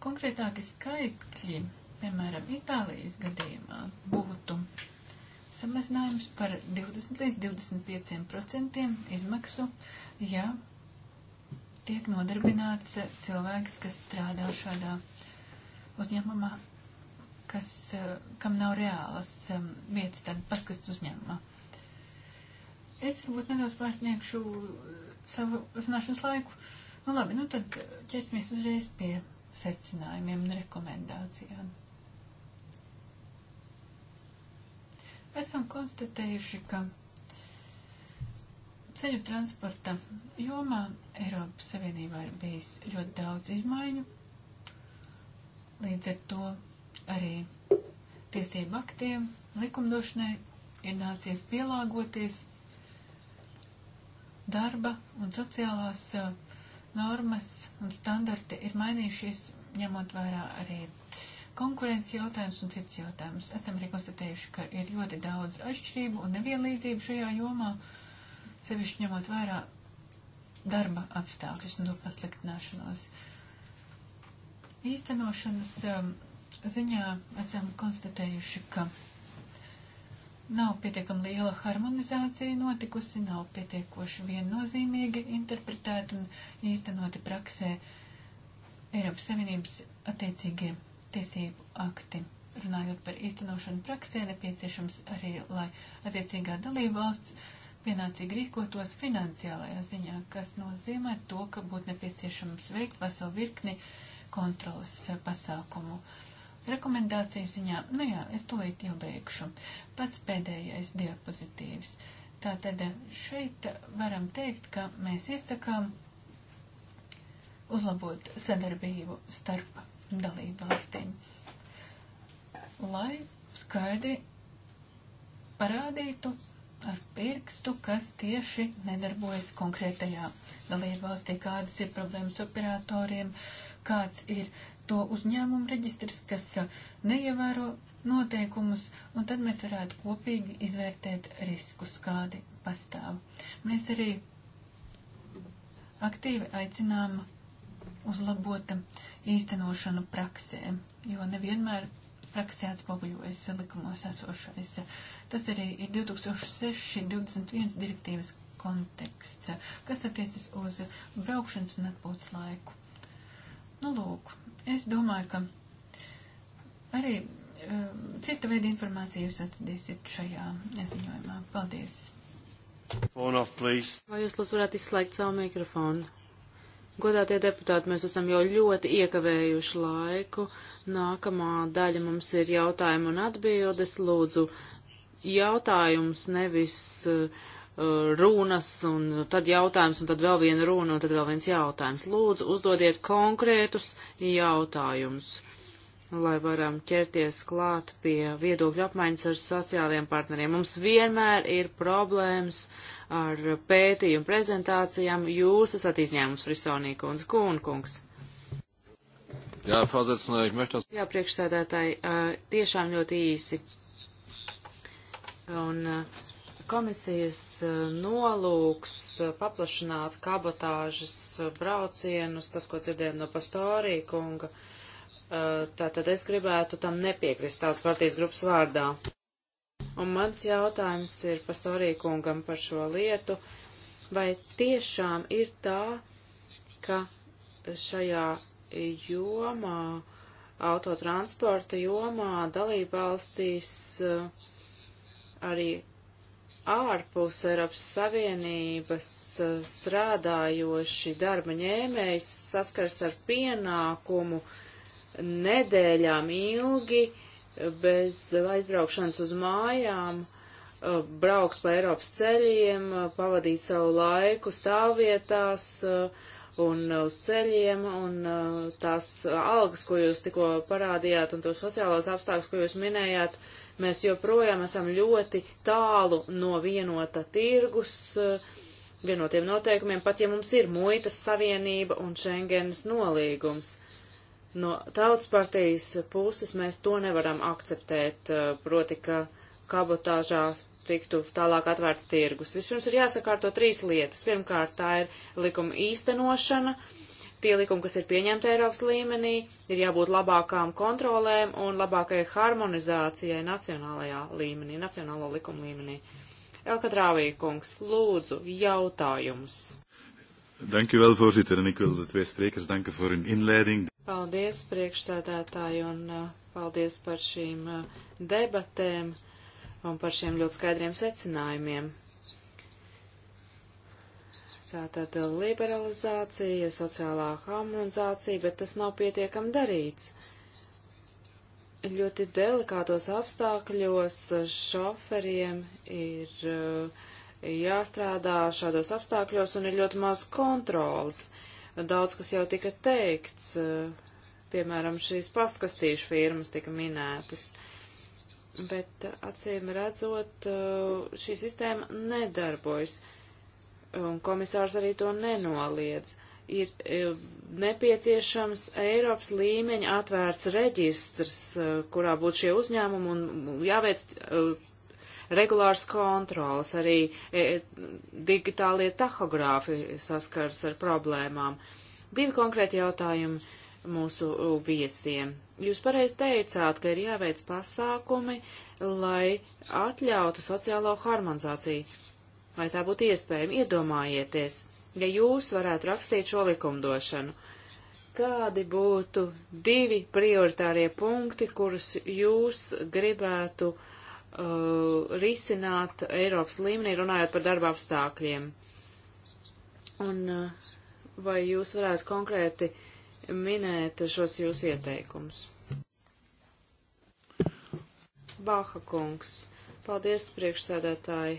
konkrētāki skaitļi, piemēram, Itālijas gadījumā būtu samazinājums par 20 līdz 25% izmaksu, ja tiek nodarbināts cilvēks, kas strādā šādā uzņēmumā, kas, kam nav reālas um, vietas tāda paskasts uzņēmumā. Es varbūt nedaudz pārsniegšu savu runāšanas laiku. Nu labi, nu tad ķersimies uzreiz pie secinājumiem un rekomendācijām. Esam konstatējuši, ka ceļu transporta jomā Eiropas Savienībā ir bijis ļoti daudz izmaiņu. Līdz ar to arī tiesību aktiem, likumdošanai ir nācies pielāgoties darba un sociālās uh, normas un standarti ir mainījušies, ņemot vērā arī konkurences jautājums un cits jautājums. Esam arī konstatējuši, ka ir ļoti daudz atšķirību un nevienlīdzību šajā jomā, sevišķi ņemot vērā darba apstākļus un to pasliktināšanos. Īstenošanas um, ziņā esam konstatējuši, ka Nav pietiekami liela harmonizācija notikusi, nav pietiekoši viennozīmīgi interpretēta un īstenoti praksē Eiropas Savienības attiecīgie tiesību akti. Runājot par īstenošanu praksē, nepieciešams arī, lai attiecīgā dalība valsts pienācīgi rīkotos finansiālajā ziņā, kas nozīmē to, ka būtu nepieciešams veikt veselu virkni kontrolas eh, pasākumu. Uh, Rekomendācijas ziņā, nu jā, es tūlīt jau beigšu. Pats pēdējais diapozitīvs. Tātad šeit varam teikt, ka mēs iesakām uzlabot sadarbību starp dalību valstīm, lai skaidri parādītu ar pirkstu, kas tieši nedarbojas konkrētajā dalību valstī, kādas ir problēmas operatoriem, kāds ir to uzņēmumu reģistrs, kas uh, neievēro noteikumus, un tad mēs varētu kopīgi izvērtēt riskus, kādi pastāv. Mēs arī aktīvi aicinām uzlabot īstenošanu praksē, jo nevienmēr praksē atspoguļojas likumos esošais. Tas arī ir 2006-21 direktīvas konteksts, kas attiecas uz braukšanas un atpūtas laiku. Nu, lūk, Es domāju, ka arī uh, cita veida informāciju jūs atradīsiet šajā ziņojumā. Paldies! Off, Vai jūs lūdzu varētu izslēgt savu mikrofonu? Godātie deputāti, mēs esam jau ļoti iekavējuši laiku. Nākamā daļa mums ir jautājumu un atbildes. Lūdzu, jautājums nevis uh, runas, un tad jautājums, un tad vēl viena runa, un tad vēl viens jautājums. Lūdzu, uzdodiet konkrētus jautājumus, lai varam ķerties klāt pie viedokļu apmaiņas ar sociālajiem partneriem. Mums vienmēr ir problēmas ar pētījumu prezentācijām. Jūs esat izņēmums, Frisonī kundze, kūnkungs. Jā, Frāzēcina, es möchte. Jā, priekšsēdētāji, tiešām ļoti īsi. Un uh, komisijas eh, nolūks eh, paplašināt kabotāžas eh, braucienus, tas, ko dzirdējām no pastorī kunga, tātad es gribētu tam nepiekrist tautas partijas grupas vārdā. Un mans jautājums ir pastorī kungam par šo lietu, vai tiešām ir tā, ka šajā jomā, autotransporta jomā dalībvalstīs uh, arī ārpus Eiropas Savienības eh, strādājoši darba ņēmējs saskars ar pienākumu nedēļām ilgi bez aizbraukšanas uz mājām eh, braukt pa Eiropas ceļiem, eh, pavadīt savu laiku stāvvietās, uh, un uh, uz ceļiem, un uh, tās uh, algas, ko jūs tikko parādījāt, un tos sociālos apstākļus, ko jūs minējāt, mēs joprojām esam ļoti tālu no vienota tirgus, vienotiem noteikumiem, pat ja mums ir muitas savienība un Schengenas nolīgums. No tautas partijas puses mēs to nevaram akceptēt, proti, ka kabotāžā tiktu tālāk atvērts tirgus. Vispirms ir jāsakārto trīs lietas. Pirmkārt, tā ir likuma īstenošana. Tie likumi, kas ir pieņemti Eiropas līmenī, ir jābūt labākām kontrolēm un labākajai harmonizācijai nacionālajā līmenī, nacionālo likumu līmenī. Elka Drāvīkungs, lūdzu, jautājumus. Dank u wel, voorzitter. En ik wil de twee sprekers danken voor hun inleiding. Paldies, priekšsēdētāji, un uh, paldies par šīm uh, debatēm un par šiem ļoti skaidriem secinājumiem. Tātad liberalizācija, sociālā harmonizācija, bet tas nav pietiekami darīts. Ļoti delikātos apstākļos šoferiem ir eh, jāstrādā šādos apstākļos un ir ļoti maz kontrols. Daudz, kas jau tika teikts, eh, piemēram, šīs pastkastīšu firmas tika minētas. Uh, bet uh, acīm redzot, uh, šī sistēma nedarbojas, un komisārs arī to nenoliedz. Ir uh, nepieciešams Eiropas līmeņa atvērts reģistrs, kurā būtu šie uzņēmumi, un jāveic regulārs kontrols, arī e, e, digitālie tahogrāfi saskars ar problēmām. Divi konkrēti jautājumi mūsu viesiem. Jūs pareizi teicāt, ka ir jāveic pasākumi, lai atļautu sociālo harmonizāciju, lai tā būtu iespējama. Iedomājieties, ja jūs varētu rakstīt šo likumdošanu, kādi būtu divi prioritārie punkti, kurus jūs gribētu uh, risināt Eiropas līmenī, runājot par darba apstākļiem? Un uh, vai jūs varētu konkrēti uh, minēt šos jūsu ieteikumus. Bāha kungs, paldies priekšsēdētāji.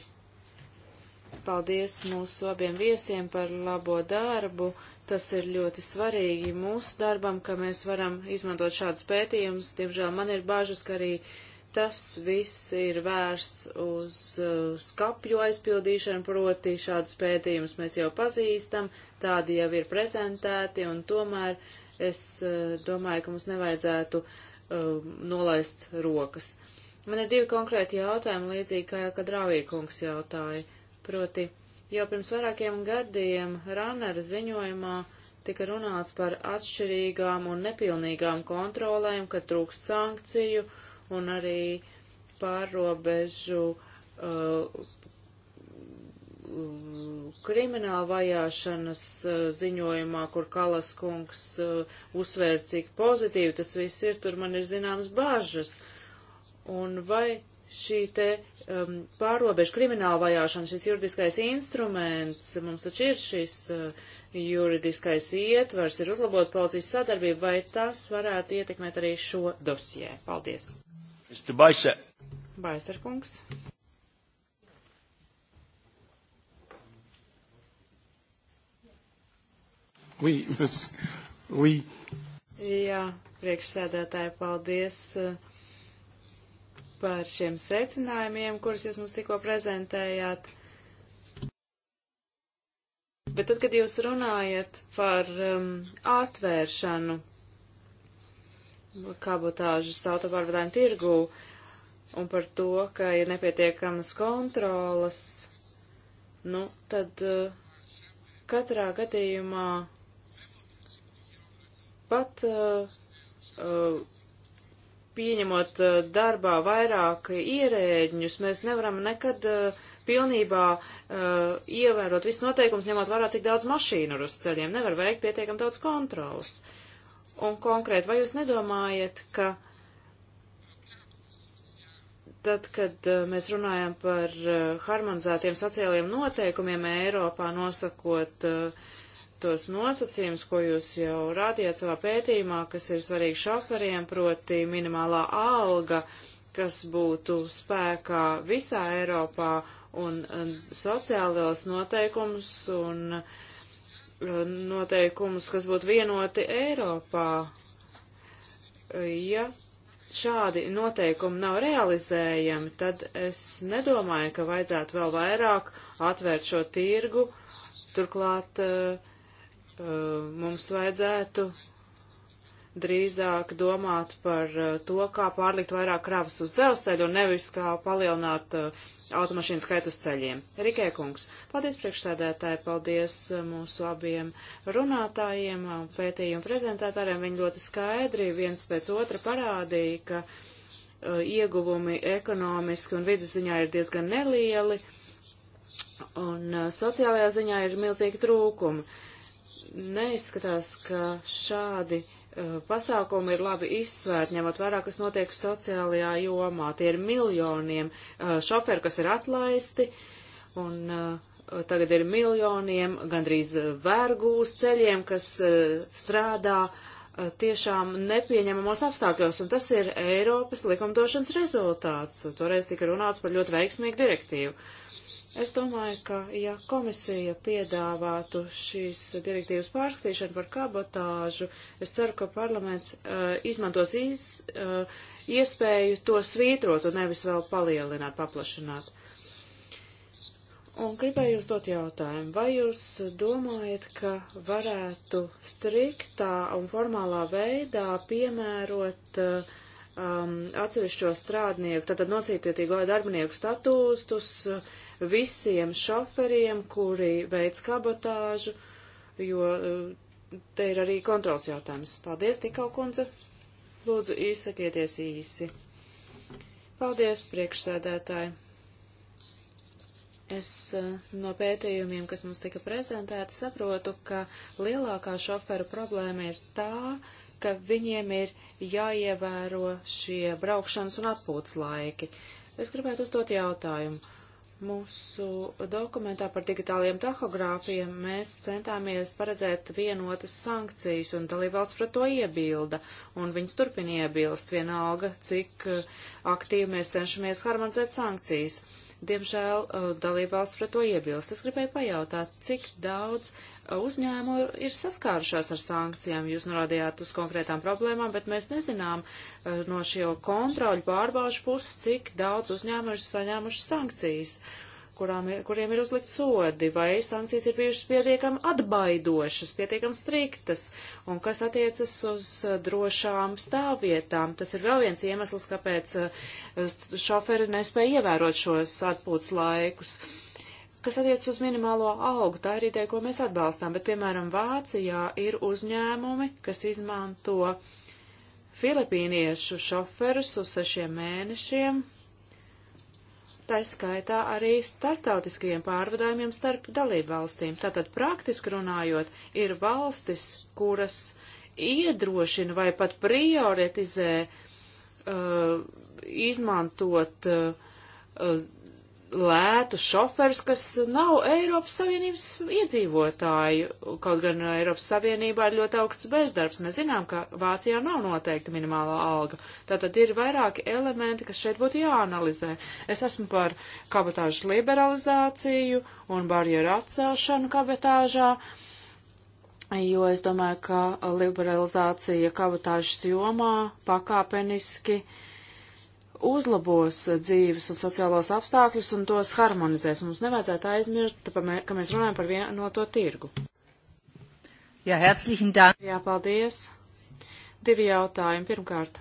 Paldies mūsu abiem viesiem par labo darbu. Tas ir ļoti svarīgi mūsu darbam, ka mēs varam izmantot šādus pētījumus. Diemžēl man ir bāžas, ka arī uh, Tas viss ir vērsts uz uh, skapju aizpildīšanu, proti šādus pētījumus mēs jau pazīstam, tādi jau ir prezentēti, un tomēr es uh, domāju, ka mums nevajadzētu uh, nolaist rokas. Man ir divi konkrēti jautājumi, līdzīgi kā, kad Rāvīkungs jautāja. Proti, jau pirms vairākiem gadiem Ranera ziņojumā tika runāts par atšķirīgām un nepilnīgām kontrolēm, kad trūkst sankciju, uh, un arī pārrobežu uh, krimināla vajāšanas uh, ziņojumā, kur Kalas kungs uh, uzsvēra, cik pozitīvi tas viss ir, tur man ir zināmas bāžas. Un vai šī te um, pārobežu krimināla vajāšana, šis juridiskais instruments, mums taču ir šis uh, juridiskais ietvars, ir uzlabot policijas sadarbību, vai tas varētu ietekmēt arī šo dosjē? Paldies! Mr. Baisa. Baisa kungs. Oui, mēs, oui. Jā, priekšsēdētāji, paldies uh, par šiem secinājumiem, kurus jūs mums tikko prezentējāt. Bet tad, kad jūs runājat par um, atvēršanu, kabotāžas autopārvadājumu tirgū un par to, ka ir nepietiekamas kontrolas, nu, tad eh, katrā gadījumā pat uh, pieņemot darbā vairāk ierēģņus, mēs nevaram nekad uh, pilnībā uh, ievērot visu noteikumus, ņemot vērā, cik daudz mašīnu ir uz ceļiem. Nevar veikt pietiekam daudz kontrolas. Uh, un konkrēti, vai jūs nedomājat, ka tad, kad uh, mēs runājam par uh, harmonizētiem sociālajiem noteikumiem Eiropā, nosakot uh, tos nosacījumus, ko jūs jau rādījāt savā pētījumā, kas ir svarīgi šoferiem, proti minimālā alga, kas būtu spēkā visā Eiropā un sociālos noteikumus un uh, noteikumus, kas būtu vienoti Eiropā. Ja šādi noteikumi nav realizējami, tad es nedomāju, ka vajadzētu vēl vairāk atvērt šo tirgu. Turklāt eh, eh, mums vajadzētu drīzāk domāt par uh, to, kā pārlikt vairāk kravas uz dzelzceļu un nevis kā palielināt uh, automašīnu skaitu uz ceļiem. Rikē kungs, paldies priekšsēdētāji, paldies uh, mūsu abiem runātājiem, um, pētījumu prezentētājiem. Viņi ļoti skaidri viens pēc otra parādīja, ka uh, ieguvumi ekonomiski un vidas ziņā ir diezgan nelieli un uh, sociālajā ziņā ir milzīgi trūkumi. Neizskatās, ka šādi uh, Eh, pasākumi ir labi izsvērti, ņemot vērā, kas notiek sociālajā jomā. Tie ir miljoniem eh, šoferi, kas ir atlaisti, un eh, tagad ir miljoniem gandrīz vergu uz ceļiem, kas strādā tiešām nepieņemamos apstākļos, un tas ir Eiropas likumdošanas rezultāts. Toreiz tika runāts par ļoti veiksmīgu direktīvu. Es domāju, ka ja komisija piedāvātu šīs direktīvas pārskatīšanu par kabotāžu, es ceru, ka parlaments uh, izmantos iz, uh, iespēju to svītrot un nevis vēl palielināt, paplašināt. Un gribēju jūs dot jautājumu, vai jūs domājat, ka varētu striktā un formālā veidā piemērot uh, um, atsevišķo strādnieku, tātad nosītītīgo darbinieku statūstus uh, visiem šoferiem, kuri veic kabotāžu, jo uh, te ir arī kontrols jautājums. Paldies, Tikau kundze. Lūdzu, izsakieties īsi. Paldies, priekšsēdētāji. Es uh, no pētījumiem, kas mums tika prezentēti, saprotu, ka lielākā šoferu problēma ir tā, ka viņiem ir jāievēro šie braukšanas un atpūtas laiki. Es gribētu uzdot jautājumu. Mūsu dokumentā par digitāliem tahogrāfiem mēs centāmies paredzēt vienotas sankcijas, un dalībvalsts pret to iebilda, un viņas turpina iebilst vienalga, cik aktīvi mēs cenšamies harmonizēt sankcijas. Uh, diemžēl uh, dalībvalsts pret to iebilst. Es gribēju pajautāt, cik daudz uh, uzņēmumu ir saskārušās ar sankcijām. Jūs norādījāt uz konkrētām problēmām, bet mēs nezinām uh, no šo kontroļu pārbaužu puses, cik daudz uzņēmumu ir saņēmuši sankcijas. Uh, kurām ir, kuriem ir uzlikt sodi, vai sankcijas ir bijušas pietiekami atbaidošas, pietiekami striktas, un kas attiecas uz uh, drošām stāvvietām. Tas ir vēl viens iemesls, kāpēc uh, šoferi nespēja ievērot šos atpūtas laikus. Kas attiecas uz minimālo algu, tā ir ideja, ko mēs atbalstām, bet, piemēram, Vācijā ir uzņēmumi, kas izmanto filipīniešu šoferus uz sešiem mēnešiem, tā skaitā arī startautiskajiem pārvadājumiem starp dalību valstīm. Tātad praktiski runājot, ir valstis, kuras iedrošina vai pat prioritizē uh, izmantot uh, lētus šoferus, kas nav Eiropas Savienības iedzīvotāji, kaut gan Eiropas Savienībā ir ļoti augsts bezdarbs. Mēs zinām, ka Vācijā nav noteikta minimālā alga. Tātad ir vairāki elementi, kas šeit būtu jāanalizē. Es esmu par kabatāžas liberalizāciju un barjeru atcelšanu kabatāžā. Jo es domāju, ka liberalizācija kabatāžas jomā pakāpeniski uh, uzlabos dzīves un sociālos apstākļus un tos harmonizēs. Mums nevajadzētu aizmirst, ka mēs runājam par vienoto no tirgu. Jā, herzlichen dank. Jā, paldies. Divi jautājumi. Pirmkārt.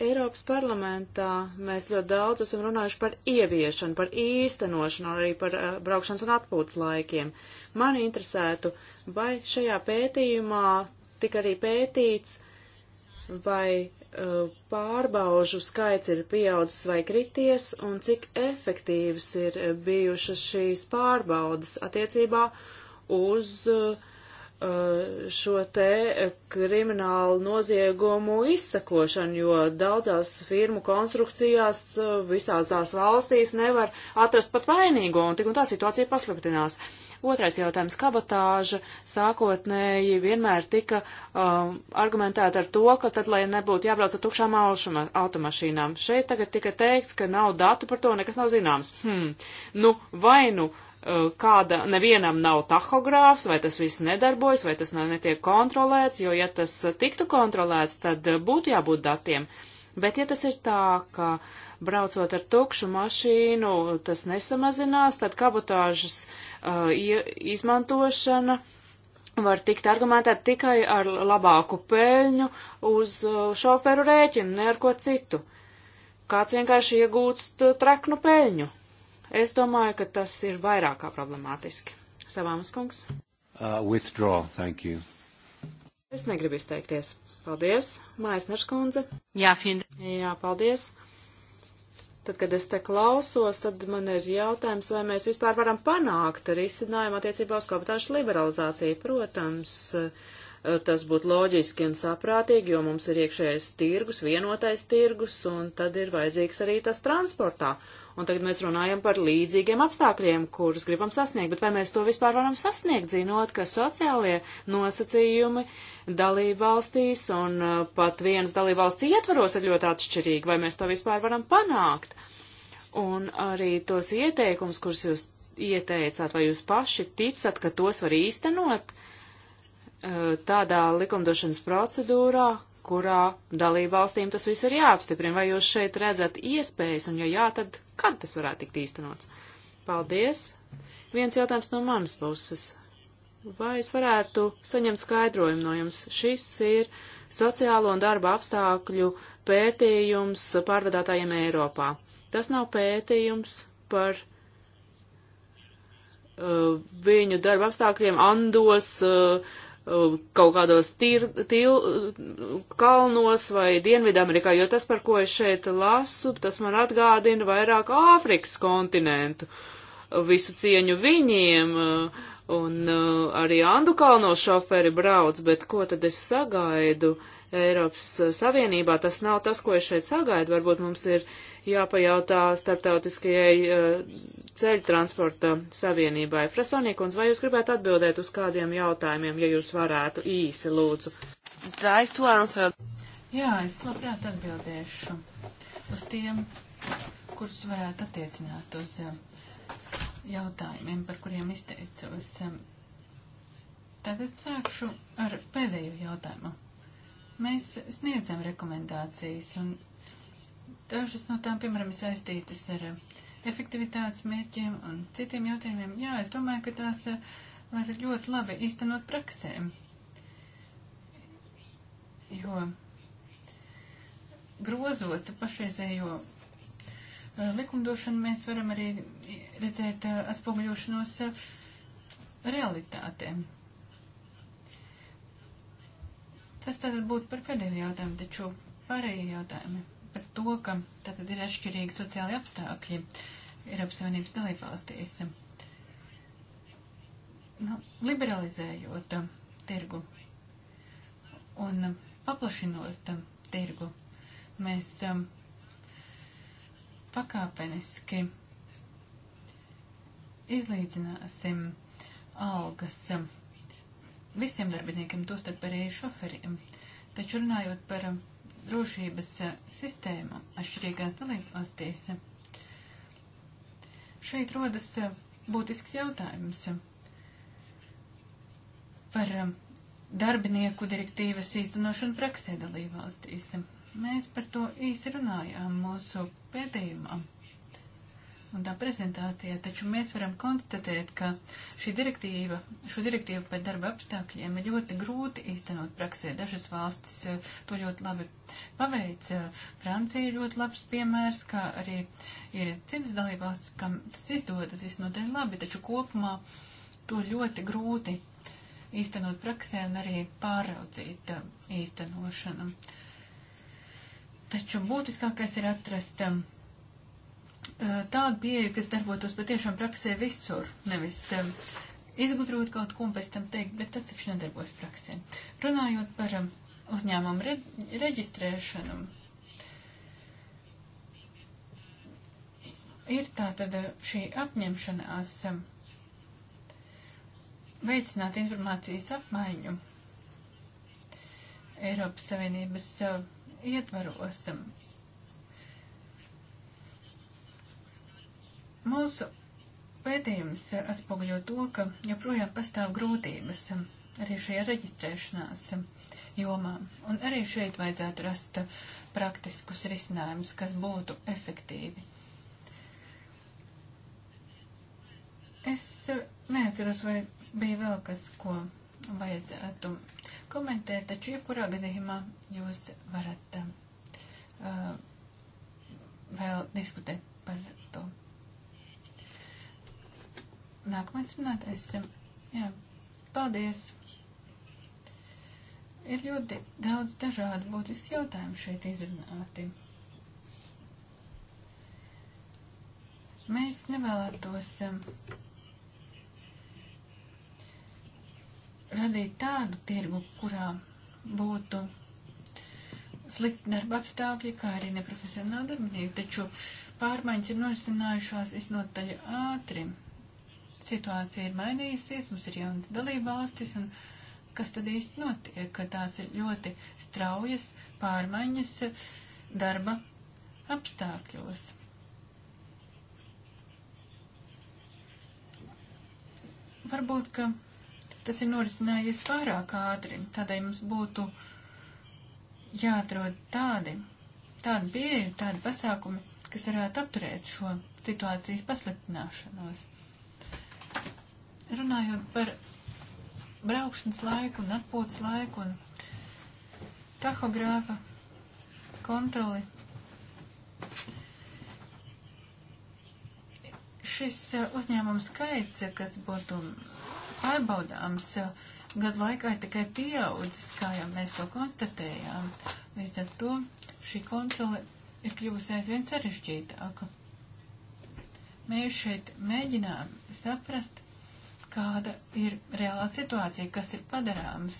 Eiropas parlamentā mēs ļoti daudz esam runājuši par ieviešanu, par īstenošanu, arī par uh, braukšanas un atpūtas laikiem. Mani interesētu, vai šajā pētījumā tika arī pētīts, vai Uh, pārbaužu skaits ir pieaudzis vai krities un cik efektīvas ir uh, bijušas šīs pārbaudas attiecībā uz uh, šo te kriminālu noziegumu izsakošanu, jo daudzās firmu konstrukcijās visās tās valstīs nevar atrast pat vainīgo, un tik un tā situācija pasliktinās. Uh, Otrais jautājums - kabotāža sākotnēji vienmēr tika um, argumentēta ar to, ka tad, lai nebūtu jābrauc ar tukšām aušuma, automašīnām. Šeit tagad tika teikts, ka nav datu par to, nekas nav zināms. Hmm. Nu, vai nu uh, kāda nevienam nav tahogrāfs, vai tas viss nedarbojas, vai tas netiek kontrolēts, jo ja tas tiktu kontrolēts, tad uh, būtu jābūt datiem. Uh, Bet ja tas ir tā, ka braucot ar tukšu mašīnu, tas nesamazinās, tad kabotāžas uh, izmantošana var tikt argumentēt tikai ar labāku peļņu uz uh, šoferu rēķinu, ne ar ko citu. Kāds vienkārši iegūst uh, treknu peļņu. Es domāju, ka tas ir vairāk kā problemātiski. Savāmas kungs. Uh, withdraw, thank you. Es negribu izteikties. Paldies, Maisners kundze. Jā, fin. Jā, paldies. Tad, kad es te klausos, tad man ir jautājums, vai mēs vispār varam panākt risinājumu attiecībā uz kapitāšu liberalizāciju. Protams, uh, Eh, tas būtu loģiski un saprātīgi, jo mums ir iekšējais tirgus, vienotais tirgus, un tad ir vajadzīgs arī tas transportā. Un tagad mēs runājam par līdzīgiem apstākļiem, kurus gribam sasniegt, bet vai mēs to vispār varam sasniegt, zinot, ka sociālie nosacījumi dalībvalstīs un eh, pat vienas dalībvalsts ietvaros ir ļoti atšķirīgi, vai mēs to vispār varam panākt? Un arī tos ieteikums, kurus jūs ieteicāt, vai jūs paši ticat, ka tos var īstenot? Uh, tādā likumdošanas procedūrā, kurā dalībvalstīm tas viss ir jāapstiprina. Vai jūs šeit redzat iespējas, un ja jā, tad kad tas varētu tikt īstenots? Paldies! Viens jautājums no manas puses. Vai es varētu saņemt skaidrojumu no jums? Šis ir sociālo un darba apstākļu pētījums pārvadātājiem Eiropā. Tas nav pētījums par uh, viņu darba apstākļiem Andos, uh, Um, kaut kādos tir, til, kalnos vai Dienvidamerikā, jo tas, par ko es šeit lasu, tas man atgādina vairāk Āfrikas kontinentu. Visu cieņu viņiem, uh, un uh, arī Andu kalnos šoferi brauc, bet ko tad es sagaidu Eiropas Savienībā? Tas nav tas, ko es šeit sagaidu. Varbūt mums ir jāpajautā starptautiskajai eh, ceļu transporta savienībai. Frasonīkums, vai jūs gribētu atbildēt uz kādiem jautājumiem, ja jūs varētu īsi lūdzu? Jā, es labprāt atbildēšu uz tiem, kurus varētu attiecināt uz eh, jautājumiem, par kuriem izteicos. Tātad sākšu ar pēdējo jautājumu. Mēs sniedzam rekomendācijas un Dažas no tām, piemēram, saistītas ar um, efektivitātes mērķiem un citiem jautājumiem. Jā, es domāju, ka tās uh, var ļoti labi īstenot praksēm. Jo grozot pašreizējo uh, likumdošanu, mēs varam arī redzēt uh, atspoguļošanos realitātē. Tas tātad būtu par pēdējo jautājumu, taču pārējie jautājumi par to, ka tātad ir atšķirīgi sociāli apstākļi Eiropas Savienības dalībvalstīs. Nu, liberalizējot uh, tirgu un uh, paplašinot uh, tirgu, mēs um, pakāpeniski izlīdzināsim algas um, visiem darbiniekiem, tostarp arī šoferiem. Taču runājot par um, drošības eh, sistēma atšķirīgās dalībvalstīs. Šeit rodas eh, būtisks jautājums par eh, darbinieku direktīvas īstenošanu praksē dalībvalstīs. Mēs par to īsi runājām mūsu pētījumā un tā prezentācijā, taču mēs varam konstatēt, ka šī direktīva, šo direktīvu pēc darba apstākļiem ir ļoti grūti īstenot praksē. Dažas valstis eh, to ļoti labi paveic. Eh, Francija ir ļoti labs piemērs, kā arī ir citas dalībvalstis, kam tas izdodas visnotaļ labi, taču kopumā to ļoti grūti īstenot praksē un arī pāraudzīt eh, īstenošanu. Taču būtiskākais ir atrast tādu pieeju, kas darbotos patiešām praksē visur, nevis um, izgudrot kaut ko un pēc tam teikt, bet tas taču nedarbojas praksē. Runājot par um, uzņēmumu re reģistrēšanu, ir tā tad šī apņemšanās um, veicināt informācijas apmaiņu Eiropas Savienības uh, ietvaros. Um, Mūsu pētījums atspoguļo to, ka joprojām pastāv grūtības arī šajā reģistrēšanās jomā. Un arī šeit vajadzētu rast praktiskus risinājumus, kas būtu efektīvi. Es neatceros, vai bija vēl kas, ko vajadzētu komentēt, taču jebkurā gadījumā jūs varat uh, vēl diskutēt par to. Nākamais runātais. Jā, paldies. Ir ļoti daudz dažādu būtisku jautājumu šeit izrunāti. Mēs nevēlētos um, radīt tādu tirgu, kurā būtu slikti darba apstākļi, kā arī neprofesionāli darbinieki, taču pārmaiņas ir norisinājušās visnotaļ ātri situācija ir mainījusies, mums ir jaunas dalībvalstis, un kas tad īsti notiek, ka tās ir ļoti straujas pārmaiņas darba apstākļos. Varbūt, ka tas ir norisinājies pārāk ātri, tādēļ mums būtu jāatrod tādi, tādi pieeja, tādi pasākumi, kas varētu apturēt šo situācijas pasliktināšanos. Runājot par braukšanas laiku un atpūtas laiku un tahogrāfa kontroli. Šis eh, uzņēmums skaits, eh, kas būtu pārbaudāms, eh, gadu laikā ir tikai pieaudzis, kā jau mēs to konstatējām. Līdz ar to šī kontrole ir kļuvusi aizvien sarežģītāka. Mēs šeit mēģinām saprast, kāda ir reālā situācija, kas ir padarāms.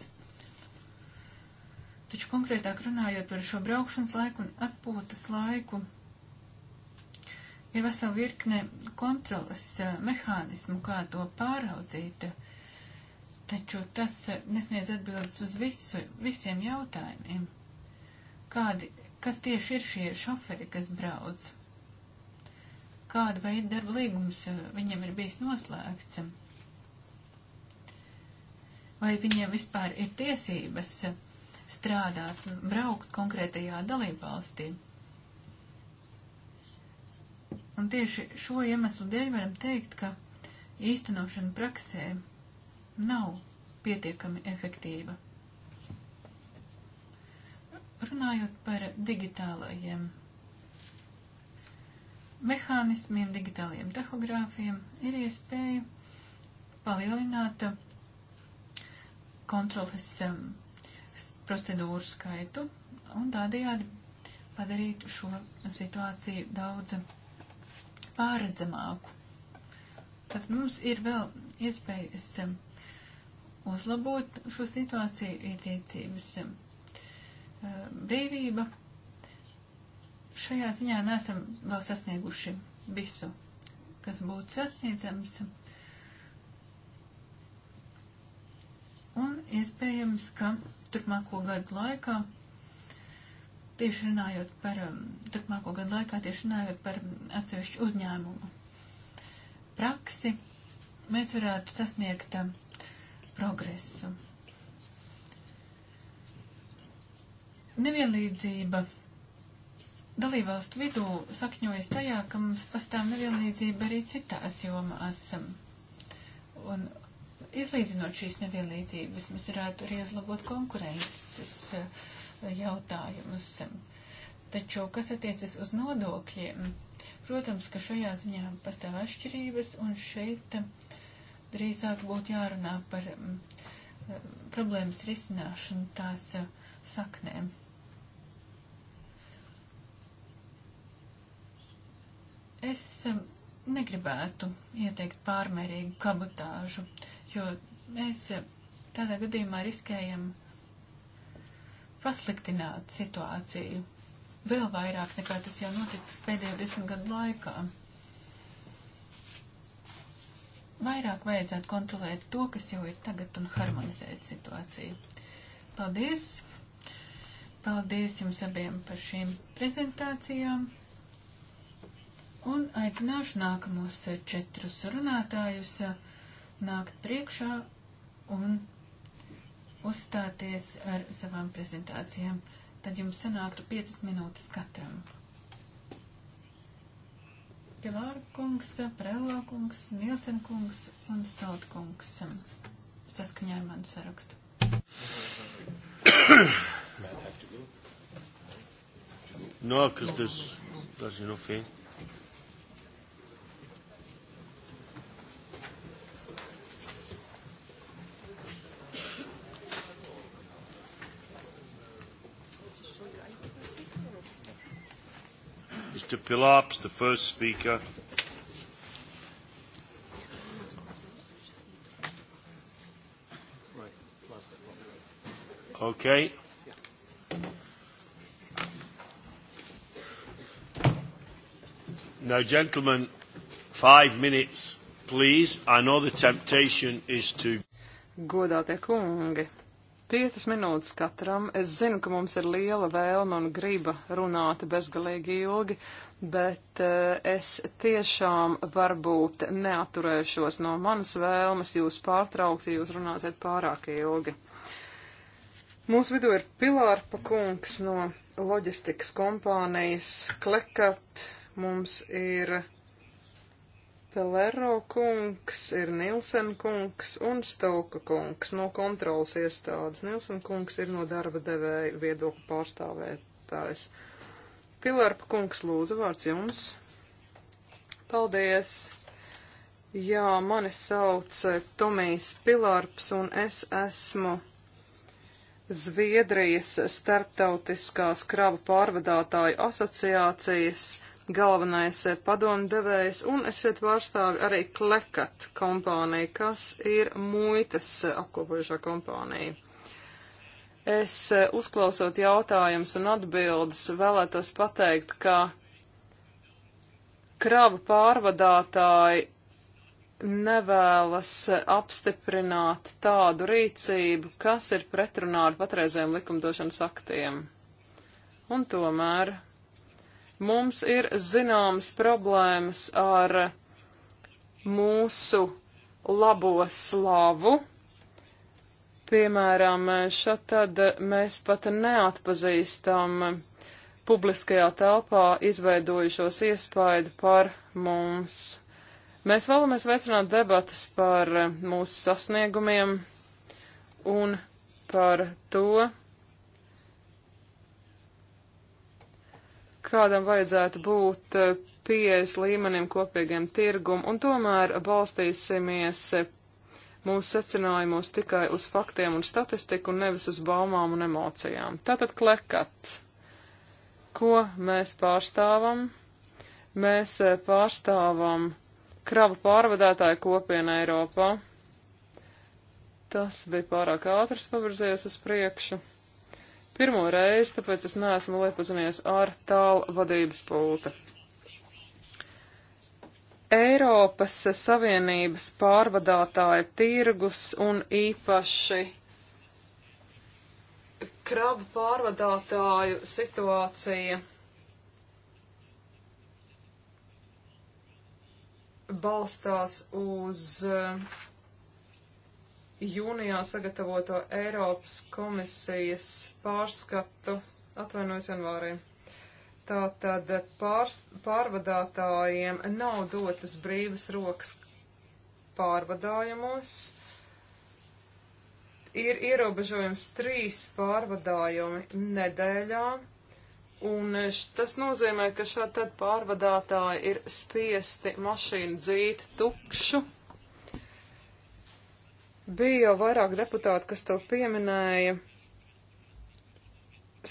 Taču konkrētāk runājot par šo braukšanas laiku un atpūtas laiku, ir vesela virkne kontrolas eh, mehānismu, kā to pāraudzīt, taču tas eh, nesniedz atbildes uz visu, visiem jautājumiem. Kādi, kas tieši ir šie šoferi, kas brauc? Kāda veida darba līgums eh, viņiem ir bijis noslēgts? vai viņiem vispār ir tiesības strādāt, braukt konkrētajā dalībvalstī. Un tieši šo iemeslu dēļ varam teikt, ka īstenošana praksē nav pietiekami efektīva. Runājot par digitālajiem mehānismiem, digitālajiem tahogrāfiem, ir iespēja palielināt kontrolas um, procedūru skaitu un tādējādi padarītu šo situāciju daudz pārredzamāku. Tad mums ir vēl iespējas um, uzlabot šo situāciju, ir rīcības um, uh, brīvība. Šajā ziņā nesam vēl sasnieguši visu, kas būtu sasniedzams. Um, Un iespējams, ka turpmāko gadu laikā, tieši runājot par, um, turpmāko gadu laikā, tieši runājot par atsevišķu uzņēmumu praksi, mēs varētu sasniegt um, progresu. Nevienlīdzība dalībvalstu vidū sakņojas tajā, ka mums pastāv nevienlīdzība arī citās jomās. Un izlīdzinot šīs nevienlīdzības, mēs varētu arī uzlabot konkurences eh, jautājumus. Taču, kas attiecas uz nodokļiem, protams, ka šajā ziņā pastāv atšķirības, un šeit eh, drīzāk būtu jārunā par mm, eh, problēmas risināšanu tās saknēm. Es negribētu ieteikt pārmērīgu kabotāžu. Uh, jo mēs eh, tādā gadījumā riskējam pasliktināt situāciju vēl vairāk nekā tas jau noticis pēdējo desmit gadu laikā. Vairāk vajadzētu kontrolēt to, kas jau ir tagad un harmonizēt situāciju. Paldies! Paldies jums abiem par šīm prezentācijām! Un aicināšu nākamos eh, četrus runātājus. Uh, nākt priekšā un uzstāties ar savām prezentācijām. Tad jums sanāktu 5 minūtes katram. Pilāra kungs, Prelā kungs, Nielsen kungs un Stolt kungs saskaņā ar manu sarakstu. No, because there's, there's enough here. Mr. Pilops, the first speaker. Okay. Now, gentlemen, five minutes, please. I know the temptation is to. Godātie kungi, Piecas minūtes katram. Es zinu, ka mums ir liela vēlme un griba runāt bezgalīgi ilgi, bet uh, es tiešām varbūt neaturēšos no manas vēlmes jūs pārtraukt, ja jūs runāsiet pārāk ilgi. Mūsu vidū ir Pilārpa kungs no loģistikas kompānijas Klekat. Mums ir Pelero kungs ir Nilsen kungs un Stauka kungs no kontrolas iestādes. Nilsen kungs ir no darba devēja viedokļa pārstāvētājs. Pilārpa kungs, lūdzu, vārds jums. Paldies! Jā, mani sauc Tomijs Pilārps un es esmu Zviedrijas starptautiskās kravu pārvadātāju asociācijas galvenais eh, padomdevējs, un es šeit pārstāvu arī Klekat kompāniju, kas ir muitas eh, apkopojušā kompānija. Es eh, uzklausot jautājumus un atbildes vēlētos pateikt, ka kravu pārvadātāji nevēlas apstiprināt tādu rīcību, kas ir pretrunā ar patreizējiem likumdošanas aktiem. Un tomēr Mums ir zināmas problēmas ar mūsu labo slavu. Piemēram, šeit tad mēs pat neatpazīstam publiskajā telpā izveidojušos iespaidu par mums. Mēs vēlamies veicināt debatas par mūsu sasniegumiem un par to, kādam vajadzētu būt eh, pieejas līmenim kopīgiem tirgum, un tomēr balstīsimies eh, mūsu secinājumos tikai uz faktiem un statistiku, un nevis uz baumām un emocijām. Tātad klekat. Ko mēs pārstāvam? Mēs eh, pārstāvam kravu pārvadātāju kopienu Eiropā. Tas bija pārāk ātrs pavirzies uz priekšu pirmo reizi, tāpēc es neesmu liepazinies ar tālu vadības pulti. Eiropas Savienības pārvadātāja tirgus un īpaši kravu pārvadātāju situācija balstās uz uh, jūnijā sagatavoto Eiropas komisijas pārskatu, atvainojos janvārī. Tātad pārs, pārvadātājiem nav dotas brīvas rokas pārvadājumos. Ir ierobežojums trīs pārvadājumi nedēļā, un tas nozīmē, ka šādi pārvadātāji ir spiesti mašīnu dzīt tukšu Bija jau vairāk deputāti, kas to pieminēja.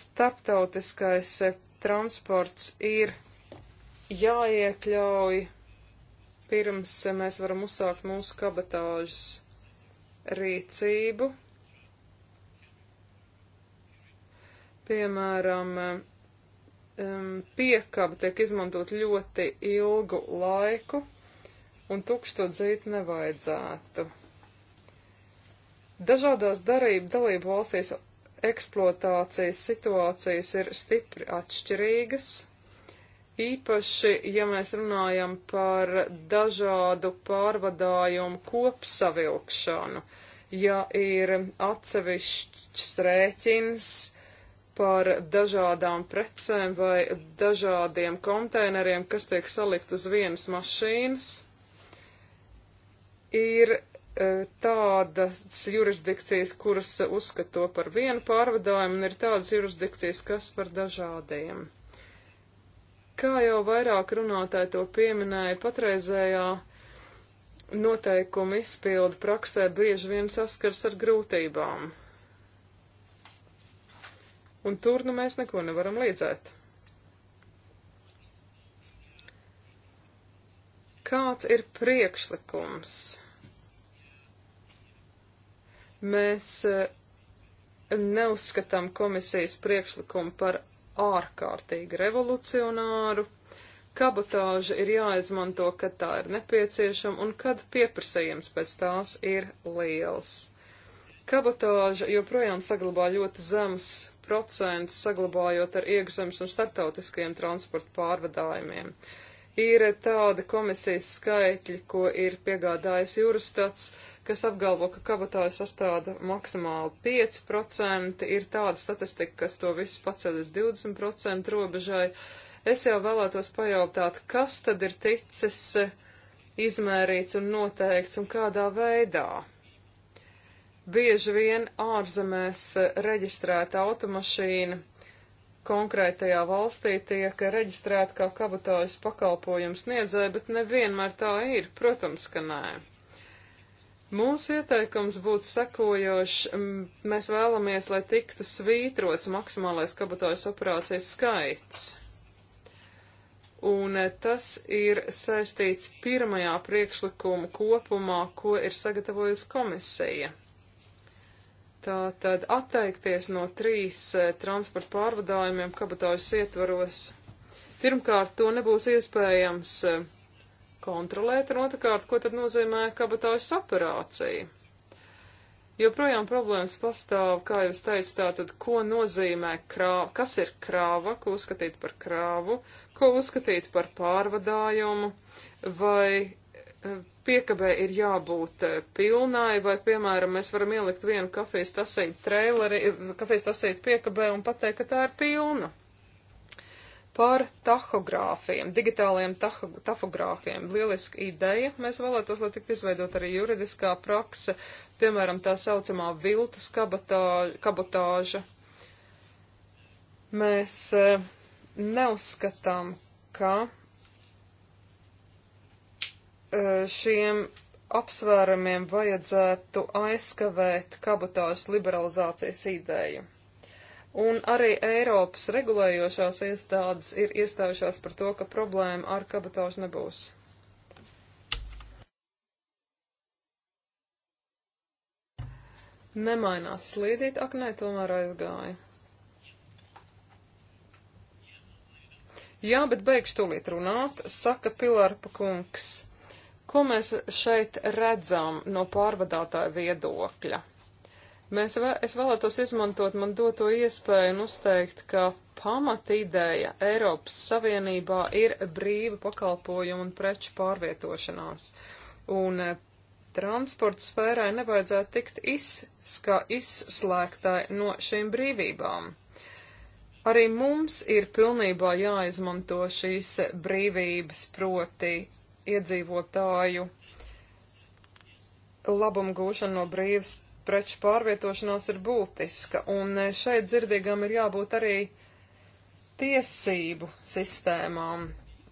Starptautiskais eh, transports ir jāiekļauj pirms eh, mēs varam uzsākt mūsu kabatāžas rīcību. Piemēram, eh, piekaba tiek izmantot ļoti ilgu laiku, un tukšo dzīt nevajadzētu. Dažādās darību dalību valstīs eksploatācijas situācijas ir stipri atšķirīgas. Īpaši, ja mēs runājam par dažādu pārvadājumu kopsavilkšanu, ja ir atsevišķs rēķins par dažādām precēm vai dažādiem konteineriem, kas tiek salikt uz vienas mašīnas, ir E, tādas jurisdikcijas, kuras uzskato par vienu pārvadājumu, un ir tādas jurisdikcijas, kas par dažādiem. Kā jau vairāk runātāji to pieminēja, patreizējā noteikuma izpildu praksē bieži vien saskars ar grūtībām. Un tur nu mēs neko nevaram līdzēt. Kāds ir priekšlikums? Mēs eh, neuzskatām komisijas priekšlikumu par ārkārtīgi revolucionāru. Kabotāža ir jāizmanto, kad tā ir nepieciešama un kad pieprasījums pēc tās ir liels. Kabotāža joprojām saglabā ļoti zemus procentus, saglabājot ar iekšzemes un starptautiskajiem transporta pārvadājumiem. Uh, ir tādi komisijas skaitļi, ko ir piegādājis Jurastats, kas apgalvo, ka kabatāja sastāda maksimāli 5%, ir tāda statistika, kas to visu paceļ uz 20% robežai. Es jau vēlētos pajautāt, kas tad ir ticis izmērīts un noteikts un kādā veidā. Bieži vien ārzemēs reģistrēta automašīna konkrētajā valstī tiek reģistrēta kā kabatājas pakalpojums sniedzēja, bet nevienmēr tā ir, protams, ka nē. Mūsu ieteikums būtu sekojošs, mēs vēlamies, lai tiktu svītrots maksimālais kabatājas operācijas skaits. Un e, tas ir saistīts pirmajā priekšlikuma kopumā, ko ir sagatavojusi komisija. Tā tad atteikties no trīs eh, transporta pārvadājumiem kabatāžas ietvaros. Pirmkārt, to nebūs iespējams eh, kontrolēt, un otrkārt, ko tad nozīmē kabatāžas operācija. Joprojām problēmas pastāv, kā jūs teicat, tātad, ko nozīmē krāva, kas ir krāva, ko uzskatīt par krāvu, ko uzskatīt par pārvadājumu, vai piekabē ir jābūt eh, pilnai, vai, piemēram, mēs varam ielikt vienu kafijas tasīt traileri, eh, kafijas tasīt piekabē un pateikt, ka tā ir pilna. Par tahogrāfiem, digitāliem tahogrāfiem. Lieliski ideja. Mēs vēlētos, lai tiktu izveidot arī juridiskā prakse, piemēram, tā saucamā viltus kabotāža. Mēs eh, neuzskatām, ka šiem apsvērumiem vajadzētu aizskavēt kabotās liberalizācijas ideju. Un arī Eiropas regulējošās iestādes ir iestājušās par to, ka problēma ar kabotāžu nebūs. Nemainās slīdīt, ak nē, tomēr aizgāja. Jā, bet beigšu tūlīt runāt, saka Pilārpa kungs. Ko mēs šeit redzam no pārvadātāja viedokļa? Mēs, vē, es vēlētos izmantot man doto iespēju un uzteikt, ka pamatīdēja Eiropas Savienībā ir brīva pakalpojuma un preču pārvietošanās. Un eh, transporta sfērai nevajadzētu tikt izska, izslēgtai no šīm brīvībām. Arī mums ir pilnībā jāizmanto šīs brīvības proti iedzīvotāju labumu gūšana no brīvas preču pārvietošanās ir būtiska, un eh, šeit dzirdīgam ir jābūt arī tiesību sistēmām.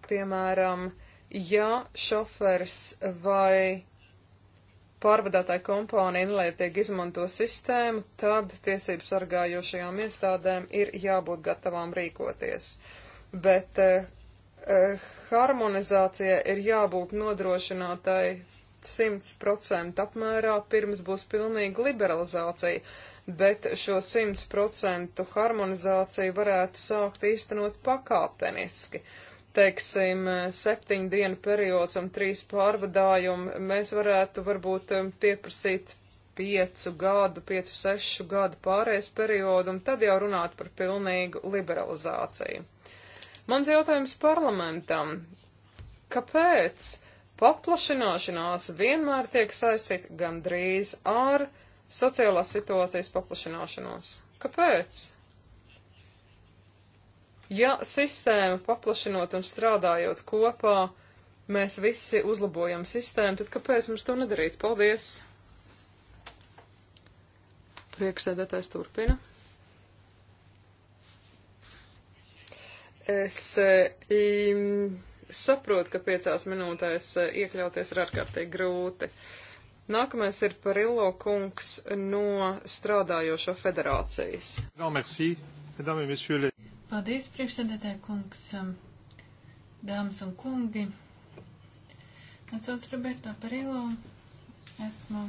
Piemēram, ja šofers vai pārvadātāja kompānija nelietīgi izmanto sistēmu, tad tiesību sargājošajām iestādēm ir jābūt gatavām rīkoties. Bet eh, Eh, harmonizācija ir jābūt nodrošinātai 100% apmērā, pirms būs pilnīga liberalizācija, bet šo 100% harmonizāciju varētu sākt īstenot pakāpeniski. Teiksim, eh, septiņu dienu periods un trīs pārvadājumi mēs varētu varbūt eh, pieprasīt piecu gadu, piecu, sešu gadu pārējais periodu un tad jau runāt par pilnīgu liberalizāciju. Mans jautājums parlamentam. Kāpēc paplašināšanās vienmēr tiek saistīta gandrīz ar sociālās situācijas paplašināšanos? Kāpēc? Ja sistēmu paplašinot un strādājot kopā, mēs visi uzlabojam sistēmu, tad kāpēc mums to nedarīt? Paldies! Prieksēdētājs turpina. Es saprotu, ka piecās minūtēs eh, iekļauties ir ārkārtīgi grūti. Nākamais ir Parillo kungs no strādājošo federācijas. Paldies, priekšsēdētāji kungs, um, dāmas un kungi. Es sauc Roberto Parillo, esmu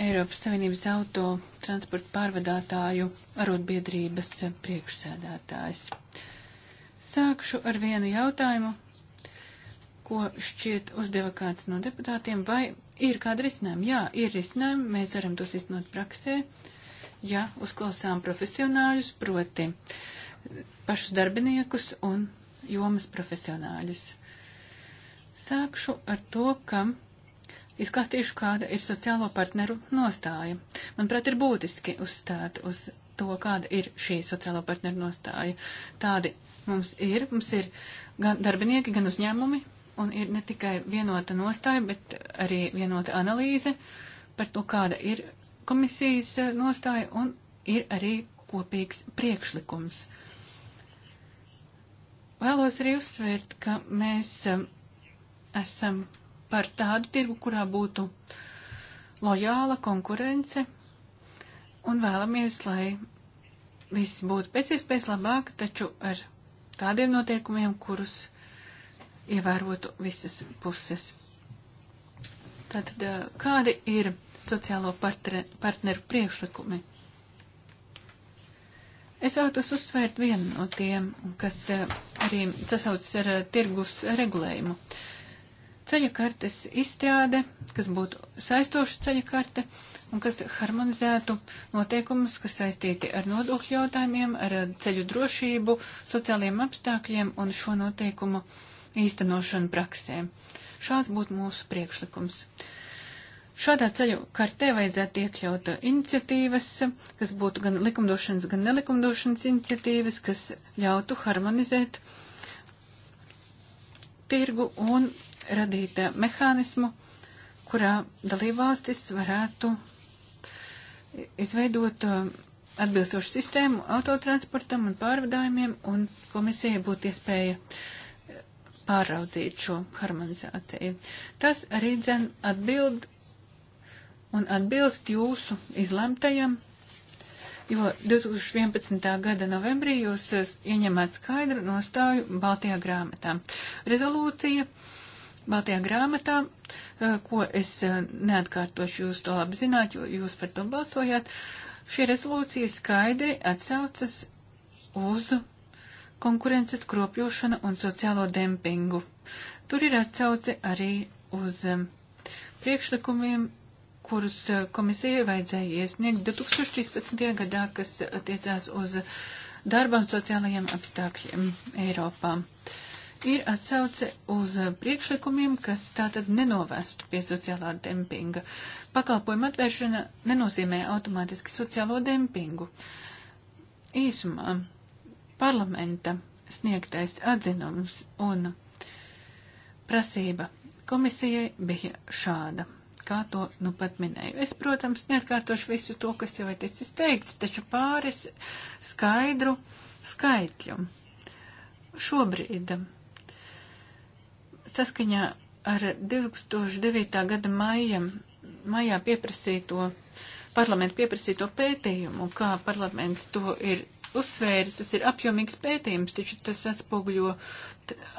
Eiropas Savienības auto transporta pārvadātāju arotbiedrības priekšsēdētājs. Sākšu ar vienu jautājumu, ko šķiet uzdeva kāds no deputātiem, vai ir kāda risinājuma? Jā, ir risinājumi, mēs varam tos iznot praksē, ja uzklausām profesionāļus, proti pašus darbiniekus un jomas profesionāļus. Sākšu ar to, kam izklāstīšu, kāda ir sociālo partneru nostāja. Manuprāt, ir būtiski uzstāt uz to, kāda ir šī sociālo partneru nostāja. Tādi mums ir, mums ir gan darbinieki, gan uzņēmumi, un ir ne tikai vienota nostāja, bet arī vienota analīze par to, kāda ir komisijas eh, nostāja, un ir arī kopīgs priekšlikums. Vēlos arī uzsvērt, ka mēs eh, esam par tādu tirgu, kurā būtu lojāla konkurence un vēlamies, lai viss būtu pēc iespējas labāk, taču ar tādiem noteikumiem, kurus ievērotu visas puses. Tātad, kādi ir sociālo partneru priekšlikumi? Es vēlētos uzsvērt vienu no tiem, kas arī sasaucas ar tirgus regulējumu. Uh, ceļa kartes izstrāde, kas būtu saistoša ceļa karte un kas harmonizētu noteikumus, kas saistīti ar nodokļu jautājumiem, ar ceļu drošību, sociālajiem apstākļiem un šo noteikumu īstenošanu praksē. Šāds būtu mūsu priekšlikums. Šādā ceļu kartē vajadzētu iekļaut iniciatīvas, kas būtu gan likumdošanas, gan nelikumdošanas iniciatīvas, kas ļautu harmonizēt tirgu un radīt eh, mehānismu, kurā dalībvalstis varētu izveidot eh, atbilstošu sistēmu autotransportam un pārvadājumiem, un komisija būtu iespēja eh, pāraudzīt šo harmonizāciju. Tas arī dzen atbild un atbilst jūsu izlemtajam, jo 2011. gada novembrī jūs ieņemāt skaidru nostāju Baltijā grāmatā. Rezolūcija uh, Baltajā grāmatā, ko es neatkārtošu, jūs to labi zināt, jo jūs par to balsojāt. Šī rezolūcija skaidri atsaucas uz konkurences kropļošanu un sociālo dempingu. Tur ir atsauce arī uz priekšlikumiem, kurus komisijai vajadzēja iesniegt 2013. gadā, kas attiecās uz darba un sociālajiem apstākļiem Eiropā. Uh, ir atsauce uz priekšlikumiem, kas tātad nenovestu pie sociālā dempinga. Pakalpojuma atvēršana nenozīmē automātiski sociālo dempingu. Īsumā parlamenta sniegtais atzinums un prasība komisijai bija šāda, kā to nu pat minēju. Es, protams, neatkārtošu visu to, kas jau ir ticis teikts, taču pāris skaidru skaitļu. Šobrīd saskaņā ar 2009. gada maijam, maijā pieprasīto, parlamentu pieprasīto pētījumu, kā parlaments to ir uzsvēris, tas ir apjomīgs pētījums, taču tas atspoguļo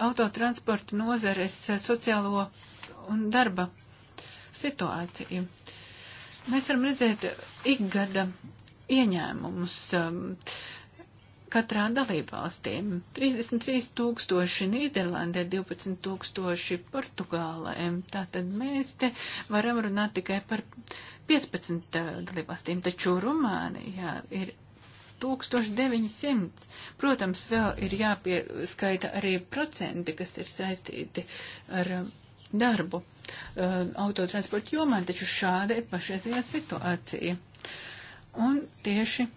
autotransporta nozares eh, sociālo un darba situāciju. Mēs varam redzēt ikgada ieņēmumus. Um, katrā dalībvalstīm. 33 tūkstoši Nīderlandē, 12 tūkstoši Portugālē. Tātad mēs te varam runāt tikai par 15 eh, dalībvalstīm, taču Rumānijā ir 1900. Protams, vēl ir jāpieskaita arī procenti, kas ir saistīti ar eh, darbu eh, autotransporta jomā, taču šāda ir pašreizējā situācija. Un tieši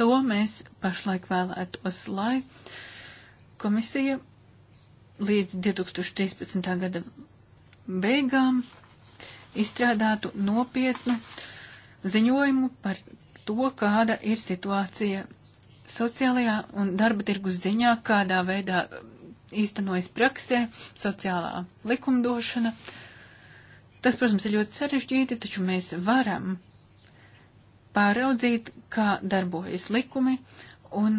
to mēs pašlaik vēlētos, lai komisija līdz 2013. gada beigām izstrādātu nopietnu ziņojumu par to, kāda ir situācija sociālajā un darba tirgus ziņā, kādā veidā īstenojas praksē sociālā likumdošana. Tas, protams, ir ļoti sarežģīti, taču mēs varam pāraudzīt, kā darbojas likumi un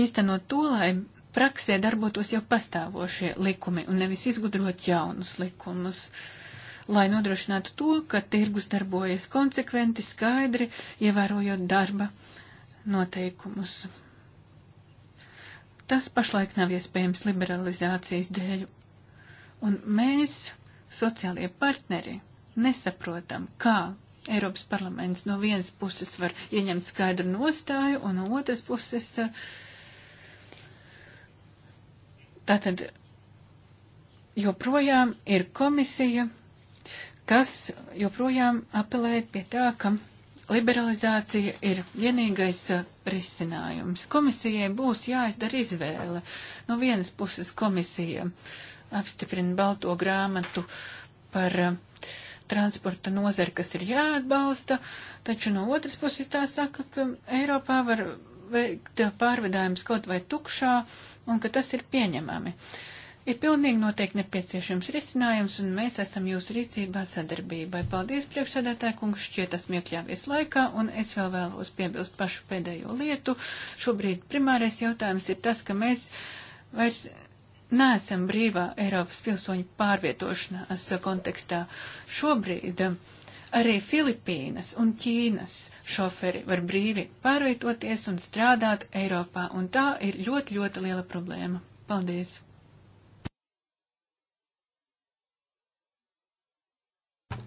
īstenot to, lai praksē darbotos jau pastāvošie likumi un nevis izgudrot jaunus likumus, lai nodrošinātu to, ka tirgus darbojas konsekventi, skaidri, ievērojot darba noteikumus. Tas pašlaik nav iespējams liberalizācijas dēļ, un mēs, sociālie partneri, nesaprotam, kā Eiropas parlaments no vienas puses var ieņemt skaidru nostāju, un no otras puses eh, tātad joprojām ir komisija, kas joprojām apelē pie tā, ka liberalizācija ir vienīgais eh, risinājums. Komisijai būs jāizdara izvēle. No vienas puses komisija apstiprina balto grāmatu par uh, transporta nozara, kas ir jāatbalsta, taču no otras puses tā saka, ka Eiropā var veikt pārvedājumus kaut vai tukšā un ka tas ir pieņemami. Ir pilnīgi noteikti nepieciešams risinājums, un mēs esam jūsu rīcībā sadarbībai. Paldies, priekšsēdētāji kungs, šķiet esmu iekļāvies laikā, un es vēl vēlos piebilst pašu pēdējo lietu. Šobrīd primārais jautājums ir tas, ka mēs vairs neesam brīvā Eiropas pilsoņu pārvietošanās kontekstā. Šobrīd um, arī Filipīnas un Ķīnas šoferi var brīvi pārvietoties un strādāt Eiropā, un tā ir ļoti, ļoti liela problēma. Paldies!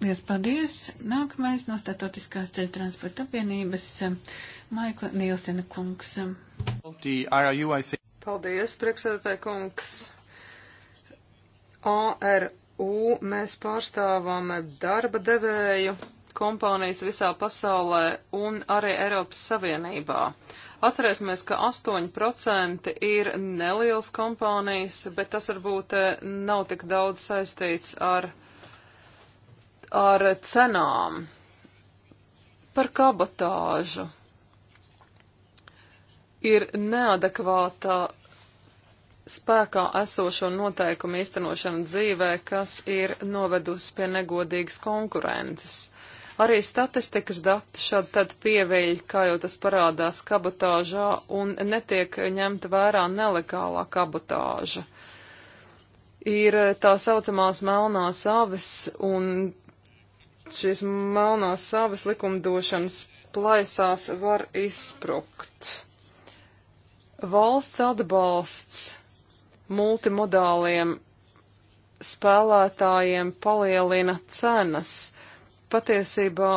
Liels paldies! Nākamais no Statotiskās ceļu transporta apvienības um, Maikla Nielsena kungs. The IRU, Paldies, priekšsēdētāji kungs. ORU mēs pārstāvam darba devēju kompānijas visā pasaulē un arī Eiropas Savienībā. Atcerēsimies, ka 8% ir nelielas kompānijas, bet tas varbūt eh, nav tik daudz saistīts ar, ar cenām. Par kabatāžu ir neadekvāta spēkā esošo noteikumu īstenošana dzīvē, kas ir novedusi pie negodīgas konkurences. Arī statistikas dati šad tad pieveļ, kā jau tas parādās kabotāžā, un netiek ņemta vērā nelegālā kabotāža. Ir tā saucamās melnās avis, un šīs melnās avis likumdošanas plaisās var izsprukt. Valsts atbalsts multimodāliem spēlētājiem palielina cenas. Patiesībā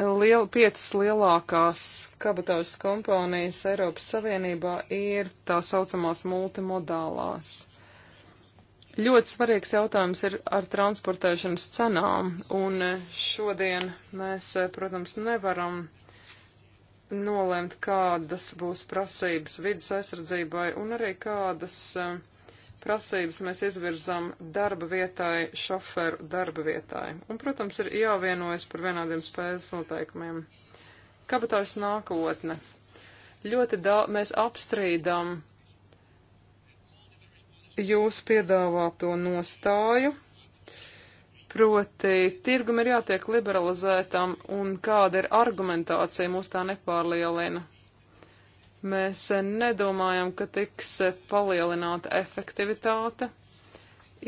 liel, piecas lielākās kabatāžas kompānijas Eiropas Savienībā ir tā saucamās multimodālās. Ļoti svarīgs jautājums ir ar transportēšanas cenām, un šodien mēs, eh, protams, nevaram nolemt, kādas būs prasības vidas aizsardzībai un arī kādas eh, prasības mēs izvirzam darba vietai, šoferu darba vietai. Un, protams, ir jāvienojas par vienādiem spējas noteikumiem. Kabatājas nākotne. Ļoti daudz mēs apstrīdam jūsu piedāvāto nostāju, Proti, tirgum ir jātiek liberalizētam, un kāda ir argumentācija mūs tā nepārlielina? Mēs nedomājam, ka tiks palielināta efektivitāte.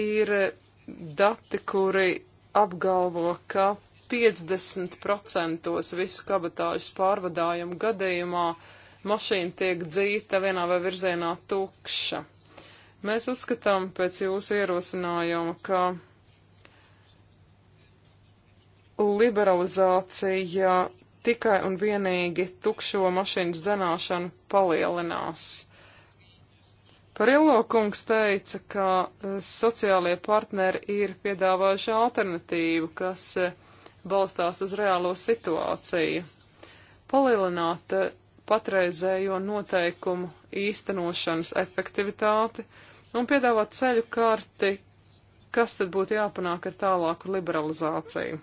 Ir dati, kuri apgalvo, ka 50% visu kabatāžas pārvadājumu gadījumā mašīna tiek dzīta vienā vai virzienā tukša. Mēs uzskatām pēc jūsu ierosinājuma, ka liberalizācija tikai un vienīgi tukšo mašīnu zināšanu palielinās. Parillo kungs teica, ka eh, sociālie partneri ir piedāvājuši alternatīvu, kas eh, balstās uz reālo situāciju. Palielināt eh, patreizējo noteikumu īstenošanas efektivitāti un piedāvāt ceļu karti, kas tad būtu jāpanāk ar tālāku liberalizāciju.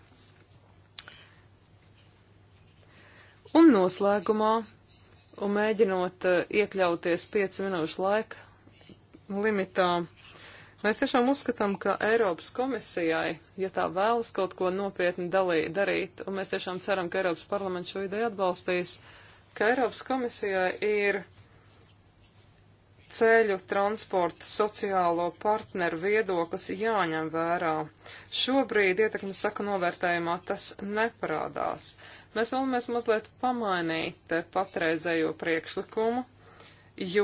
Un noslēgumā, un mēģinot eh, iekļauties 5 minūšu laika limitā, mēs tiešām uzskatām, ka Eiropas komisijai, ja tā vēlas kaut ko nopietni dalī, darīt, un mēs tiešām ceram, ka Eiropas parlaments šo ideju atbalstīs, ka Eiropas komisijai ir ceļu transporta sociālo partneru viedoklis jāņem vērā. Šobrīd ietekmes saka novērtējumā tas neparādās. Mēs vēlamies mazliet pamainīt patreizējo priekšlikumu, jo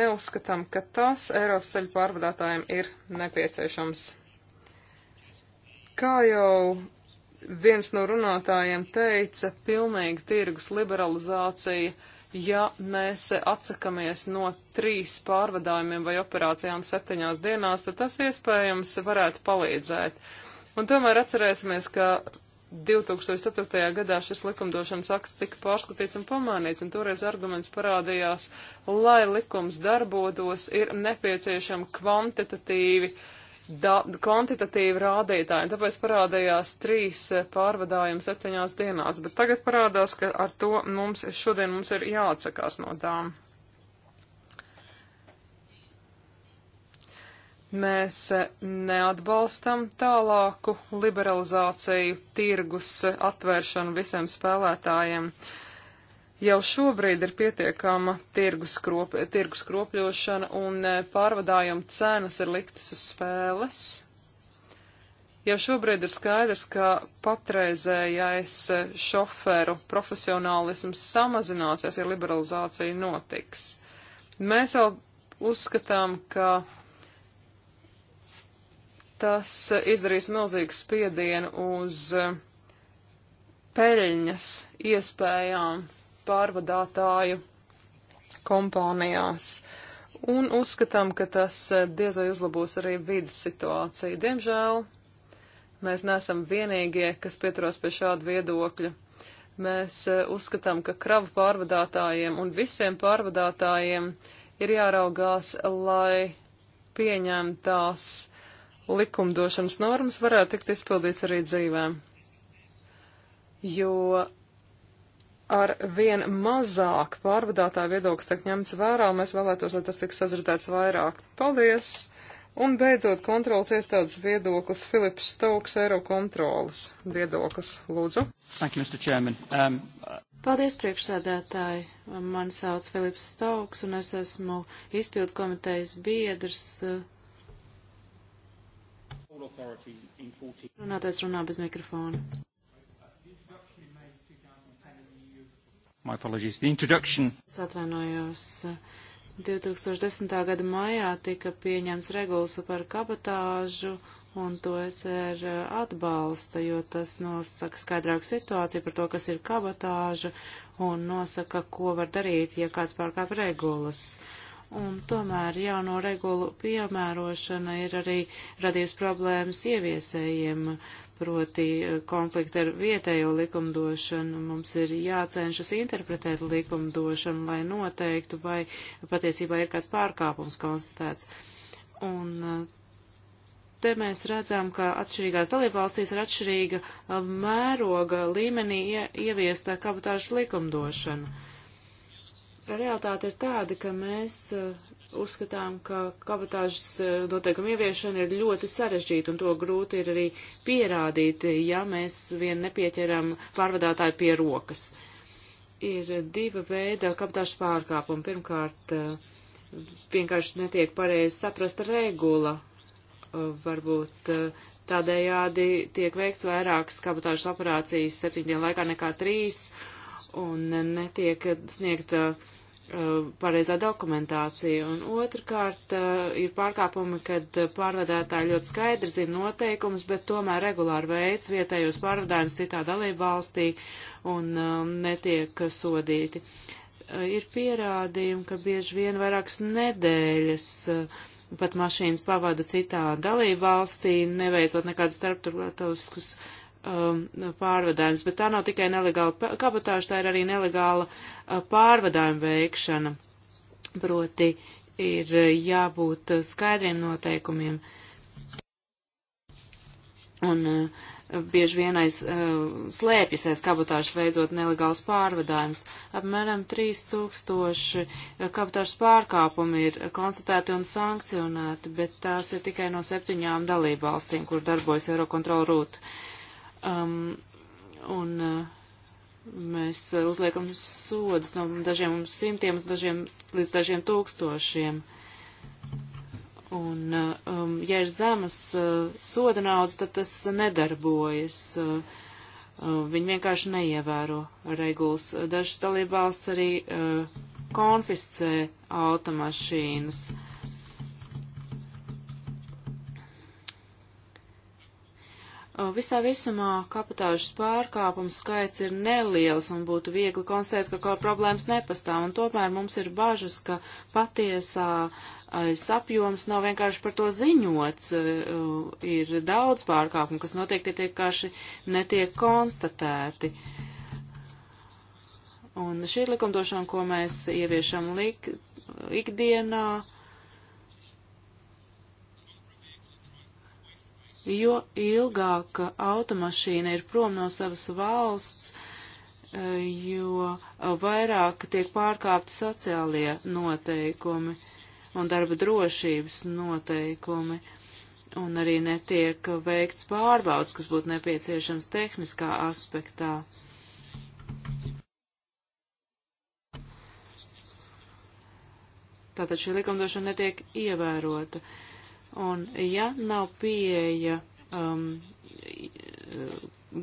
neuzskatām, ka tas Eiropas ceļu pārvadātājiem ir nepieciešams. Kā jau viens no runātājiem teica, pilnīga tirgus liberalizācija, ja mēs atsakamies no trīs pārvadājumiem vai operācijām septiņās dienās, tad tas iespējams varētu palīdzēt. Un tomēr atcerēsimies, ka 2004. gadā šis likumdošanas akts tika pārskatīts un pamainīts, un toreiz arguments parādījās, lai likums darbotos, ir nepieciešama kvantitatīvi, da, kvantitatīvi rādītāji, un tāpēc parādījās trīs pārvadājumi septiņās dienās, bet tagad parādās, ka ar to mums šodien mums ir jāatsakās no tām. Mēs e, neatbalstam tālāku liberalizāciju, tirgus atvēršanu visiem spēlētājiem. Jau šobrīd ir pietiekama tirgus, krop, tirgus kropļošana un e, pārvadājuma cenas ir liktas uz spēles. Jau šobrīd ir skaidrs, ka patreizējais e, šoferu profesionālisms samazināsies, ja liberalizācija notiks. Mēs jau uzskatām, ka tas izdarīs milzīgu spiedienu uz eh, peļņas iespējām pārvadātāju kompānijās. Un uzskatām, ka tas eh, diez vai uzlabos arī vidas situāciju. Diemžēl mēs neesam vienīgie, kas pieturās pie šāda viedokļa. Mēs eh, uzskatām, ka kravu pārvadātājiem un visiem pārvadātājiem ir jāraugās, lai pieņemtās likumdošanas normas varētu tikt izpildīts arī dzīvē. Jo ar vien mazāk pārvadātāju viedoklis tiek ņemts vērā, un mēs vēlētos, lai tas tiks sazritēts vairāk. Paldies! Un beidzot kontrolas iestādes viedoklis Filips Stokes, Eirokontrolas viedoklis. Lūdzu. Thank you, Mr. Chairman. Um, uh... Paldies, priekšsēdētāji. Mani sauc Filips Stokes, un es esmu izpildu komitejas biedrs. Uh, local authorities in 14... Runātais runā bez mikrofona. My apologies. The introduction. Es atvainojos. 2010. gada maijā tika pieņemts regulas par kabatāžu, un to ECR atbalsta, jo tas nosaka skaidrāku situāciju par to, kas ir kabatāža, un nosaka, ko var darīt, ja kāds pārkāp regulas. Uh, un tomēr jauno regulu piemērošana ir arī radījusi problēmas ieviesējiem, proti eh, konflikti ar vietējo likumdošanu. Mums ir jācenšas interpretēt likumdošanu, lai noteiktu, vai patiesībā ir kāds pārkāpums konstatēts. Un eh, te mēs redzam, ka atšķirīgās dalībvalstīs ir atšķirīga eh, mēroga līmenī ieviesta kabatāžas likumdošana. Uh, realitāte ir tāda, ka mēs eh, uzskatām, ka kabatāžas eh, noteikumu ieviešana ir ļoti sarežģīta, un to grūti ir arī pierādīt, ja mēs vien nepieķeram pārvadātāju pie rokas. Ir diva veida kabatāžas pārkāpumi. Pirmkārt, eh, vienkārši netiek pareizi saprasta regula. Varbūt tādējādi tiek veikts vairākas kabatāžas operācijas septiņdien laikā nekā trīs un netiek sniegta uh, pareizā dokumentācija. Un otrkārt uh, ir pārkāpumi, kad pārvadātāji ļoti skaidri zina noteikumus, bet tomēr regulāri veids vietējos pārvadājumus citā dalība valstī un um, netiek sodīti. Uh, ir pierādījumi, ka bieži vien vairākas nedēļas pat mašīnas pavada citā dalība valstī, neveicot nekādus starptautiskus uh, um, pārvadājums, bet tā nav tikai nelegāla kabatāža, tā ir arī nelegāla uh, pārvadājuma veikšana. Proti ir uh, jābūt uh, skaidriem noteikumiem. Un uh, bieži vien aiz uh, slēpjas aiz kabatāžas veidzot nelegāls pārvadājums. Apmēram 3000 uh, kabatāžas pārkāpumi ir konstatēti un sankcionēti, bet tās ir tikai no septiņām dalībvalstīm, kur darbojas Eurokontrola rūta. Uh, Um, un uh, mēs uzliekam sodus no dažiem simtiem dažiem, līdz dažiem tūkstošiem. Un, uh, um, ja ir zemas uh, soda naudas, tad tas nedarbojas. Uh, Uh, viņi vienkārši neievēro regulas. Dažas dalībvalsts arī uh, konfiscē automašīnas. Uh, visā visumā kapatāžas pārkāpumu skaits ir neliels un būtu viegli konstatēt, ka kaut problēmas nepastāv, un tomēr mums ir bažas, ka patiesā apjoms nav vienkārši par to ziņots, uh, ir daudz pārkāpumu, kas notiek, tie vienkārši netiek konstatēti. Un šī likumdošana, ko mēs ieviešam lik, ikdienā, jo ilgāk automašīna ir prom no savas valsts, e, jo e, vairāk tiek pārkāpti sociālie noteikumi un darba drošības noteikumi, un arī netiek veikts pārbauds, kas būtu nepieciešams tehniskā aspektā. Tātad šī likumdošana netiek ievērota. Uh, Un ja nav pieeja um,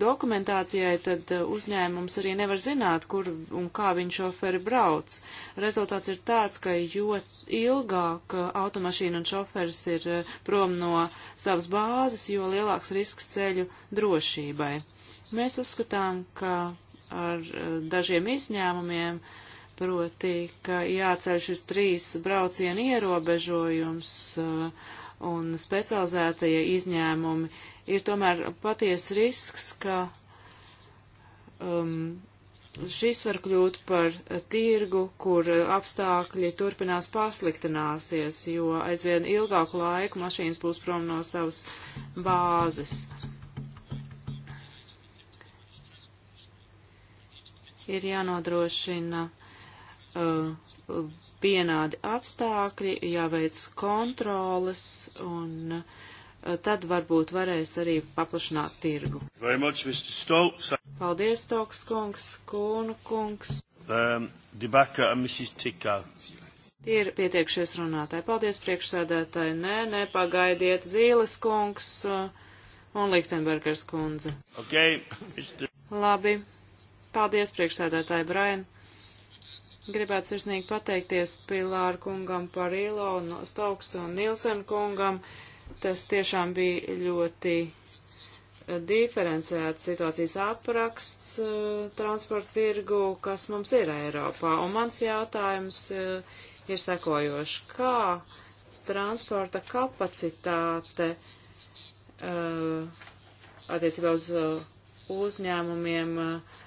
dokumentācijai, tad uh, uzņēmums arī nevar zināt, kur un kā viņš šoferi brauc. Rezultāts ir tāds, ka jo ilgāk uh, automašīna un šoferis ir uh, prom no savas bāzes, jo lielāks risks ceļu drošībai. Mēs uzskatām, ka ar dažiem izņēmumiem, proti, ka jāceļ šis trīs braucienu ierobežojums, uh, un specializētie izņēmumi, ir tomēr paties risks, ka um, šis var kļūt par tirgu, kur apstākļi turpinās pasliktināsies, jo aizvien ilgāku laiku mašīnas būs prom no savas bāzes. Ir jānodrošina vienādi uh, apstākļi, jāveic kontroles, un uh, tad varbūt varēs arī paplašināt tirgu. Much, Stokes. Paldies, Stoks kungs, Kūnu kungs. Um, Debaka un Mrs. Tikā. Tie ir pietiekšies runātāji. Paldies, priekšsēdētāji. Nē, nepagaidiet, Zīles kungs uh, un Lichtenbergers kundze. Okay. Labi. Paldies, priekšsēdētāji Brain. Gribētu sirsnīgi pateikties Pilāru kungam par Ilo un Stoksu un Nilsen kungam. Tas tiešām bija ļoti eh, diferencēts situācijas apraksts eh, transporta tirgu, kas mums ir Eiropā. Un mans jautājums eh, ir sekojoši. Kā transporta kapacitāte attiecībā uz uzņēmumiem uh,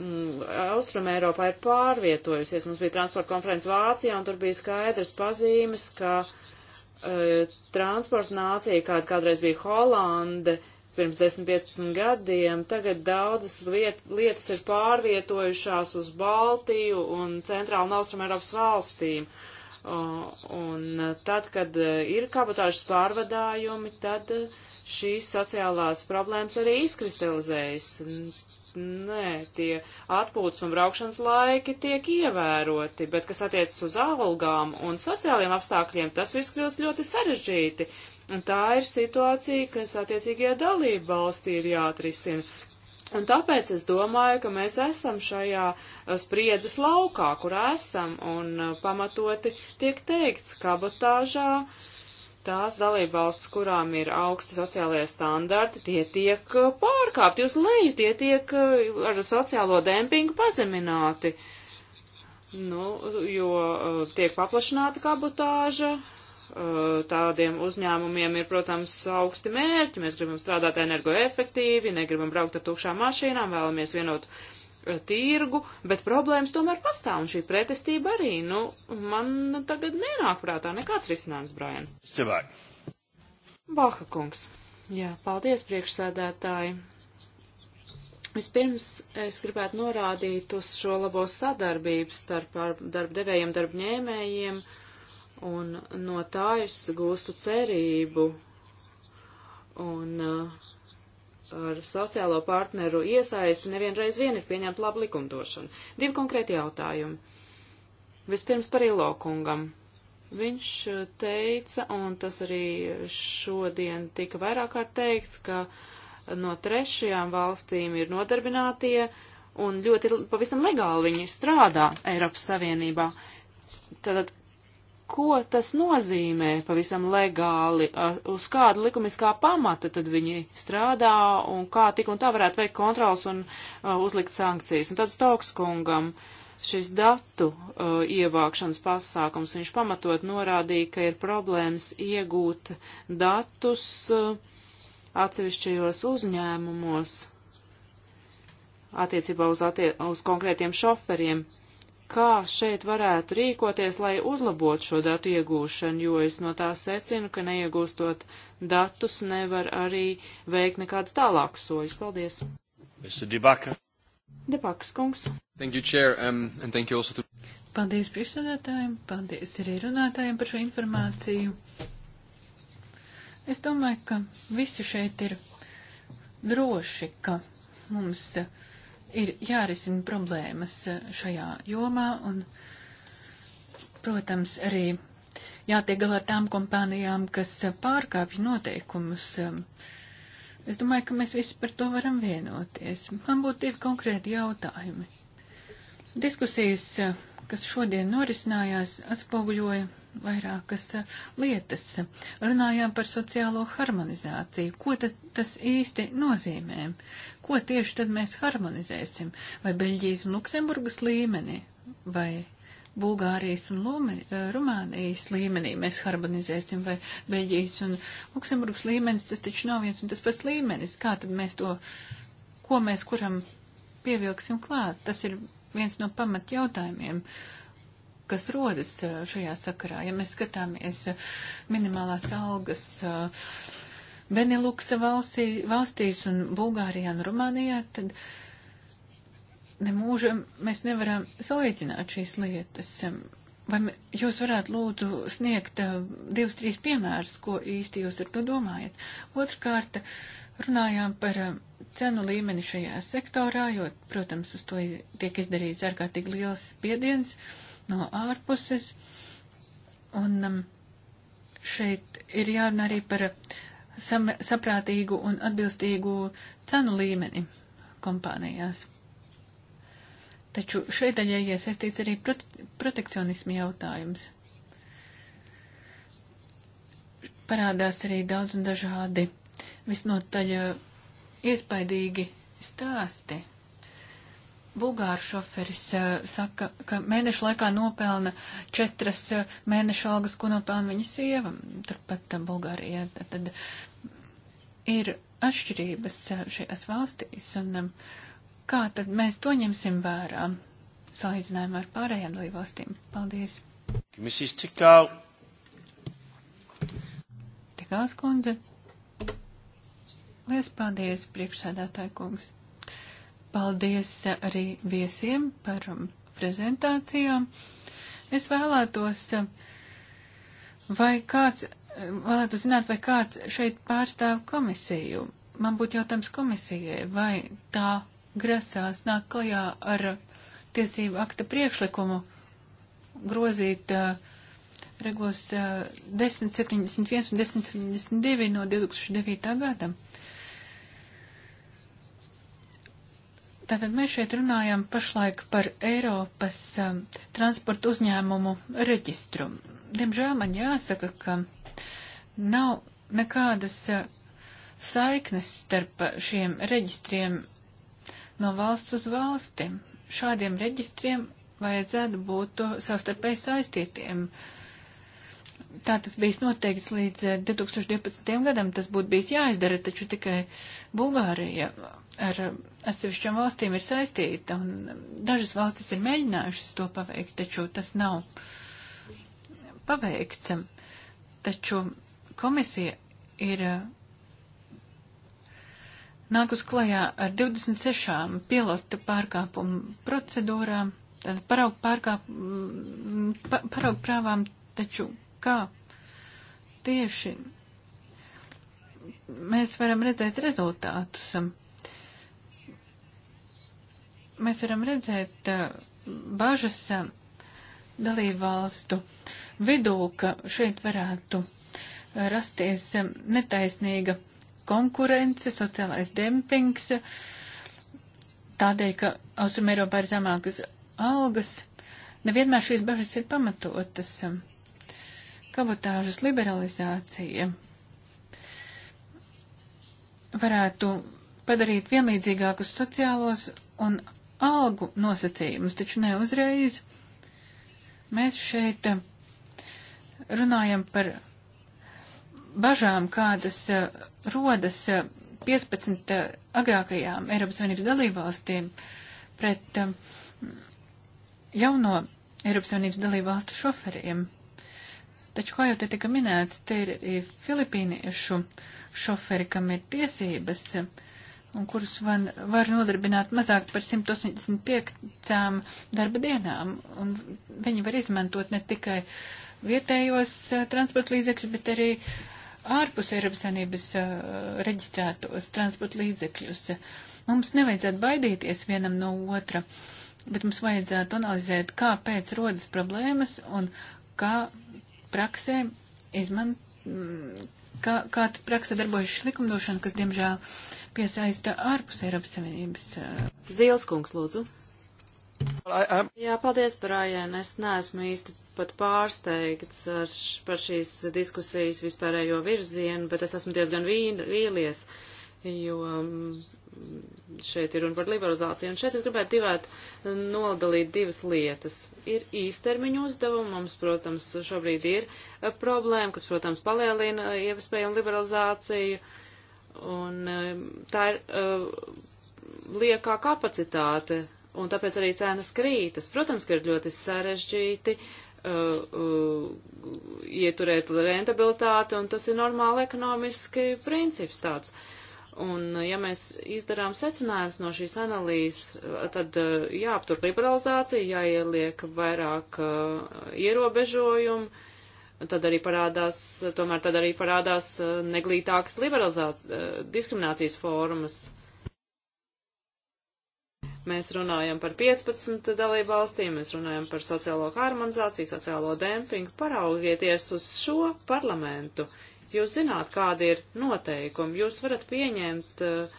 Mm, Austrum Eiropā ir pārvietojusies. Mums bija transporta konferences Vācijā, un tur bija skaidrs pazīmes, ka uh, transporta nācija, kāda kādreiz bija Holande, pirms 10-15 gadiem, tagad daudzas liet, lietas ir pārvietojušās uz Baltiju un Centrālu un Austrum Eiropas valstīm. Uh, un eh, tad, kad uh, ir kabatāžas pārvadājumi, tad šīs sociālās problēmas arī izkristalizējas Nē, tie atpūtas un braukšanas laiki tiek ievēroti, bet kas attiecas uz algām un sociāliem apstākļiem, tas viss kļūst ļoti sarežģīti. Un tā ir situācija, kas attiecīgajā dalība valstī ir jāatrisina. Un tāpēc es domāju, ka mēs esam šajā uh, spriedzes laukā, kur esam, un uh, pamatoti tiek teikts kabotāžā. Uh, tās dalībvalstis, kurām ir augsti sociālajie standarti, tie tiek uh, pārkāpti uz leju, tie tiek uh, ar sociālo dempingu pazemināti, nu, jo uh, tiek paplašināta kabotāža. Tādiem uzņēmumiem ir, protams, augsti mērķi. Mēs gribam strādāt energoefektīvi, negribam braukt ar tukšām mašīnām, vēlamies vienotu Eh, tirgu, bet problēmas tomēr pastāv, un šī pretestība arī, nu, man tagad nenāk prātā nekāds risinājums, Brian. Cilvēki. Baha kungs. Jā, paldies, priekšsēdētāji. Vispirms es gribētu norādīt uz šo labo sadarbību starp darbdevējiem, darbņēmējiem, un no tā es gūstu cerību. Un uh, ar sociālo partneru iesaisti nevienreiz vien ir pieņemta laba likumdošana. Divi konkrēti jautājumi. Vispirms par Ilokungam. Viņš eh, teica, un tas arī šodien tika vairāk kārt teikts, ka no trešajām valstīm ir nodarbinātie un ļoti pavisam legāli viņi strādā Eiropas Savienībā. Tātad, ko tas nozīmē pavisam legāli, uz kādu likumiskā pamata tad viņi strādā un kā tik un tā varētu veikt kontrols un uh, uzlikt sankcijas. Un tad Staukskungam šis datu uh, ievākšanas pasākums, viņš pamatot norādīja, ka ir problēmas iegūt datus uh, atsevišķajos uzņēmumos attiecībā uz, attie uz konkrētiem šoferiem kā šeit varētu rīkoties, lai uzlabotu šo datu iegūšanu, jo es no tā secinu, ka neiegūstot datus nevar arī veikt nekādus tālākus soļus. Paldies! Debaka. Debakas kungs. Thank you, chair, um, and thank you also to... Paldies priekšsēdētājiem, paldies arī runātājiem par šo informāciju. Es domāju, ka visi šeit ir droši, ka mums. Uh, ir jārisina problēmas eh, šajā jomā un, protams, arī jātiek galā ar tām kompānijām, kas eh, pārkāpj noteikumus. Eh. Es domāju, ka mēs visi par to varam vienoties. Man būtu divi konkrēti jautājumi. Diskusijas, kas šodien norisinājās, atspoguļoja vairākas lietas. Runājām par sociālo harmonizāciju. Ko tad tas īsti nozīmē? ko tieši tad mēs harmonizēsim? Vai Beļģijas un Luksemburgas līmenī? Vai Bulgārijas un Lumi, eh, Rumānijas līmenī mēs harmonizēsim? Vai Beļģijas un Luksemburgas līmenis tas taču nav viens un tas pats līmenis? Kā tad mēs to, ko mēs kuram pievilksim klāt? Tas ir viens no pamat jautājumiem. Uh, kas rodas eh, šajā sakarā. Ja mēs skatāmies eh, minimālās algas Beneluksa valstī, valstīs un Bulgārijā un Rumānijā, tad nemūžam mēs nevaram salīdzināt šīs lietas. Vai jūs varētu lūdzu sniegt uh, divus, trīs piemērus, ko īsti jūs ar to domājat? Otrkārt, runājām par uh, cenu līmeni šajā sektorā, jo, protams, uz to iz, tiek izdarīts ārkārtīgi liels spiediens no ārpuses. Un um, šeit ir jārunā arī par uh, sam, saprātīgu un atbilstīgu cenu līmeni kompānijās. Taču šeit daļai iesaistīts arī prote protekcionismu jautājums. Parādās arī daudz un dažādi visnotaļ uh, iespaidīgi stāsti Bulgāru šoferis eh, saka, ka mēnešu laikā nopelna četras eh, mēnešu algas, ko nopelna viņa sieva, turpat eh, Bulgārijā. Tad ir atšķirības šajās valstīs, un kā tad mēs to ņemsim vērā salīdzinājumā ar pārējām dalībvalstīm? Paldies! Komisijas tikau! Tikās kundze! Lies paldies, priekšsēdētāji kungs! Paldies arī viesiem par prezentācijām. Es vēlētos, vai kāds, vēlētu zināt, vai kāds šeit pārstāv komisiju. Man būtu jautājums komisijai, vai tā grasās nāk klajā ar tiesību akta priekšlikumu grozīt uh, regulas uh, 1071 un 1072 no 2009. gada. Tātad mēs šeit runājam pašlaik par Eiropas um, transportu uzņēmumu reģistru. Diemžēl man jāsaka, ka nav nekādas uh, saiknes starp šiem reģistriem no valsts uz valsti. Šādiem reģistriem vajadzētu būt uh, savstarpēji saistītiem. Tā tas bijis noteikts līdz 2012. Uh, gadam, tas būtu bijis jāizdara, taču tikai Bulgārija ar um, atsevišķām valstīm ir saistīta, un um, dažas valstis ir mēģinājušas to paveikt, taču tas nav paveikts. Taču komisija ir uh, nākus klajā ar 26 pilota pārkāpumu procedūrām, tad paraugu pārkāpumu, mm, pa, paraugu prāvām, taču kā tieši mēs varam redzēt rezultātus mēs varam redzēt eh, bažas eh, dalībvalstu vidū, ka šeit varētu eh, rasties netaisnīga konkurence, sociālais dempings, tādēļ, ka Austrumēropā ir zemākas algas. Nevienmēr šīs bažas ir pamatotas. Kabotāžas liberalizācija varētu padarīt vienlīdzīgākus sociālos un algu nosacījumus, taču ne uzreiz. Mēs šeit eh, runājam par bažām, kādas eh, rodas 15 eh, agrākajām Eiropas Savienības dalībvalstīm pret jauno Eiropas Savienības dalībvalstu šoferiem. Taču, kā jau te tika minēts, te ir filipīniešu šoferi, kam ir tiesības uh, un kurus van, var nodarbināt mazāk par 185 darba dienām. Un viņi var izmantot ne tikai vietējos uh, transporta līdzekļus, bet arī ārpus Eiropas Savienības uh, reģistrētos transporta līdzekļus. Mums nevajadzētu baidīties vienam no otra, bet mums vajadzētu analizēt, kāpēc rodas problēmas un kā praksē izmantot. Kā, kā praksa darbojas likumdošana, kas, diemžēl, uh, piesaista ārpus Eiropas Savienības. Uh, Zils kungs, lūdzu. Um, Jā, paldies, Brian. Es neesmu īsti pat pārsteigts ar, par šīs diskusijas vispārējo virzienu, bet es esmu diezgan vīlies, jo mm, šeit ir runa par liberalizāciju. Un šeit es gribētu divēt nodalīt divas lietas. Ir īstermiņu uzdevumi, mums, protams, šobrīd ir eh, problēma, kas, protams, palielina iespējumu liberalizāciju. Uh, Un tā ir uh, liekā kapacitāte, un tāpēc arī cenas krītas. Protams, ka ir ļoti sarežģīti uh, uh, ieturēt rentabilitāti, un tas ir normāli ekonomiski princips tāds. Un, ja mēs izdarām secinājumus no šīs analīzes, tad eh, jāaptur liberalizācija, jāieliek vairāk eh, ierobežojumu, tad arī parādās, tomēr tad arī parādās eh, neglītākas liberalizācijas, eh, diskriminācijas formas. Mēs runājam par 15 dalību valstīm, mēs runājam par sociālo harmonizāciju, sociālo dempingu. Paraugieties uz šo parlamentu. Jūs zināt, kādi ir noteikumi. Jūs varat pieņemt uh,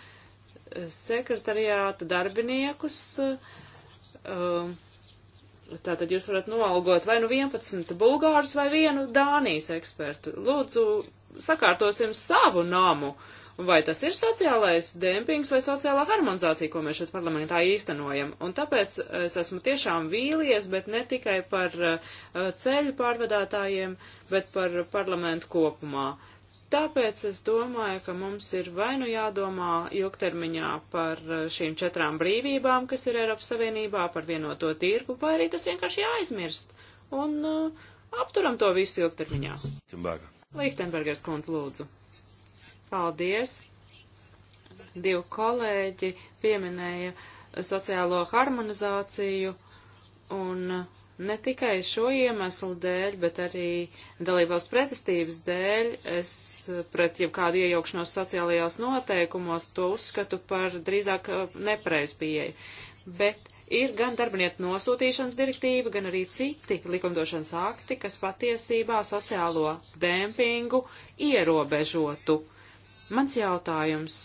sekretariāta darbiniekus. Uh, uh Tātad jūs varat noalgot vai nu 11 bulgārus vai vienu Dānijas ekspertu. Lūdzu, sakārtosim savu namu. Vai tas ir sociālais dempings vai sociālā harmonizācija, ko mēs šeit parlamentā īstenojam? Un tāpēc es esmu tiešām vīlies, bet ne tikai par eh, ceļu pārvadātājiem, bet par parlamentu kopumā. Uh, Tāpēc es domāju, ka mums ir vai nu jādomā ilgtermiņā par eh, šīm četrām brīvībām, kas ir Eiropas Savienībā, par vienoto tirgu, vai arī tas vienkārši jāaizmirst. Un uh, apturam to visu ilgtermiņā. Lichtenbergers kundze lūdzu. Paldies. Divi kolēģi pieminēja sociālo harmonizāciju un uh, Ne tikai šo iemeslu dēļ, bet arī dalībvalsts pretestības dēļ es pret jebkādu iejaukšanos sociālajās noteikumos to uzskatu par drīzāk uh, nepreiz pieeju. Bet ir gan darbinieku nosūtīšanas direktīva, gan arī citi likumdošanas akti, kas patiesībā sociālo dēmpingu ierobežotu. Mans jautājums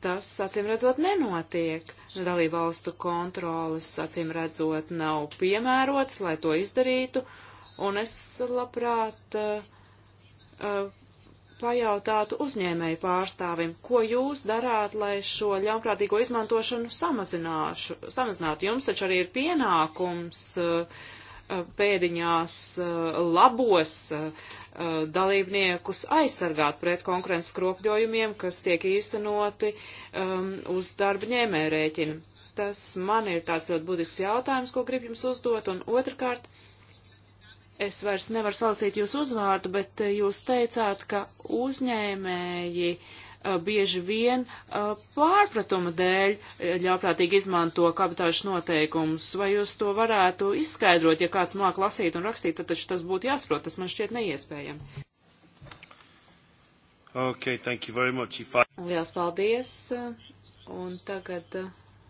tas, acīm redzot, nenotiek. Dalībvalstu kontrolas, acīm redzot, nav piemērotas, lai to izdarītu, un es labprāt uh, uh, pajautātu uzņēmēju pārstāvim, ko jūs darāt, lai šo ļaunprātīgo izmantošanu samazinātu. Jums taču arī ir pienākums uh, pēdiņās labos Uh, dalībniekus aizsargāt pret konkurences kropļojumiem, kas tiek īstenoti um, uz darba ņēmē rēķina. Tas man ir tāds ļoti būtisks jautājums, ko grib jums uzdot, un otrkārt, es vairs nevaru salasīt jūsu uzvārdu, bet uh, jūs teicāt, ka uzņēmēji uh, bieži vien pārpratuma dēļ ļauprātīgi izmanto kabatāšu noteikumus. Vai jūs to varētu izskaidrot, ja kāds māk lasīt un rakstīt, tad taču tas būtu jāsaprot, tas man šķiet neiespējami. Okay, thank you very much. If I... Liels paldies. Un tagad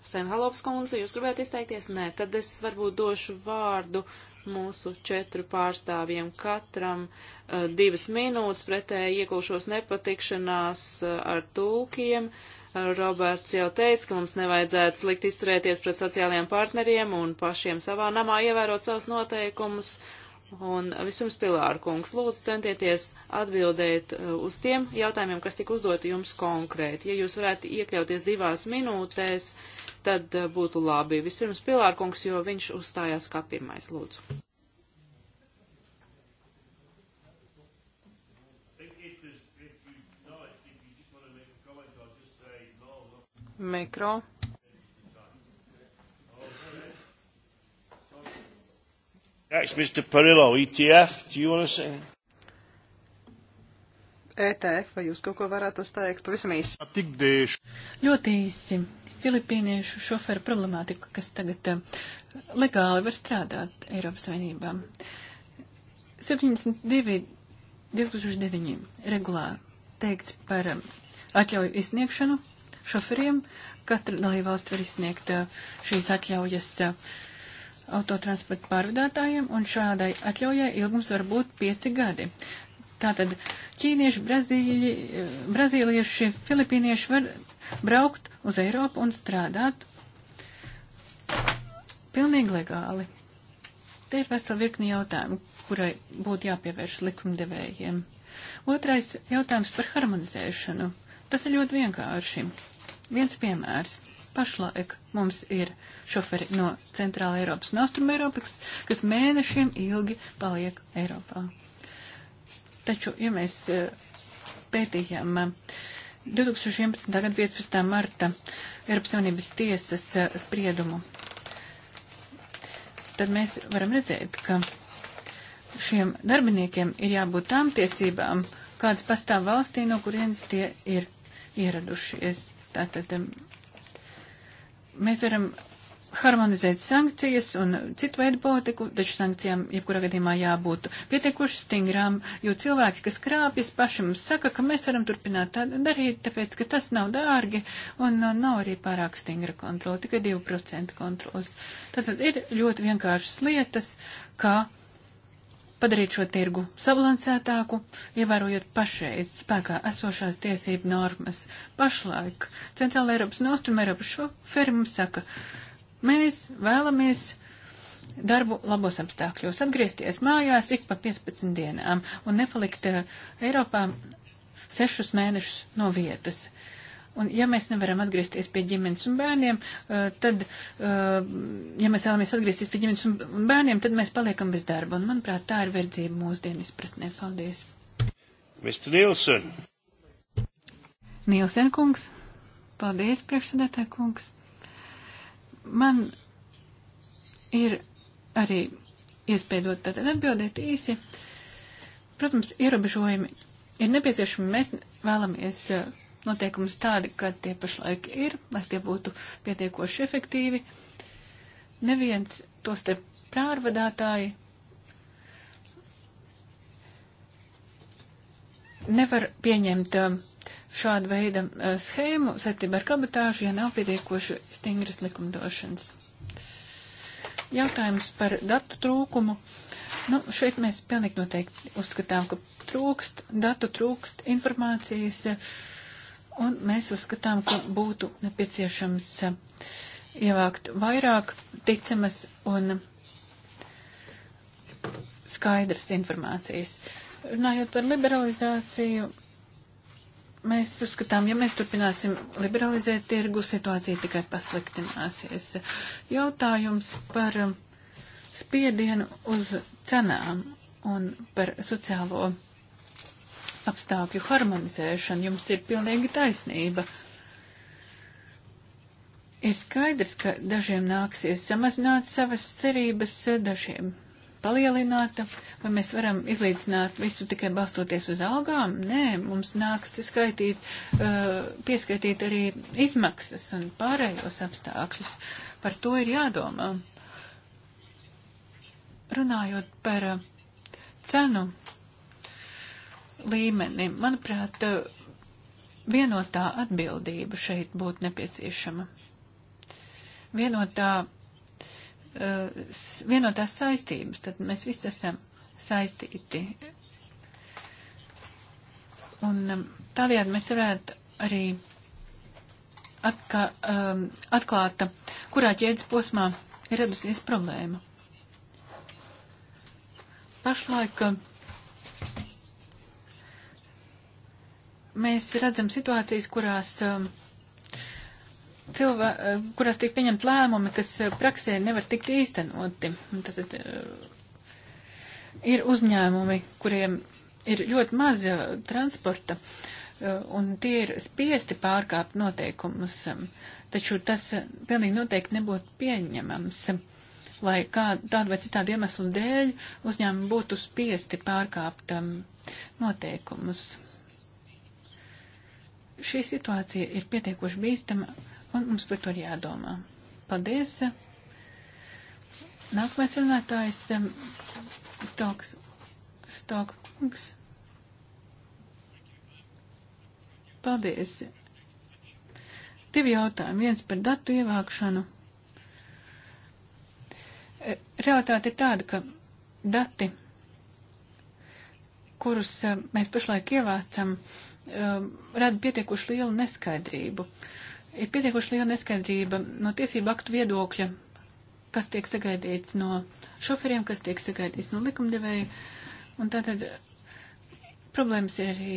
Senhalovs kundze, jūs gribētu izteikties? Nē, tad es varbūt došu vārdu mūsu četru pārstāvjiem katram. Uh, Eh, divas minūtes, pretēji iegūšos nepatikšanās eh, ar tulkiem. Eh, Roberts jau teica, ka mums nevajadzētu slikt izturēties pret sociālajiem partneriem un pašiem savā namā ievērot savus noteikumus. Un vispirms Pilāra kungs, lūdzu centieties atbildēt uz tiem jautājumiem, kas tika uzdoti jums konkrēti. Ja jūs varētu iekļauties divās minūtēs, tad būtu labi. Vispirms Pilāra kungs, jo viņš uzstājās kā pirmais, lūdzu. Mikro. Next, Mr. Perillo, ETF, do you want to say? ETF, vai jūs kaut ko varētu uzteikt? Pavisam īsi. Ļoti īsi. Filipīniešu šoferu problemātika, kas tagad uh, legāli var strādāt Eiropas Savienībā. 72 2009 regulā teikts par um, atļauju izsniegšanu šoferiem. Katra dalībvalsts var izsniegt šīs atļaujas autotransporta pārvadātājiem, un šādai atļaujai ilgums var būt pieci gadi. Tātad ķīnieši, brazīļi, brazīlieši, filipīnieši var braukt uz Eiropu un strādāt pilnīgi legāli. Te ir vesela virkni jautājumu, kurai būtu jāpievērš likumdevējiem. Otrais jautājums par harmonizēšanu. Tas ir ļoti vienkārši. Viens piemērs. Pašlaik mums ir šoferi no Centrāla Eiropas un Austrum Eiropas, kas mēnešiem ilgi paliek Eiropā. Taču, ja mēs eh, pētījām 2011. gada 15. marta Eiropas Savienības tiesas eh, spriedumu, tad mēs varam redzēt, ka šiem darbiniekiem ir jābūt tām tiesībām, kādas pastāv valstī, no kurienes tie ir ieradušies. Tātad mēs varam harmonizēt sankcijas un citu veidu politiku, taču sankcijām jebkurā gadījumā jābūt pietiekuši stingrām, jo cilvēki, kas krāpjas, paši mums saka, ka mēs varam turpināt tā darīt, tāpēc, ka tas nav dārgi un nav arī pārāk stingra kontrola, tikai 2% kontrolas. Tātad ir ļoti vienkāršas lietas, kā. Ka padarīt šo tirgu sabalansētāku, ievērojot pašreiz spēkā esošās tiesību normas. Pašlaik Centrāla Eiropas un Austruma Eiropas šoferi mums saka, mēs vēlamies darbu labos apstākļos, atgriezties mājās ik pa 15 dienām un nepalikt eh, Eiropā sešus mēnešus no vietas. Un ja mēs nevaram atgriezties pie ģimenes un bērniem, eh, tad, eh, ja mēs vēlamies atgriezties pie ģimenes un bērniem, tad mēs paliekam bez darba. Un, manuprāt, tā ir verdzība mūsdienu izpratnē. Paldies. Mr. Nielsen. Nielsen kungs. Paldies, priekšsēdētāj kungs. Man ir arī iespējot tātad atbildēt īsi. Protams, ierobežojumi ir nepieciešami. Mēs vēlamies eh, noteikumus tādi, kā tie pašlaik ir, lai tie būtu pietiekoši efektīvi. Neviens tos te pārvadātāji nevar pieņemt um, šādu veidu uh, schēmu saistībā ar kabatāžu, ja nav pietiekoši stingras likumdošanas. Jautājums par datu trūkumu. Nu, šeit mēs pilnīgi noteikti uzskatām, ka trūkst datu, trūkst informācijas Un mēs uzskatām, ka būtu nepieciešams eh, ievākt vairāk ticamas un skaidras informācijas. Runājot par liberalizāciju, mēs uzskatām, ja mēs turpināsim liberalizēt tirgu, situācija tikai pasliktināsies. Jautājums par eh, spiedienu uz cenām un par sociālo apstākļu harmonizēšanu. Jums ir pilnīgi taisnība. Ir skaidrs, ka dažiem nāksies samazināt savas cerības, dažiem palielināta, vai mēs varam izlīdzināt visu tikai balstoties uz algām? Nē, mums nāks skaitīt, uh, eh, pieskaitīt arī izmaksas un pārējos apstākļus. Par to ir jādomā. Runājot par uh, cenu līmeni. Manuprāt, vienotā atbildība šeit būtu nepieciešama. Vienotā, vienotās saistības, tad mēs visi esam saistīti. Un um, tādējādi mēs varētu arī atka, um, atklāta, kurā ķēdes posmā ir radusies problēma. Pašlaik uh, mēs redzam situācijas, kurās, um, cilvē, uh, kurās tiek pieņemt lēmumi, kas uh, praksē nevar tikt īstenoti. Tad, tad uh, ir uzņēmumi, kuriem ir ļoti maz transporta, un tie ir spiesti pārkāpt noteikumus. Um, taču tas pilnīgi noteikti nebūtu pieņemams um, lai kā, tādu vai citādu iemeslu dēļ uzņēmumi būtu spiesti pārkāpt um, noteikumus. Šī situācija ir pietiekoši bīstama un mums par to ir jādomā. Paldies! Nākamais runātājs um, Stoks. Stoks. Paldies! Divi jautājumi. Viens par datu ievākšanu. E, realitāte ir tāda, ka dati, kurus e, mēs pašlaik ievācam, uh, um, rada pietiekuši lielu neskaidrību. Ir pietiekuši liela neskaidrība no tiesību aktu viedokļa, kas tiek sagaidīts no šoferiem, kas tiek sagaidīts no likumdevēja. Un tātad problēmas ir arī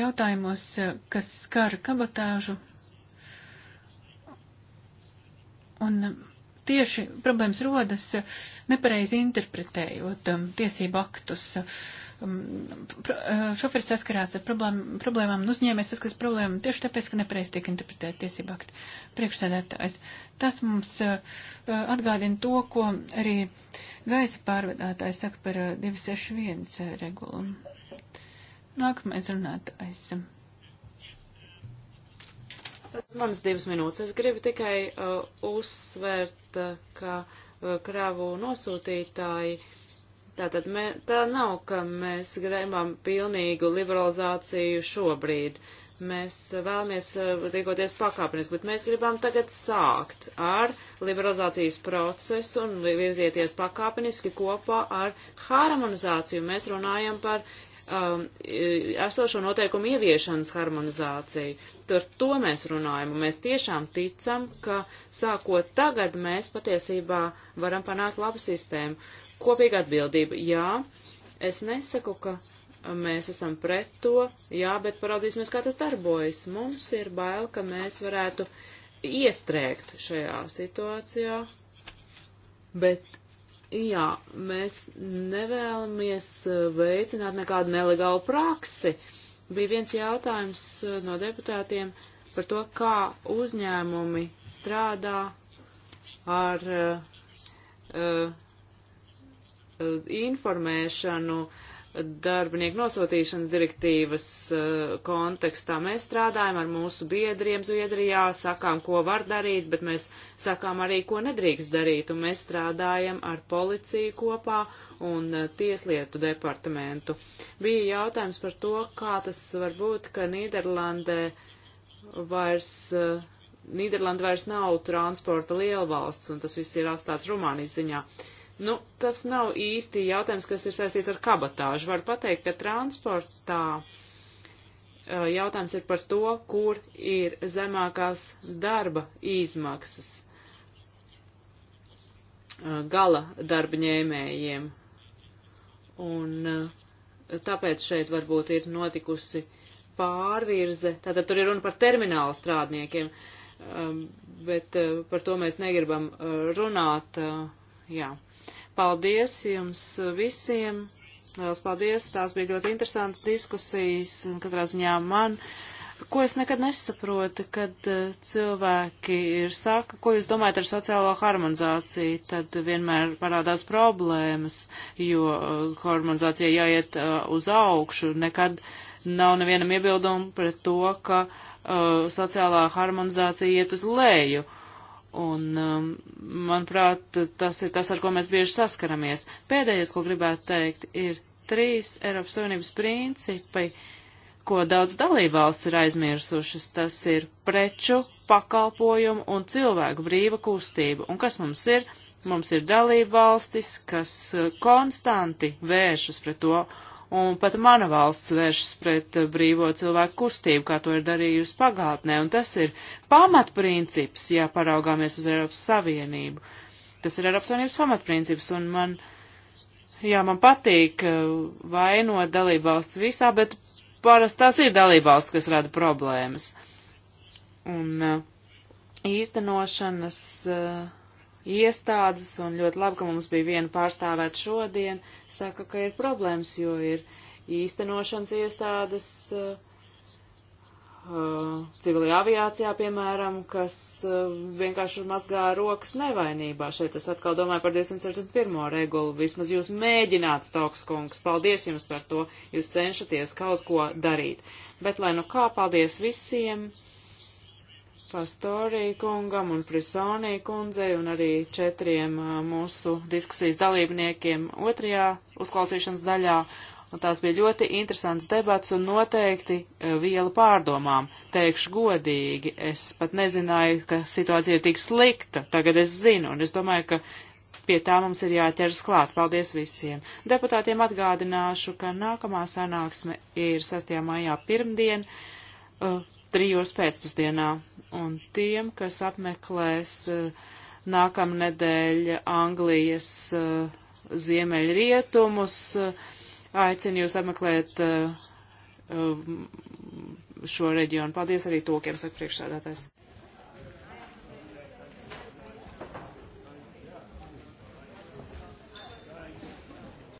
jautājumos, kas skar kabatāžu. Un tieši problēmas rodas nepareizi interpretējot um, tiesību aktus. Uh, Um, uh, šoferis saskarās ar problēm, problēmām un uzņēmējs saskarās problēmām tieši tāpēc, ka nepareiz tiek interpretēta tiesība akti. Priekšsēdētājs. Tas mums uh, uh, atgādina to, ko arī gaisa pārvadātājs saka par 261 regulu. Nākamais runātājs. Manas divas minūtes. Es gribu tikai uh, uzsvērt, ka uh, kravu nosūtītāji uh, Tātad mē, tā nav, ka mēs gribam pilnīgu liberalizāciju šobrīd. Mēs vēlamies uh, rīkoties pakāpeniski, bet mēs gribam tagad sākt ar liberalizācijas procesu un virzieties pakāpeniski kopā ar harmonizāciju. Mēs runājam par um, esošo noteikumu ieviešanas harmonizāciju. Tur to mēs runājam, un mēs tiešām ticam, ka sākot tagad mēs patiesībā varam panākt labu sistēmu Kopīga atbildība. Jā, es nesaku, ka mēs esam pret to, jā, bet paraudzīsimies, kā tas darbojas. Mums ir bail, ka mēs varētu iestrēgt šajā situācijā, bet, jā, mēs nevēlamies eh, veicināt nekādu nelegālu praksi. Bija viens jautājums eh, no deputātiem par to, kā uzņēmumi strādā ar uh, uh, Eh, informēšanu darbinieku nosūtīšanas direktīvas eh, kontekstā. Mēs strādājam ar mūsu biedriem Zviedrijā, sakām, ko var darīt, bet mēs sakām arī, ko nedrīkst darīt, un mēs strādājam ar policiju kopā un eh, tieslietu departamentu. Bija jautājums par to, kā tas var būt, ka Nīderlandē vairs. Nīderlanda vairs nav transporta lielvalsts, un tas viss ir atstāts Rumānijas ziņā. Uh, Nu, tas nav īsti jautājums, kas ir saistīts ar kabatāžu. Var pateikt, ka transportā uh, jautājums ir par to, kur ir zemākās darba izmaksas uh, gala darba ņēmējiem. Un uh, tāpēc šeit varbūt ir notikusi pārvirze. Tātad tur ir runa par terminālu strādniekiem, um, bet par to mēs negribam runāt. Jā. Paldies jums visiem! Liels paldies! Tās bija ļoti interesantas diskusijas, katrā ziņā man. Ko es nekad nesaprotu, kad eh, cilvēki ir saka, ko jūs domājat ar sociālo harmonizāciju, tad vienmēr parādās problēmas, jo eh, harmonizācija jāiet eh, uz augšu, nekad nav nevienam iebildumu pret to, ka uh, sociālā harmonizācija iet uz leju. Uh, Un, um, manuprāt, tas ir tas, ar ko mēs bieži saskaramies. Pēdējais, ko gribētu teikt, ir trīs Eiropas Savienības principi, ko daudz dalībvalsts ir aizmirsušas. Tas ir preču, pakalpojumu un cilvēku brīva kustība. Un kas mums ir? Mums ir dalībvalstis, kas uh, konstanti vēršas pret to un pat mana valsts vēršas pret eh, brīvo cilvēku kustību, kā to ir darījusi pagātnē, un tas ir pamatprincips, ja paraugāmies uz Eiropas Savienību. Tas ir Eiropas Savienības pamatprincips, un man, jā, man patīk eh, vainot dalībvalsts visā, bet parasti tās ir dalībvalsts, kas rada problēmas. Un eh, īstenošanas. Uh, iestādes, un ļoti labi, ka mums bija viena pārstāvēt šodien, saka, ka ir problēmas, jo ir īstenošanas iestādes uh, uh, civilajā aviācijā, piemēram, kas uh, vienkārši mazgā rokas nevainībā. Šeit es atkal domāju par 261. regulu. Vismaz jūs mēģināt, Stauks kungs, paldies jums par to, jūs cenšaties kaut ko darīt. Bet lai nu kā, paldies visiem! Pastorī kungam un Frisonī kundzei un arī četriem mūsu diskusijas dalībniekiem otrajā uzklausīšanas daļā. Un tās bija ļoti interesants debats un noteikti viela pārdomām. Teikšu godīgi, es pat nezināju, ka situācija ir tik slikta. Tagad es zinu, un es domāju, ka pie tā mums ir jāķers klāt. Paldies visiem. Deputātiem atgādināšu, ka nākamā sanāksme ir 6. maijā pirmdien. Uh, trijos pēcpusdienā. Un tiem, kas apmeklēs eh, nākamnedēļ Anglijas eh, ziemeļrietumus, eh, aicinu jūs apmeklēt šo reģionu. Paldies arī tūkiem, saka priekšsādātājs.